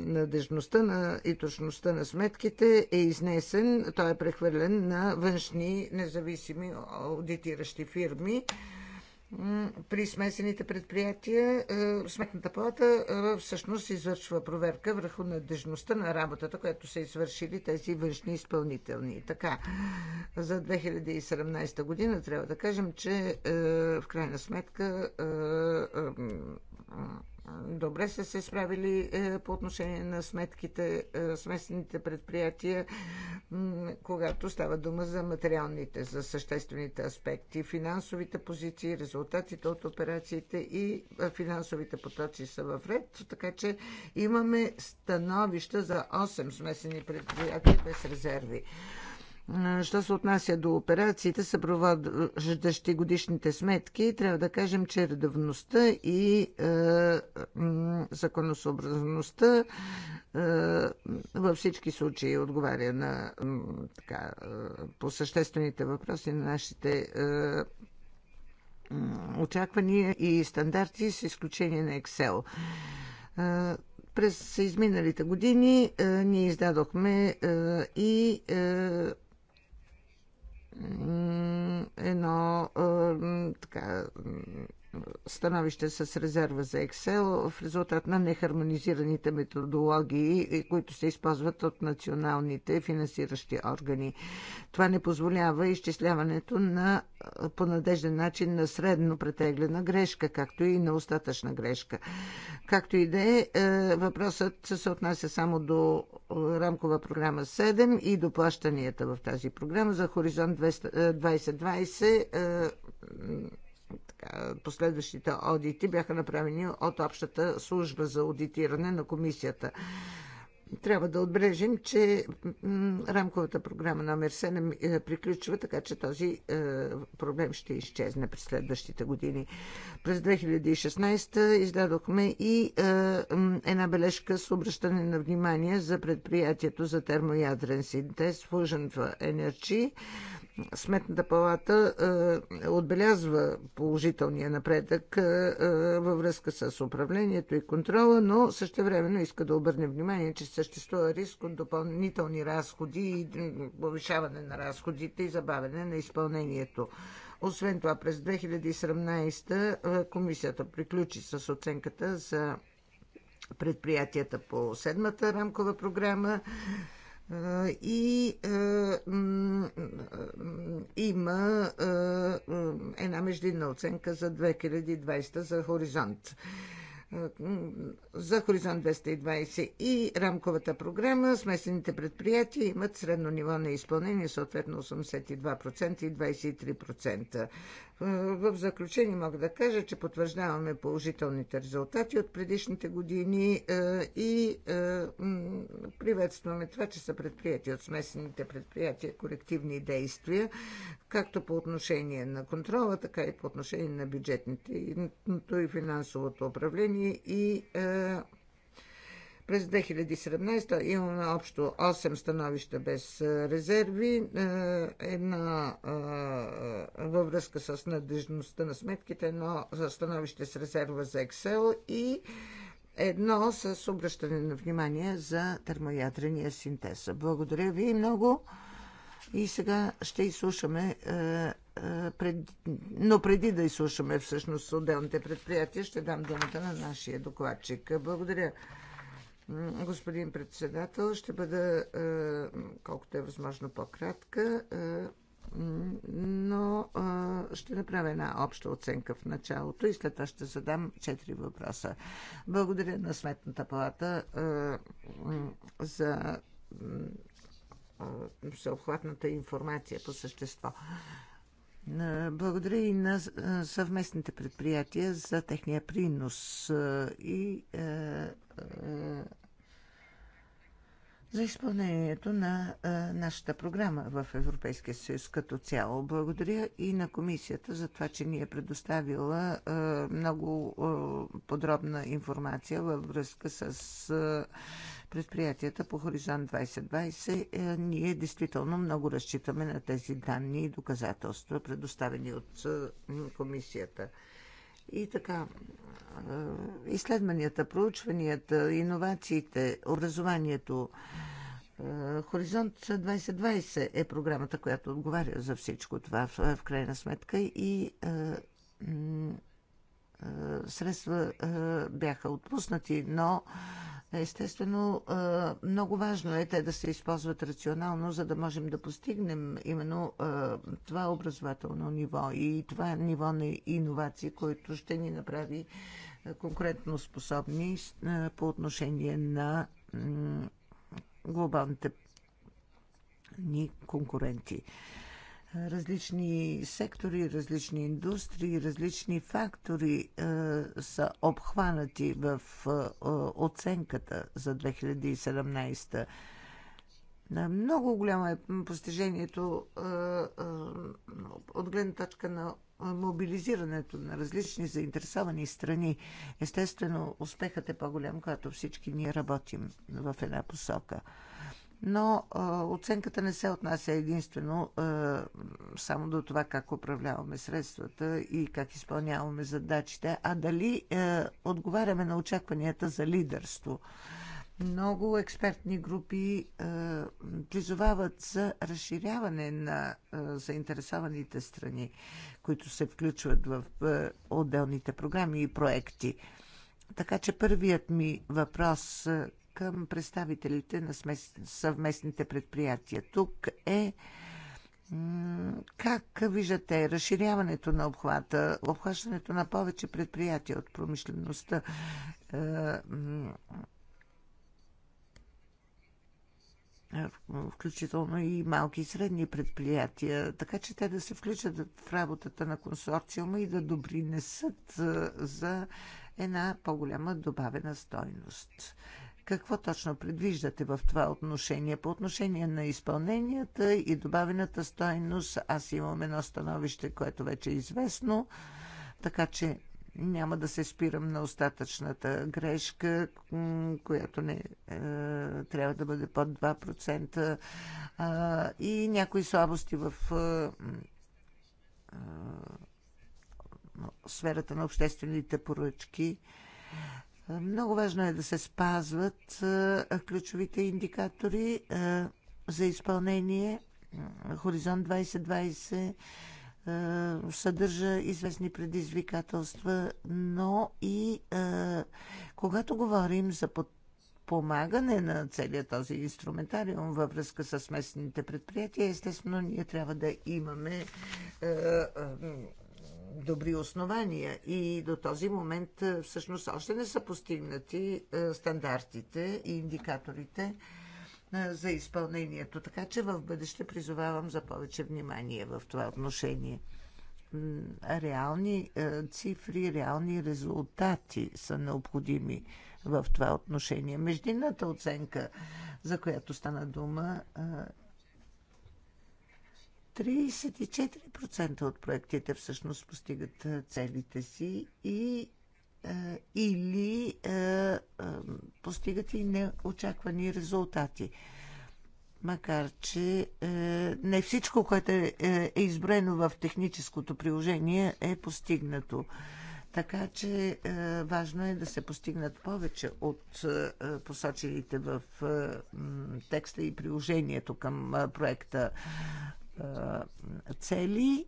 надежността на и точността на сметките е изнесен, той е прехвърлен на външни независими аудитиращи фирми при смесените предприятия е, Сметната палата е, всъщност извършва проверка върху надежността на работата, която са извършили тези външни изпълнителни. Така, за 2017 година трябва да кажем, че е, в крайна сметка добре са се справили е, по отношение на сметките, е, сместните предприятия, когато става дума за материалните, за съществените аспекти, финансовите позиции, резултатите от операциите и е, финансовите потоци са в ред, така че имаме становища за 8 смесени предприятия без резерви. Що се отнася до операциите, съпровождащи годишните сметки, трябва да кажем, че редовността и е, законосъобразността е, във всички случаи отговаря на е, така, е, по съществените въпроси на нашите е, очаквания и стандарти, с изключение на Excel. Е, през изминалите години е, ние издадохме е, и е, едно така становище с резерва за Excel в резултат на нехармонизираните методологии, които се използват от националните финансиращи органи. Това не позволява изчисляването на по надежден начин на средно претеглена грешка, както и на остатъчна грешка. Както и да е, е въпросът се отнася само до е, рамкова програма 7 и до плащанията в тази програма за Хоризонт 2020 така, последващите одити бяха направени от общата служба за аудитиране на комисията. Трябва да отбрежим, че рамковата програма номер 7 е, приключва, така че този е, проблем ще изчезне през следващите години. През 2016 издадохме и е, една бележка с обръщане на внимание за предприятието за термоядрен синтез Fusion for Energy, Сметната палата е, отбелязва положителния напредък е, е, във връзка с управлението и контрола, но също времено иска да обърне внимание, че съществува риск от допълнителни разходи и повишаване на разходите и забавяне на изпълнението. Освен това, през 2017 е, комисията приключи с оценката за предприятията по седмата рамкова програма и е, е, има е, една междинна оценка за 2020 за хоризонт за Хоризонт 220 и рамковата програма, смесените предприятия имат средно ниво на изпълнение, съответно 82% и 23%. В заключение мога да кажа, че потвърждаваме положителните резултати от предишните години е, и е, приветстваме това, че са предприяти от смесените предприятия колективни действия, както по отношение на контрола, така и по отношение на бюджетните и финансовото управление и е, през 2017 имаме общо 8 становища без резерви, една във връзка с надежността на сметките, едно становище с резерва за Excel и едно с обръщане на внимание за термоядрения синтез. Благодаря ви много. И сега ще изслушаме, но преди да изслушаме всъщност отделните предприятия, ще дам думата на нашия докладчик. Благодаря. Господин председател, ще бъда е, колкото е възможно по-кратка, е, но е, ще направя една обща оценка в началото и след това ще задам четири въпроса. Благодаря на Сметната палата за всеобхватната информация по същество. Благодаря и на съвместните предприятия за техния принос и за изпълнението на а, нашата програма в Европейския съюз като цяло. Благодаря и на комисията за това, че ни е предоставила а, много а, подробна информация във връзка с а, предприятията по Хоризонт 2020. А, е, ние действително много разчитаме на тези данни и доказателства, предоставени от а, комисията. И така, изследванията, проучванията, иновациите, образованието, Хоризонт 2020 е програмата, която отговаря за всичко това в крайна сметка и средства бяха отпуснати, но Естествено, много важно е те да се използват рационално, за да можем да постигнем именно това образователно ниво и това е ниво на иновации, което ще ни направи конкретно способни по отношение на глобалните ни конкуренти. Различни сектори, различни индустрии, различни фактори е, са обхванати в е, е оценката за 2017. На много голямо е постижението е, е, от гледна точка на мобилизирането на различни заинтересовани страни. Естествено, успехът е по-голям, когато всички ние работим в една посока но а, оценката не се отнася единствено а, само до това как управляваме средствата и как изпълняваме задачите, а дали а, отговаряме на очакванията за лидерство. Много експертни групи а, призовават за разширяване на а, заинтересованите страни, които се включват в а, отделните програми и проекти. Така че първият ми въпрос към представителите на съвместните предприятия. Тук е как виждате разширяването на обхвата, обхващането на повече предприятия от промишлеността? Е, е, включително и малки и средни предприятия, така че те да се включат в работата на консорциума и да добринесат е, за една по-голяма добавена стойност. Какво точно предвиждате в това отношение? По отношение на изпълненията и добавената стойност, аз имам едно становище, което вече е известно, така че няма да се спирам на остатъчната грешка, която не е, трябва да бъде под 2%, е, и някои слабости в е, е, сферата на обществените поръчки. Много важно е да се спазват ключовите индикатори за изпълнение. Хоризонт 2020 съдържа известни предизвикателства, но и когато говорим за подпомагане помагане на целия този инструментариум във връзка с местните предприятия, естествено, ние трябва да имаме добри основания и до този момент е, всъщност още не са постигнати е, стандартите и индикаторите е, за изпълнението. Така че в бъдеще призовавам за повече внимание в това отношение. Реални цифри, реални резултати са необходими в това отношение. Междинната оценка, за която стана дума, 34% от проектите всъщност постигат целите си и или постигат и неочаквани резултати. Макар, че не всичко, което е, е, е изброено в техническото приложение, е постигнато. Така че е, важно е да се постигнат повече от е, посочените в е, текста и приложението към е, проекта е, цели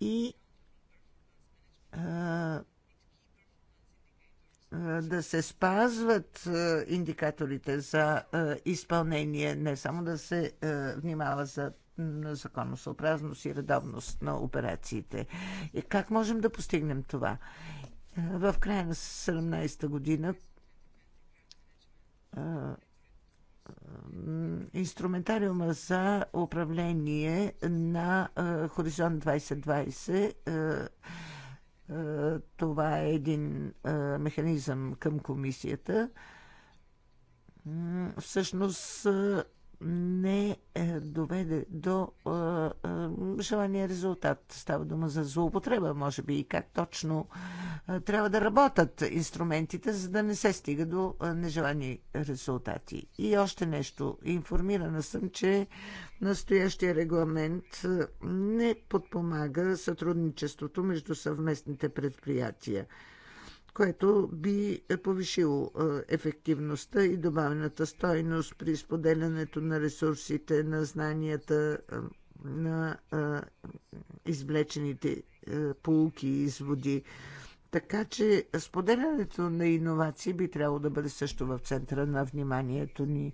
и е, е, да се спазват индикаторите за изпълнение, не само да се внимава за законосъобразност и редовност на операциите. И как можем да постигнем това? В края на 17-та година инструментариума за управление на Хоризонт 2020. Това е един механизъм към комисията. Всъщност не е, доведе до е, е, желания резултат. Става дума за злоупотреба, може би, и как точно трябва да работят инструментите, за да не се стига до нежелани резултати. И още нещо. Информирана съм, че настоящия регламент не подпомага сътрудничеството между съвместните предприятия което би повишило е, ефективността и добавената стойност при споделянето на ресурсите, на знанията, е, на е, извлечените полуки и изводи. Така че споделянето на иновации би трябвало да бъде също в центъра на вниманието ни.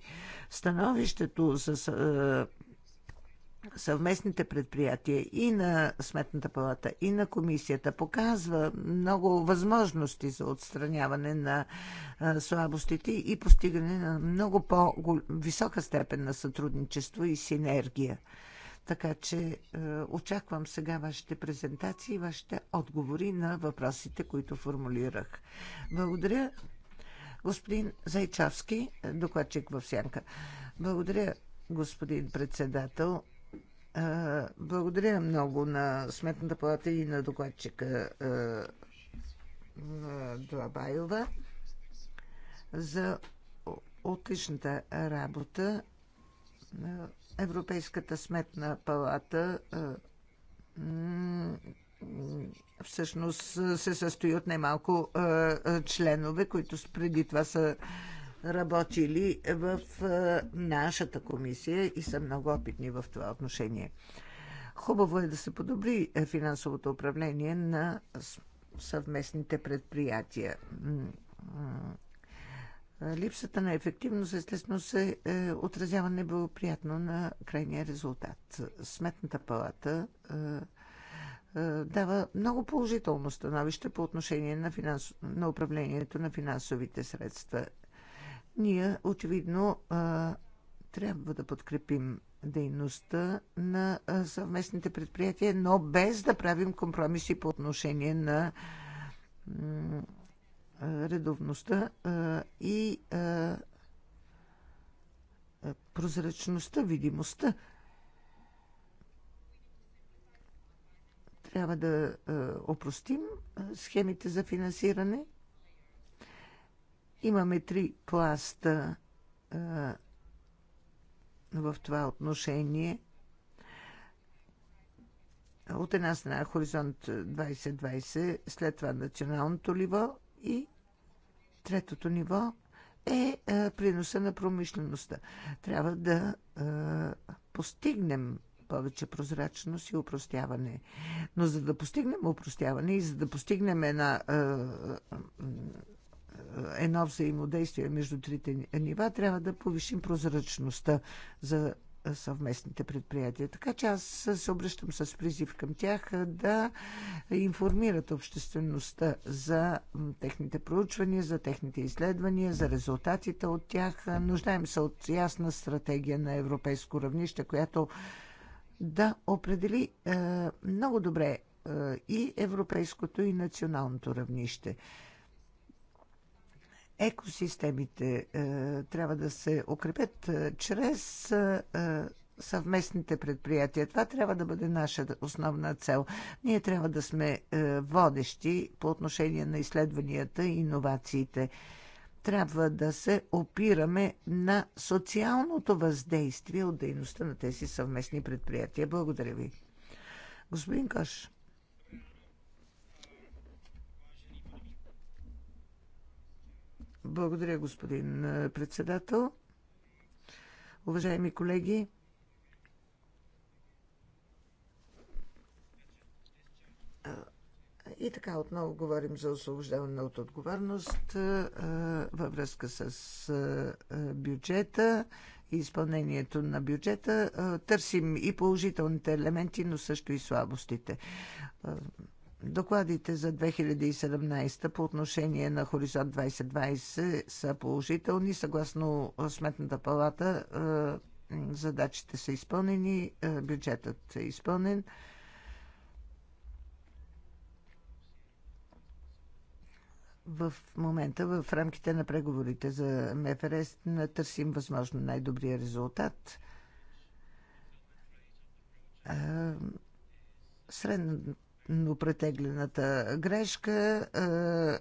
Становището с съвместните предприятия и на Сметната палата, и на комисията показва много възможности за отстраняване на слабостите и постигане на много по-висока степен на сътрудничество и синергия. Така че очаквам сега вашите презентации и вашите отговори на въпросите, които формулирах. Благодаря, господин Зайчавски, докладчик в Сянка. Благодаря, господин председател. Благодаря много на Сметната палата и на докладчика Длабайова за отличната работа. Европейската сметна палата всъщност се състои от немалко членове, които преди това са работили в нашата комисия и са много опитни в това отношение. Хубаво е да се подобри финансовото управление на съвместните предприятия. Липсата на ефективност, естествено, се е, отразява неблагоприятно на крайния резултат. Сметната палата е, е, дава много положително становище по отношение на, финанс... на управлението на финансовите средства. Ние очевидно трябва да подкрепим дейността на съвместните предприятия, но без да правим компромиси по отношение на редовността и прозрачността, видимостта. Трябва да опростим схемите за финансиране – Имаме три пласта а, в това отношение. От една страна Хоризонт 2020, след това националното ниво и третото ниво е а, приноса на промишлеността. Трябва да а, постигнем повече прозрачност и упростяване. Но за да постигнем упростяване и за да постигнем една а, едно взаимодействие между трите нива, трябва да повишим прозрачността за съвместните предприятия. Така че аз се обръщам с призив към тях да информират обществеността за техните проучвания, за техните изследвания, за резултатите от тях. Нуждаем се от ясна стратегия на европейско равнище, която да определи е, много добре е, и европейското, и националното равнище екосистемите е, трябва да се укрепят е, чрез е, съвместните предприятия. Това трябва да бъде наша основна цел. Ние трябва да сме водещи по отношение на изследванията и иновациите. Трябва да се опираме на социалното въздействие от дейността на тези съвместни предприятия. Благодаря ви. Господин Кош. Благодаря, господин председател. Уважаеми колеги, И така отново говорим за освобождаване от отговорност във връзка с бюджета и изпълнението на бюджета. Търсим и положителните елементи, но също и слабостите. Докладите за 2017 по отношение на Хоризонт 2020 са положителни. Съгласно Сметната палата е, задачите са изпълнени, е, бюджетът е изпълнен. В момента, в рамките на преговорите за МФР, е, търсим възможно най-добрия резултат. Средната но претеглената грешка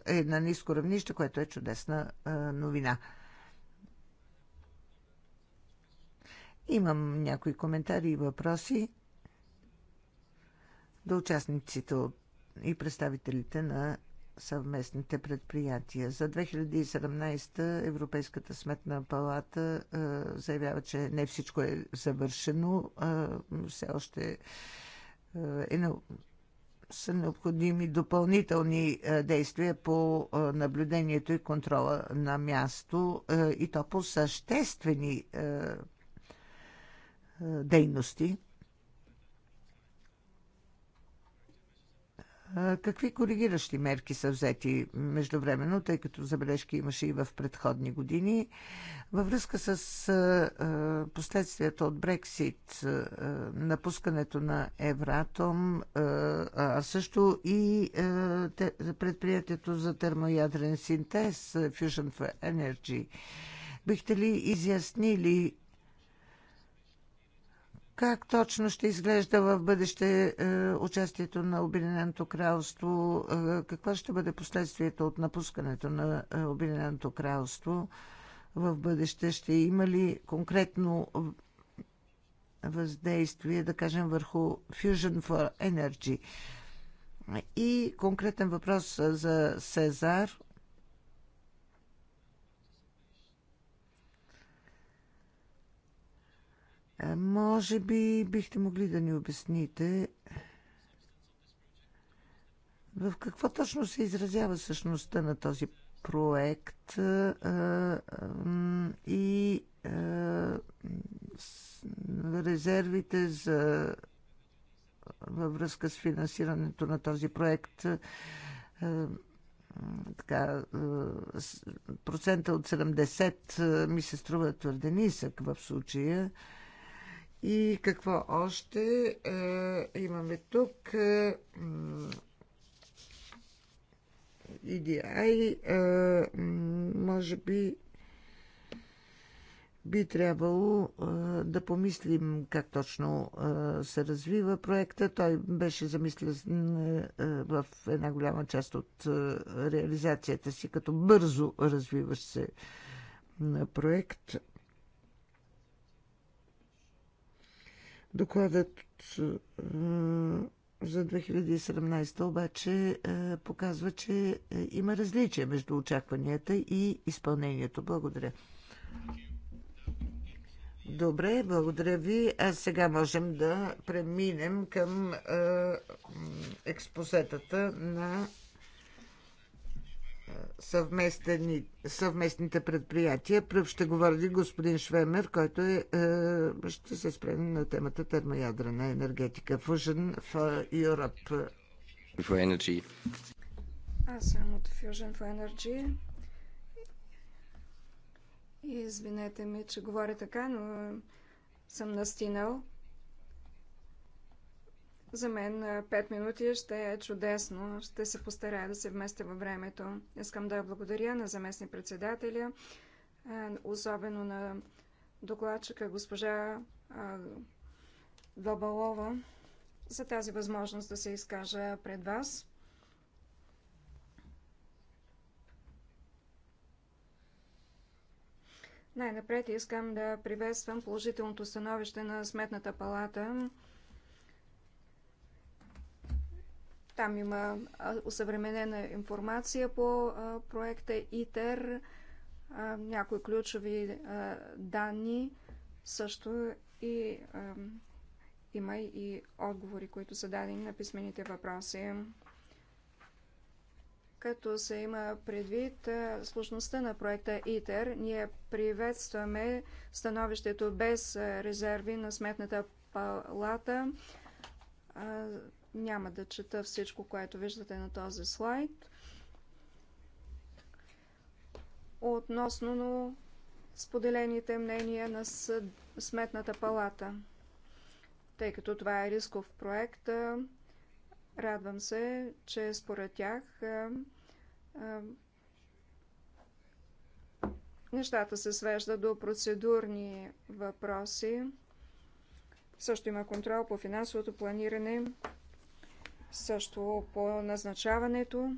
е, е на ниско равнище, което е чудесна е, новина. Имам някои коментари и въпроси до участниците и представителите на съвместните предприятия. За 2017 Европейската сметна палата е, заявява, че не всичко е завършено. Е, все още е, е са необходими допълнителни е, действия по е, наблюдението и контрола на място е, и то по съществени дейности. Какви коригиращи мерки са взети междувременно, тъй като забележки имаше и в предходни години? Във връзка с последствията от Брексит, напускането на Евратом, а също и предприятието за термоядрен синтез Fusion for Energy, бихте ли изяснили как точно ще изглежда в бъдеще е, участието на Обединеното кралство? Е, Какво ще бъде последствието от напускането на е, Обединеното кралство в бъдеще? Ще има ли конкретно въздействие, да кажем, върху Fusion for Energy? И конкретен въпрос за Сезар. Е, може би бихте могли да ни обясните в какво точно се изразява същността на този проект е, е, и резервите за във връзка с финансирането на този проект така, процента от 70 ми се струва твърде нисък в случая. И какво още е, имаме тук? Е, EDI, е, може би би трябвало е, да помислим как точно е, се развива проекта. Той беше замислен е, в една голяма част от реализацията си като бързо развиващ се проект. Докладът за 2017 обаче показва, че има различие между очакванията и изпълнението. Благодаря. Добре, благодаря ви. А сега можем да преминем към е, експозетата на съвместните предприятия. Пръв ще говори господин Швемер, който е, е ще се спрем на темата термоядрена енергетика. Fusion for Europe. For energy. Аз съм от Fusion for Energy. И извинете ми, че говоря така, но съм настинал. За мен 5 минути ще е чудесно. Ще се постарая да се вместя във времето. Искам да благодаря на заместни председателя, особено на докладчика госпожа Добалова за тази възможност да се изкажа пред вас. Най-напред искам да приветствам положителното становище на Сметната палата Там има усъвременена информация по проекта ИТЕР, някои ключови данни, също и има и отговори, които са дадени на писмените въпроси. Като се има предвид сложността на проекта ИТЕР, ние приветстваме становището без резерви на Сметната палата няма да чета всичко, което виждате на този слайд. Относно споделените мнения на Сметната палата. Тъй като това е рисков проект, радвам се, че според тях нещата се свежда до процедурни въпроси. Също има контрол по финансовото планиране също по назначаването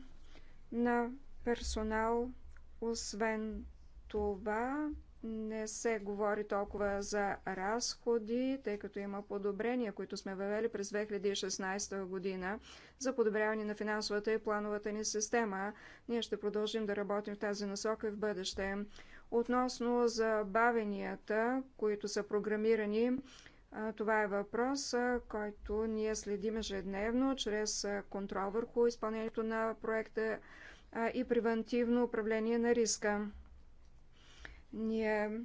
на персонал. Освен това, не се говори толкова за разходи, тъй като има подобрения, които сме въвели през 2016 година за подобряване на финансовата и плановата ни система. Ние ще продължим да работим в тази насока и в бъдеще. Относно забавенията, които са програмирани това е въпрос, който ние следим ежедневно чрез контрол върху изпълнението на проекта и превентивно управление на риска. Ние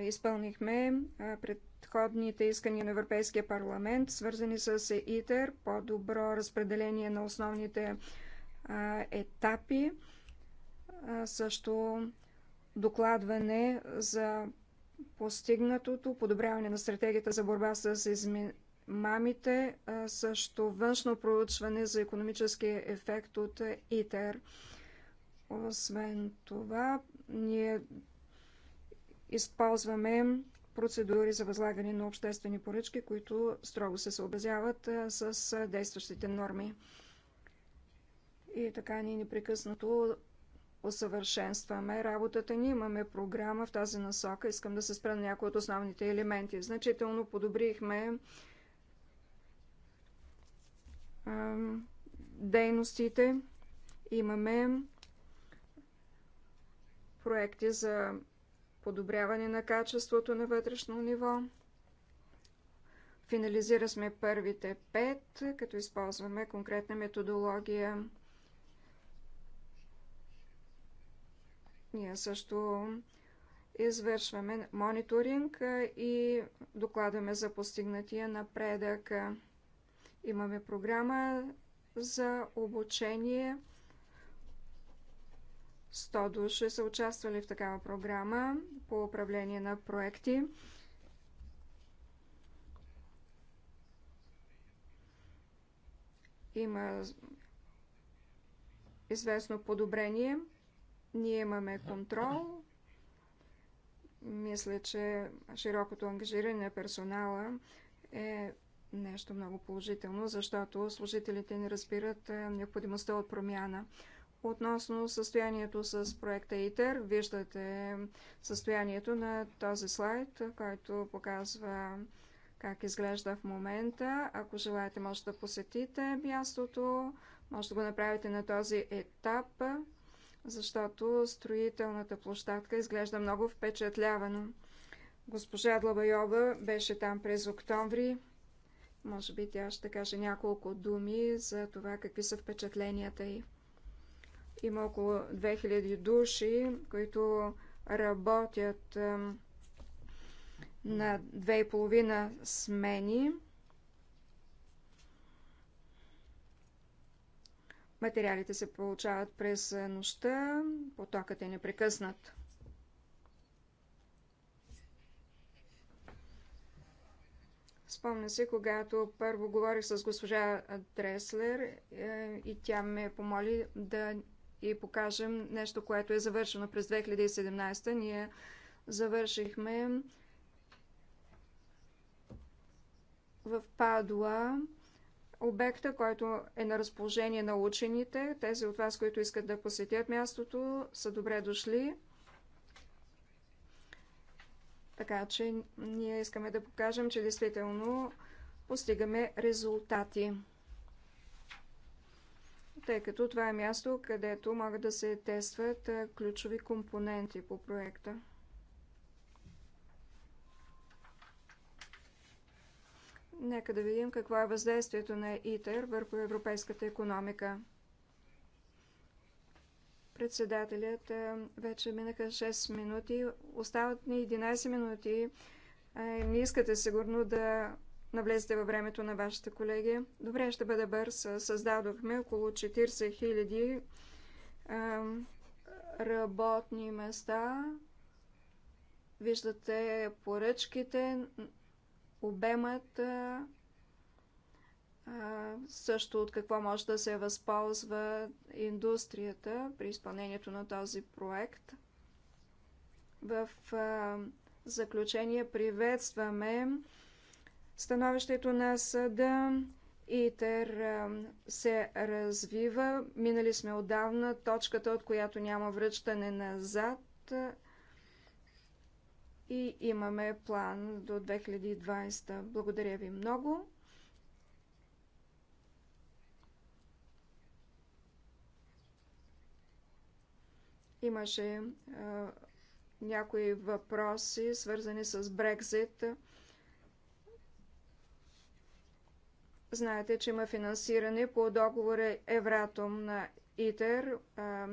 изпълнихме предходните искания на Европейския парламент, свързани с ИТЕР, по-добро разпределение на основните етапи, също докладване за постигнатото, подобряване на стратегията за борба с измамите, също външно проучване за економическия ефект от ИТЕР. Освен това, ние използваме процедури за възлагане на обществени поръчки, които строго се съобразяват с действащите норми. И така ние непрекъснато усъвършенстваме работата ни. Имаме програма в тази насока. Искам да се спра на някои от основните елементи. Значително подобрихме дейностите. Имаме проекти за подобряване на качеството на вътрешно ниво. Финализира сме първите пет, като използваме конкретна методология Ние също извършваме мониторинг и докладваме за постигнатия напредък. Имаме програма за обучение. 100 души са участвали в такава програма по управление на проекти. Има известно подобрение – ние имаме контрол. Мисля, че широкото ангажиране на персонала е нещо много положително, защото служителите не разбират е, необходимостта от промяна. Относно състоянието с проекта ИТЕР, виждате състоянието на този слайд, който показва как изглежда в момента. Ако желаете, може да посетите мястото, може да го направите на този етап защото строителната площадка изглежда много впечатлявано. Госпожа Длабайова беше там през октомври. Може би тя ще каже няколко думи за това какви са впечатленията й. Има около 2000 души, които работят на две половина смени – Материалите се получават през нощта, потокът е непрекъснат. Спомня се, когато първо говорих с госпожа Дреслер е, и тя ме помоли да и покажем нещо, което е завършено през 2017. Ние завършихме в Падуа обекта, който е на разположение на учените. Тези от вас, които искат да посетят мястото, са добре дошли. Така че ние искаме да покажем, че действително постигаме резултати. Тъй като това е място, където могат да се тестват ключови компоненти по проекта. Нека да видим какво е въздействието на ИТЕР върху европейската економика. Председателят е, вече минаха 6 минути. Остават ни 11 минути. Е, не искате сигурно да навлезете във времето на вашите колеги. Добре, ще бъде бърз. Създадохме около 40 хиляди е, работни места. Виждате поръчките обемът също от какво може да се възползва индустрията при изпълнението на този проект. В заключение приветстваме становището на съда. ИТЕР се развива. Минали сме отдавна точката, от която няма връщане назад и имаме план до 2020. Благодаря ви много. Имаше а, някои въпроси, свързани с Брекзит. Знаете, че има финансиране по договора Евратом на ИТЕР, а,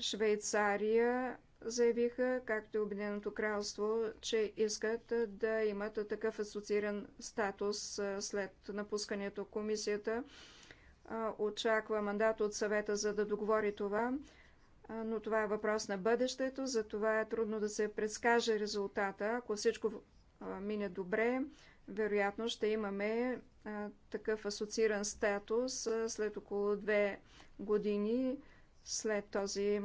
Швейцария заявиха, както и Обединеното кралство, че искат да имат такъв асоцииран статус след напускането. Комисията очаква мандат от съвета, за да договори това, но това е въпрос на бъдещето, това е трудно да се предскаже резултата. Ако всичко мине добре, вероятно ще имаме такъв асоцииран статус след около две години след този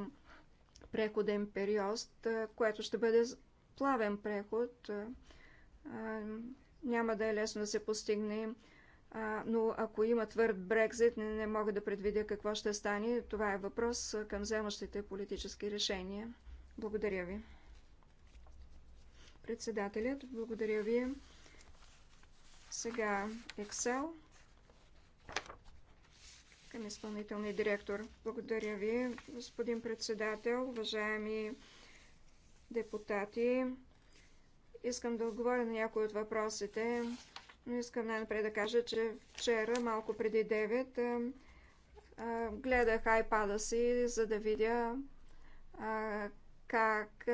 преходен период, което ще бъде плавен преход. Няма да е лесно да се постигне, но ако има твърд Брекзит, не, мога да предвидя какво ще стане. Това е въпрос към вземащите политически решения. Благодаря ви. Председателят, благодаря ви. Сега Excel към изпълнителния директор. Благодаря ви, господин председател, уважаеми депутати. Искам да отговоря на някои от въпросите, но искам най-напред да кажа, че вчера, малко преди 9, гледах iPad-а си, за да видя как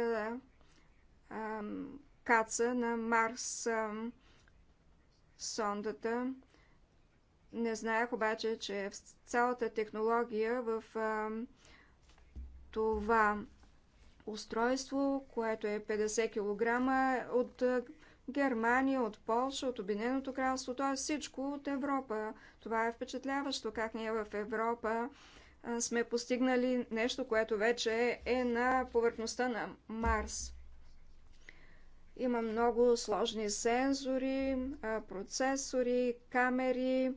каца на Марс сондата. Не знаех обаче, че в цялата технология в а, това устройство, което е 50 кг от Германия, от Польша, от Обединеното кралство, т.е. всичко от Европа. Това е впечатляващо, как ние в Европа а, сме постигнали нещо, което вече е на повърхността на Марс. Има много сложни сензори, процесори, камери,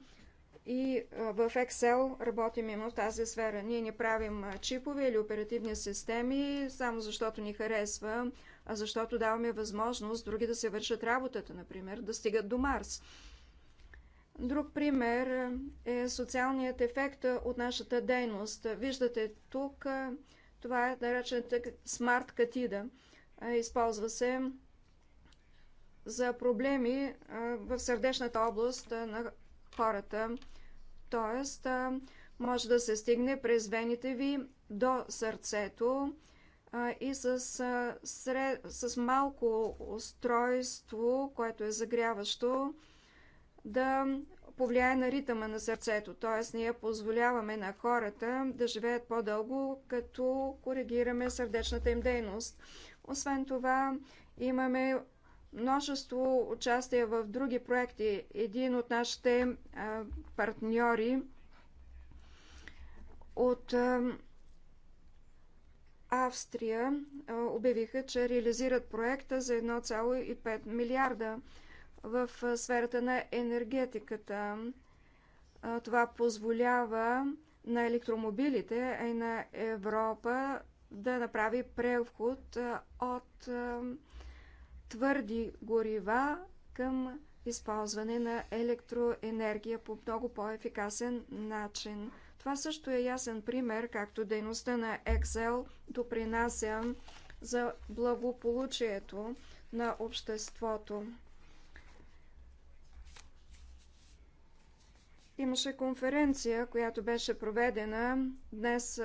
и в Excel работим именно в тази сфера. Ние не правим чипове или оперативни системи, само защото ни харесва, а защото даваме възможност други да се вършат работата, например, да стигат до Марс. Друг пример е социалният ефект от нашата дейност. Виждате тук, това е наречената смарт катида. Използва се за проблеми в сърдечната област на хората. Т.е. може да се стигне през вените ви до сърцето и с, сред, с малко устройство, което е загряващо, да повлияе на ритъма на сърцето. Т.е. ние позволяваме на хората да живеят по-дълго, като коригираме сърдечната им дейност. Освен това, имаме множество участия в други проекти. Един от нашите партньори от Австрия обявиха, че реализират проекта за 1,5 милиарда в сферата на енергетиката. Това позволява на електромобилите, а и на Европа да направи превход от твърди горива към използване на електроенергия по много по-ефикасен начин. Това също е ясен пример, както дейността на Excel допринася за благополучието на обществото. Имаше конференция, която беше проведена днес,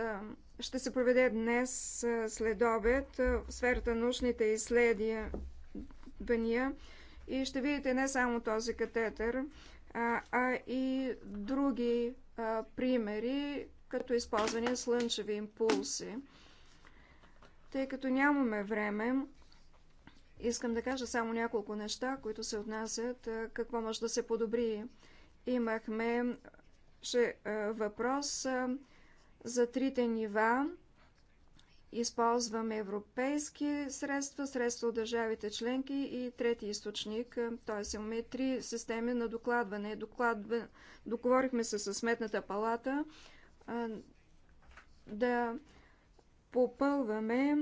ще се проведе днес след обед в сферата научните изследия, Бания и ще видите не само този катетър, а, а и други а, примери, като използване слънчеви импулси. Тъй като нямаме време, искам да кажа само няколко неща, които се отнасят какво може да се подобри. Имахме ще, въпрос за трите нива използваме европейски средства, средства от държавите членки и трети източник, т.е. имаме три системи на докладване. Докладва... Договорихме се с Сметната палата а, да попълваме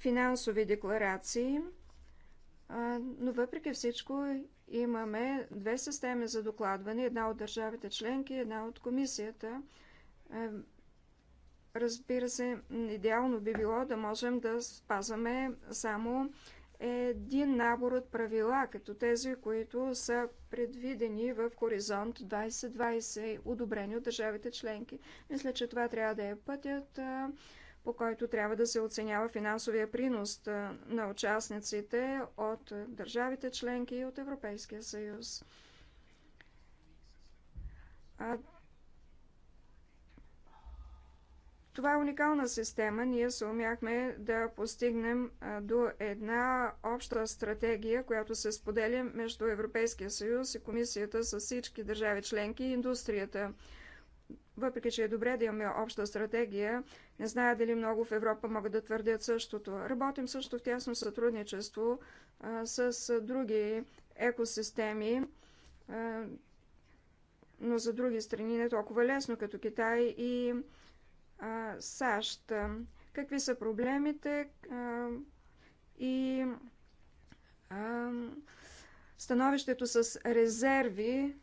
финансови декларации, а, но въпреки всичко имаме две системи за докладване, една от държавите членки, една от комисията. Разбира се, идеално би било да можем да спазваме само един набор от правила, като тези, които са предвидени в Хоризонт 2020, одобрени от държавите членки. Мисля, че това трябва да е пътят, по който трябва да се оценява финансовия принос на участниците от държавите членки и от Европейския съюз. Това е уникална система. Ние се умяхме да постигнем до една обща стратегия, която се споделя между Европейския съюз и комисията с всички държави членки и индустрията. Въпреки, че е добре да имаме обща стратегия, не зная дали много в Европа могат да твърдят същото. Работим също в тясно сътрудничество а, с други екосистеми, а, но за други страни не е толкова лесно, като Китай и а, САЩ. Какви са проблемите и становището с резерви,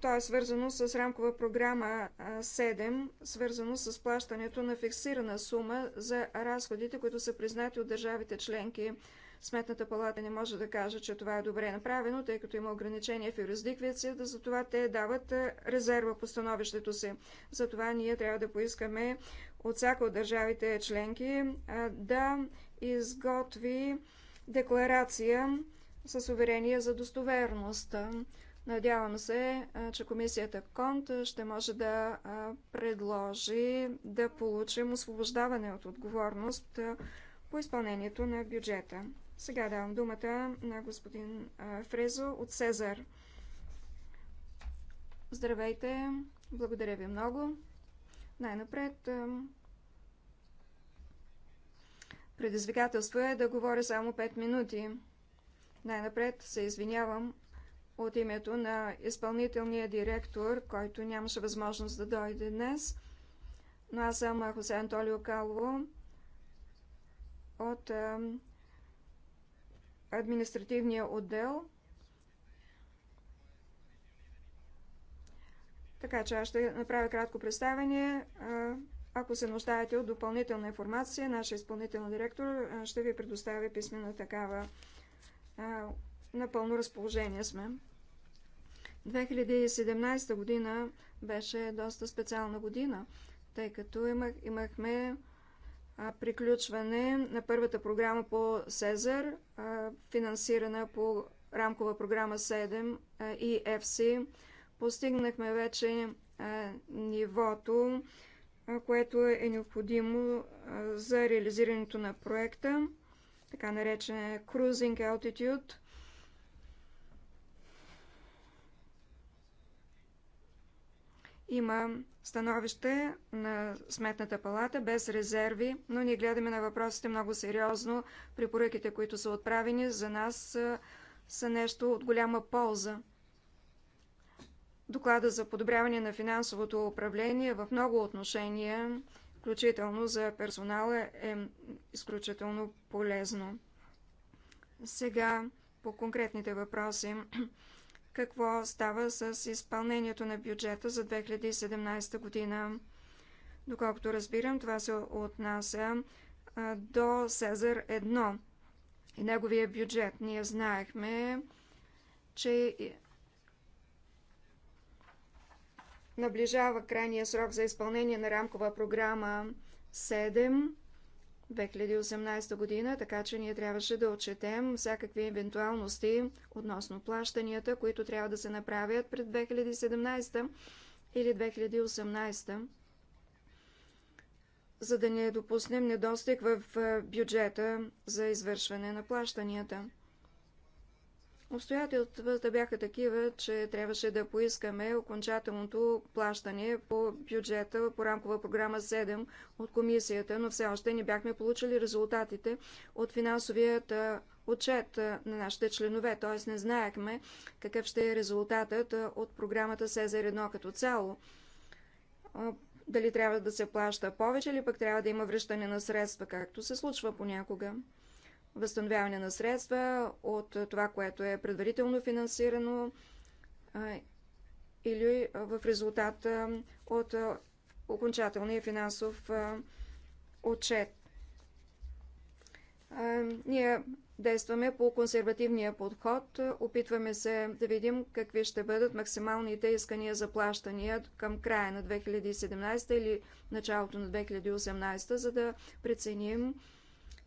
то е свързано с рамкова програма 7, свързано с плащането на фиксирана сума за разходите, които са признати от държавите членки. Сметната палата не може да каже, че това е добре направено, тъй като има ограничения в юрисдикцията, затова те дават резерва по становището си. Затова ние трябва да поискаме от всяка от държавите членки да изготви декларация с уверение за достоверност. Надявам се, че комисията КОНТ ще може да предложи да получим освобождаване от отговорност по изпълнението на бюджета. Сега давам думата на господин Фрезо от Сезар. Здравейте, благодаря ви много. Най-напред предизвикателство е да говоря само 5 минути. Най-напред се извинявам от името на изпълнителния директор, който нямаше възможност да дойде днес. Но аз съм Хосе Антолио Калво от административния отдел. Така че аз ще направя кратко представение. Ако се нуждаете от допълнителна информация, нашия изпълнителен директор ще ви предоставя писмена такава. На пълно разположение сме. 2017 година беше доста специална година, тъй като имах, имахме приключване на първата програма по СЕЗАР, финансирана по рамкова програма 7 и FC, Постигнахме вече нивото, което е необходимо за реализирането на проекта, така наречен Cruising Altitude. Има становище на Сметната палата без резерви, но ние гледаме на въпросите много сериозно. Препоръките, които са отправени за нас, са, са нещо от голяма полза. Доклада за подобряване на финансовото управление в много отношения, включително за персонала, е изключително полезно. Сега по конкретните въпроси какво става с изпълнението на бюджета за 2017 година. Доколкото разбирам, това се отнася до Сезар 1 и неговия бюджет. Ние знаехме, че наближава крайния срок за изпълнение на рамкова програма 7 2018 година, така че ние трябваше да отчетем всякакви евентуалности относно плащанията, които трябва да се направят пред 2017 или 2018, за да не допуснем недостиг в бюджета за извършване на плащанията. Обстоятелствата бяха такива, че трябваше да поискаме окончателното плащане по бюджета по рамкова програма 7 от комисията, но все още не бяхме получили резултатите от финансовият отчет на нашите членове, т.е. не знаехме какъв ще е резултатът от програмата Сезар 1 като цяло. Дали трябва да се плаща повече или пък трябва да има връщане на средства, както се случва понякога възстановяване на средства от това, което е предварително финансирано или в резултат от окончателния финансов отчет. Ние действаме по консервативния подход. Опитваме се да видим какви ще бъдат максималните искания за плащания към края на 2017 или началото на 2018, за да преценим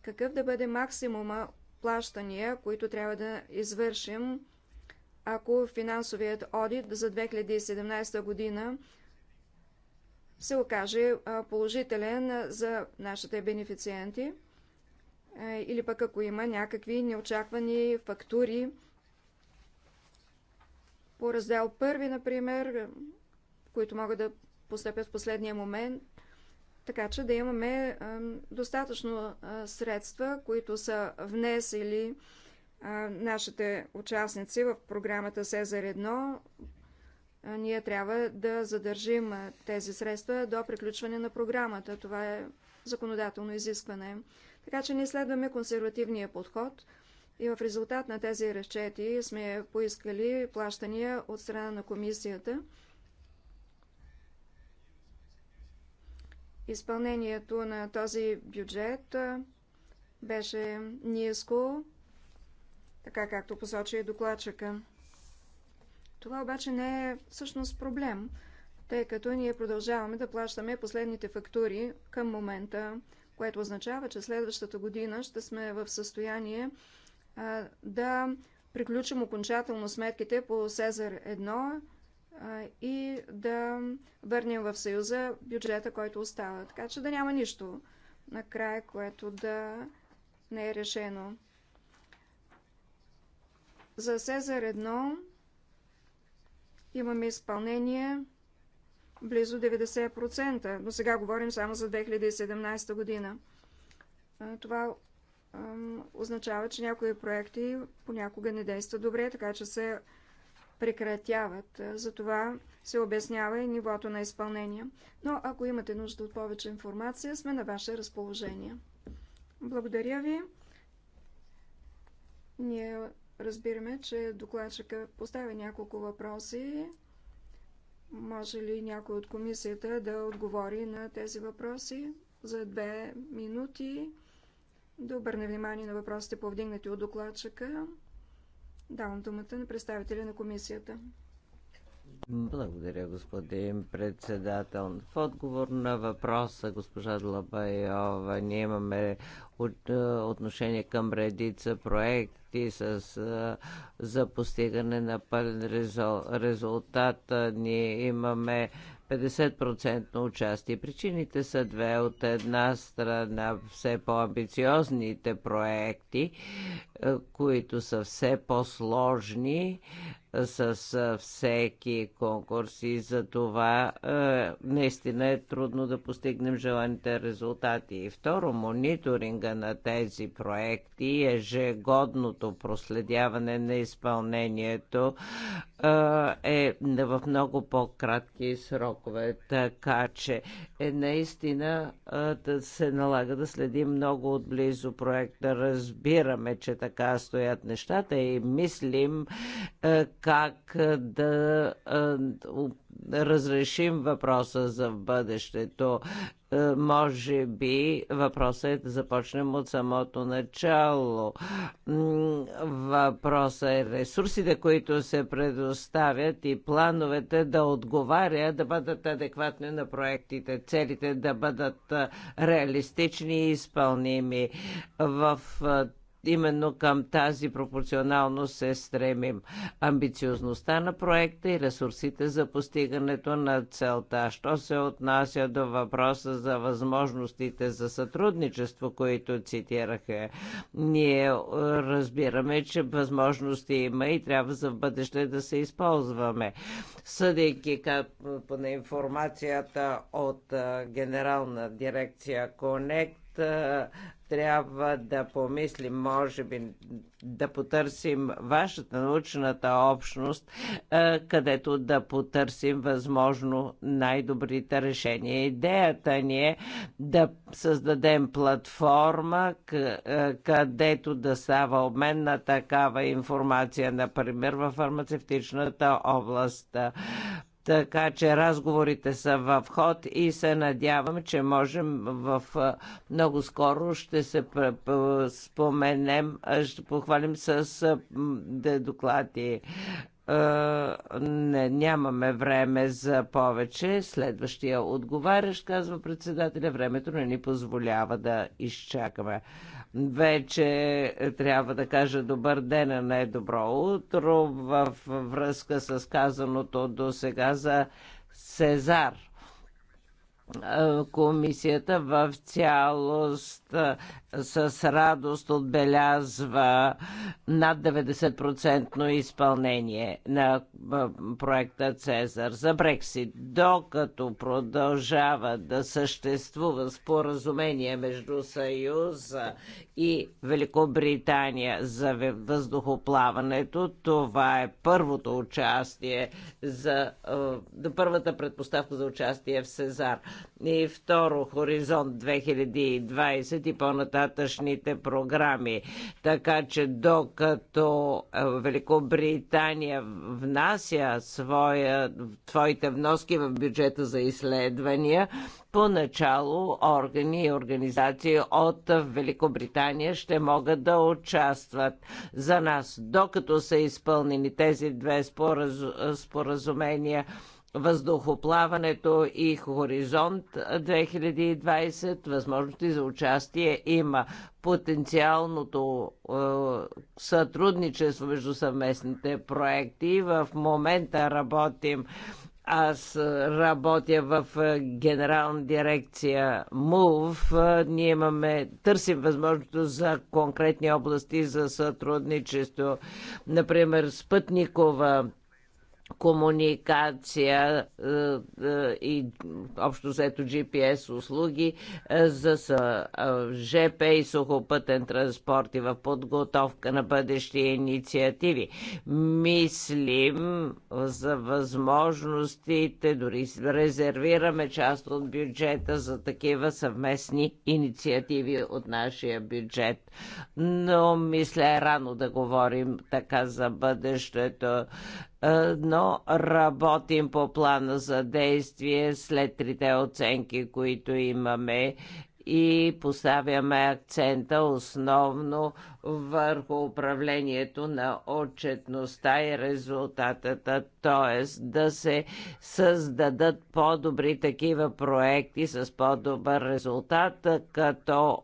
какъв да бъде максимума плащания, които трябва да извършим, ако финансовият одит за 2017 година се окаже положителен за нашите бенефициенти е, или пък ако има някакви неочаквани фактури. По раздел първи, например, които могат да постъпят в последния момент, така че да имаме достатъчно средства, които са внесели нашите участници в програмата Сезар 1. Ние трябва да задържим тези средства до приключване на програмата. Това е законодателно изискване. Така че ние следваме консервативния подход и в резултат на тези разчети сме поискали плащания от страна на комисията – Изпълнението на този бюджет беше ниско, така както посочи и докладчика. Това обаче не е всъщност проблем, тъй като ние продължаваме да плащаме последните фактури към момента, което означава, че следващата година ще сме в състояние а, да приключим окончателно сметките по Сезар 1 и да върнем в Съюза бюджета, който остава. Така че да няма нищо накрая, което да не е решено. За Сезар 1 имаме изпълнение близо 90%, но сега говорим само за 2017 година. Това означава, че някои проекти понякога не действат добре, така че се прекратяват. Затова се обяснява и нивото на изпълнение. Но ако имате нужда от повече информация, сме на ваше разположение. Благодаря ви. Ние разбираме, че докладчика поставя няколко въпроси. Може ли някой от комисията да отговори на тези въпроси за две минути? Да обърне внимание на въпросите, повдигнати от докладчика. Давам думата на представителя на комисията. Благодаря, господин председател. В отговор на въпроса, госпожа Длабайова, ние имаме от, е, отношение към редица проекти с, е, за постигане на пълен резултат. Ние имаме 50% участие. Причините са две. От една страна все по-амбициозните проекти, е, които са все по-сложни, с всеки конкурс и за това е, наистина е трудно да постигнем желаните резултати. И второ, мониторинга на тези проекти ежегодното проследяване на изпълнението е, е в много по-кратки срокове, така че е, наистина е, да се налага да следим много отблизо проекта. Разбираме, че така стоят нещата и мислим е, как да разрешим въпроса за бъдещето. Може би въпросът е да започнем от самото начало. Въпросът е ресурсите, които се предоставят и плановете да отговарят, да бъдат адекватни на проектите, целите да бъдат реалистични и изпълними. В именно към тази пропорционалност се стремим. Амбициозността на проекта и ресурсите за постигането на целта. Що се отнася до въпроса за възможностите за сътрудничество, които цитираха, ние е, разбираме, че възможности има и трябва за в бъдеще да се използваме. Съдейки по информацията от е, Генерална дирекция Конект трябва да помислим, може би да потърсим вашата научната общност, където да потърсим възможно най-добрите решения. Идеята ни е да създадем платформа, където да става обмен на такава информация, например, във фармацевтичната област. Така че разговорите са в ход и се надявам, че можем в много скоро ще се споменем, ще похвалим с доклади. Не, нямаме време за повече. Следващия отговарящ, казва председателя, времето не ни позволява да изчакаме вече е, трябва да кажа добър ден, а не добро утро в връзка с казаното до сега за Сезар – Комисията в цялост с радост отбелязва над 90% изпълнение на проекта Цезар за Брексит, докато продължава да съществува споразумение между Съюза и Великобритания за въздухоплаването. Това е първото участие за, първата предпоставка за участие в Сезар. И второ, Хоризонт 2020 и по-нататъчните програми. Така че докато е, Великобритания внася своя, твоите вноски в бюджета за изследвания, поначало органи и организации от Великобритания ще могат да участват за нас. Докато са изпълнени тези две споразумения, въздухоплаването и Хоризонт 2020. Възможности за участие има потенциалното е, сътрудничество между съвместните проекти. В момента работим аз работя в е, генерална дирекция МУВ. Е, ние имаме, търсим възможност за конкретни области за сътрудничество. Например, спътникова комуникация е, е, и общо взето GPS услуги е, за ЖП и сухопътен транспорт и в подготовка на бъдещи инициативи. Мислим за възможностите, дори резервираме част от бюджета за такива съвместни инициативи от нашия бюджет. Но мисля е рано да говорим така за бъдещето е, но работим по плана за действие след трите оценки, които имаме и поставяме акцента основно върху управлението на отчетността и резултатата, т.е. да се създадат по-добри такива проекти с по-добър резултат, като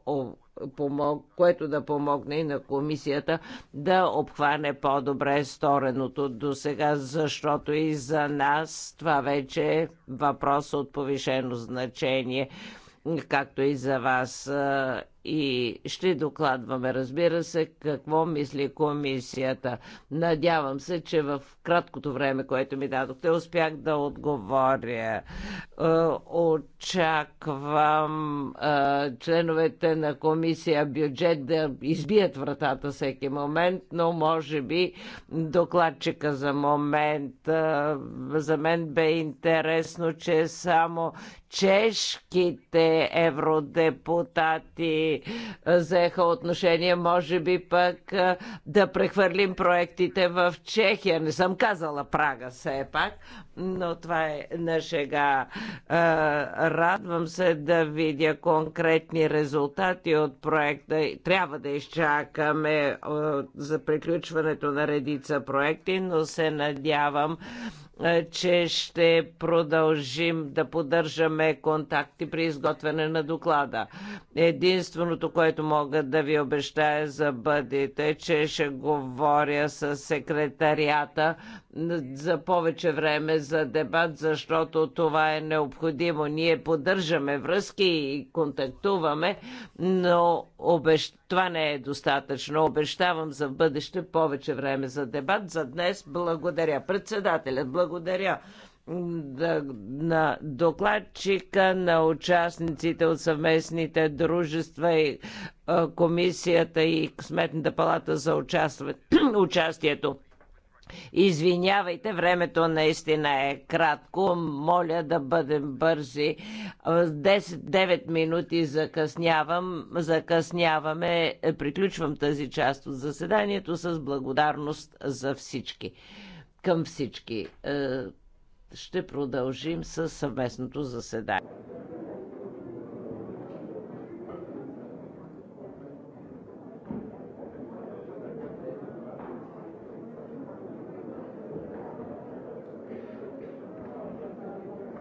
помог, което да помогне и на комисията да обхване по-добре стореното до сега, защото и за нас това вече е въпрос от повишено значение, както и за вас и ще докладваме, разбира се, какво мисли комисията. Надявам се, че в краткото време, което ми дадохте, успях да отговоря. Е, очаквам е, членовете на комисия бюджет да избият вратата всеки момент, но може би докладчика за момент. Е, за мен бе интересно, че само чешките евродепутати заеха отношение, може би пък да прехвърлим проектите в Чехия. Не съм казала Прага все пак, но това е на шега. Радвам се да видя конкретни резултати от проекта. Трябва да изчакаме за приключването на редица проекти, но се надявам е, че ще продължим да поддържаме контакти при изготвяне на доклада. Единственото, което мога да ви обещая за бъдете, че ще говоря с секретарията за повече време за дебат, защото това е необходимо. Ние поддържаме връзки и контактуваме, но обещ... това не е достатъчно. Обещавам за бъдеще повече време за дебат. За днес благодаря. Председателят, благодаря на докладчика, на участниците от съвместните дружества и комисията и Сметната палата за участието. Извинявайте, времето наистина е кратко. Моля да бъдем бързи. 10, 9 минути закъснявам. Закъсняваме. Приключвам тази част от заседанието с благодарност за всички. Към всички. Ще продължим с съвместното заседание.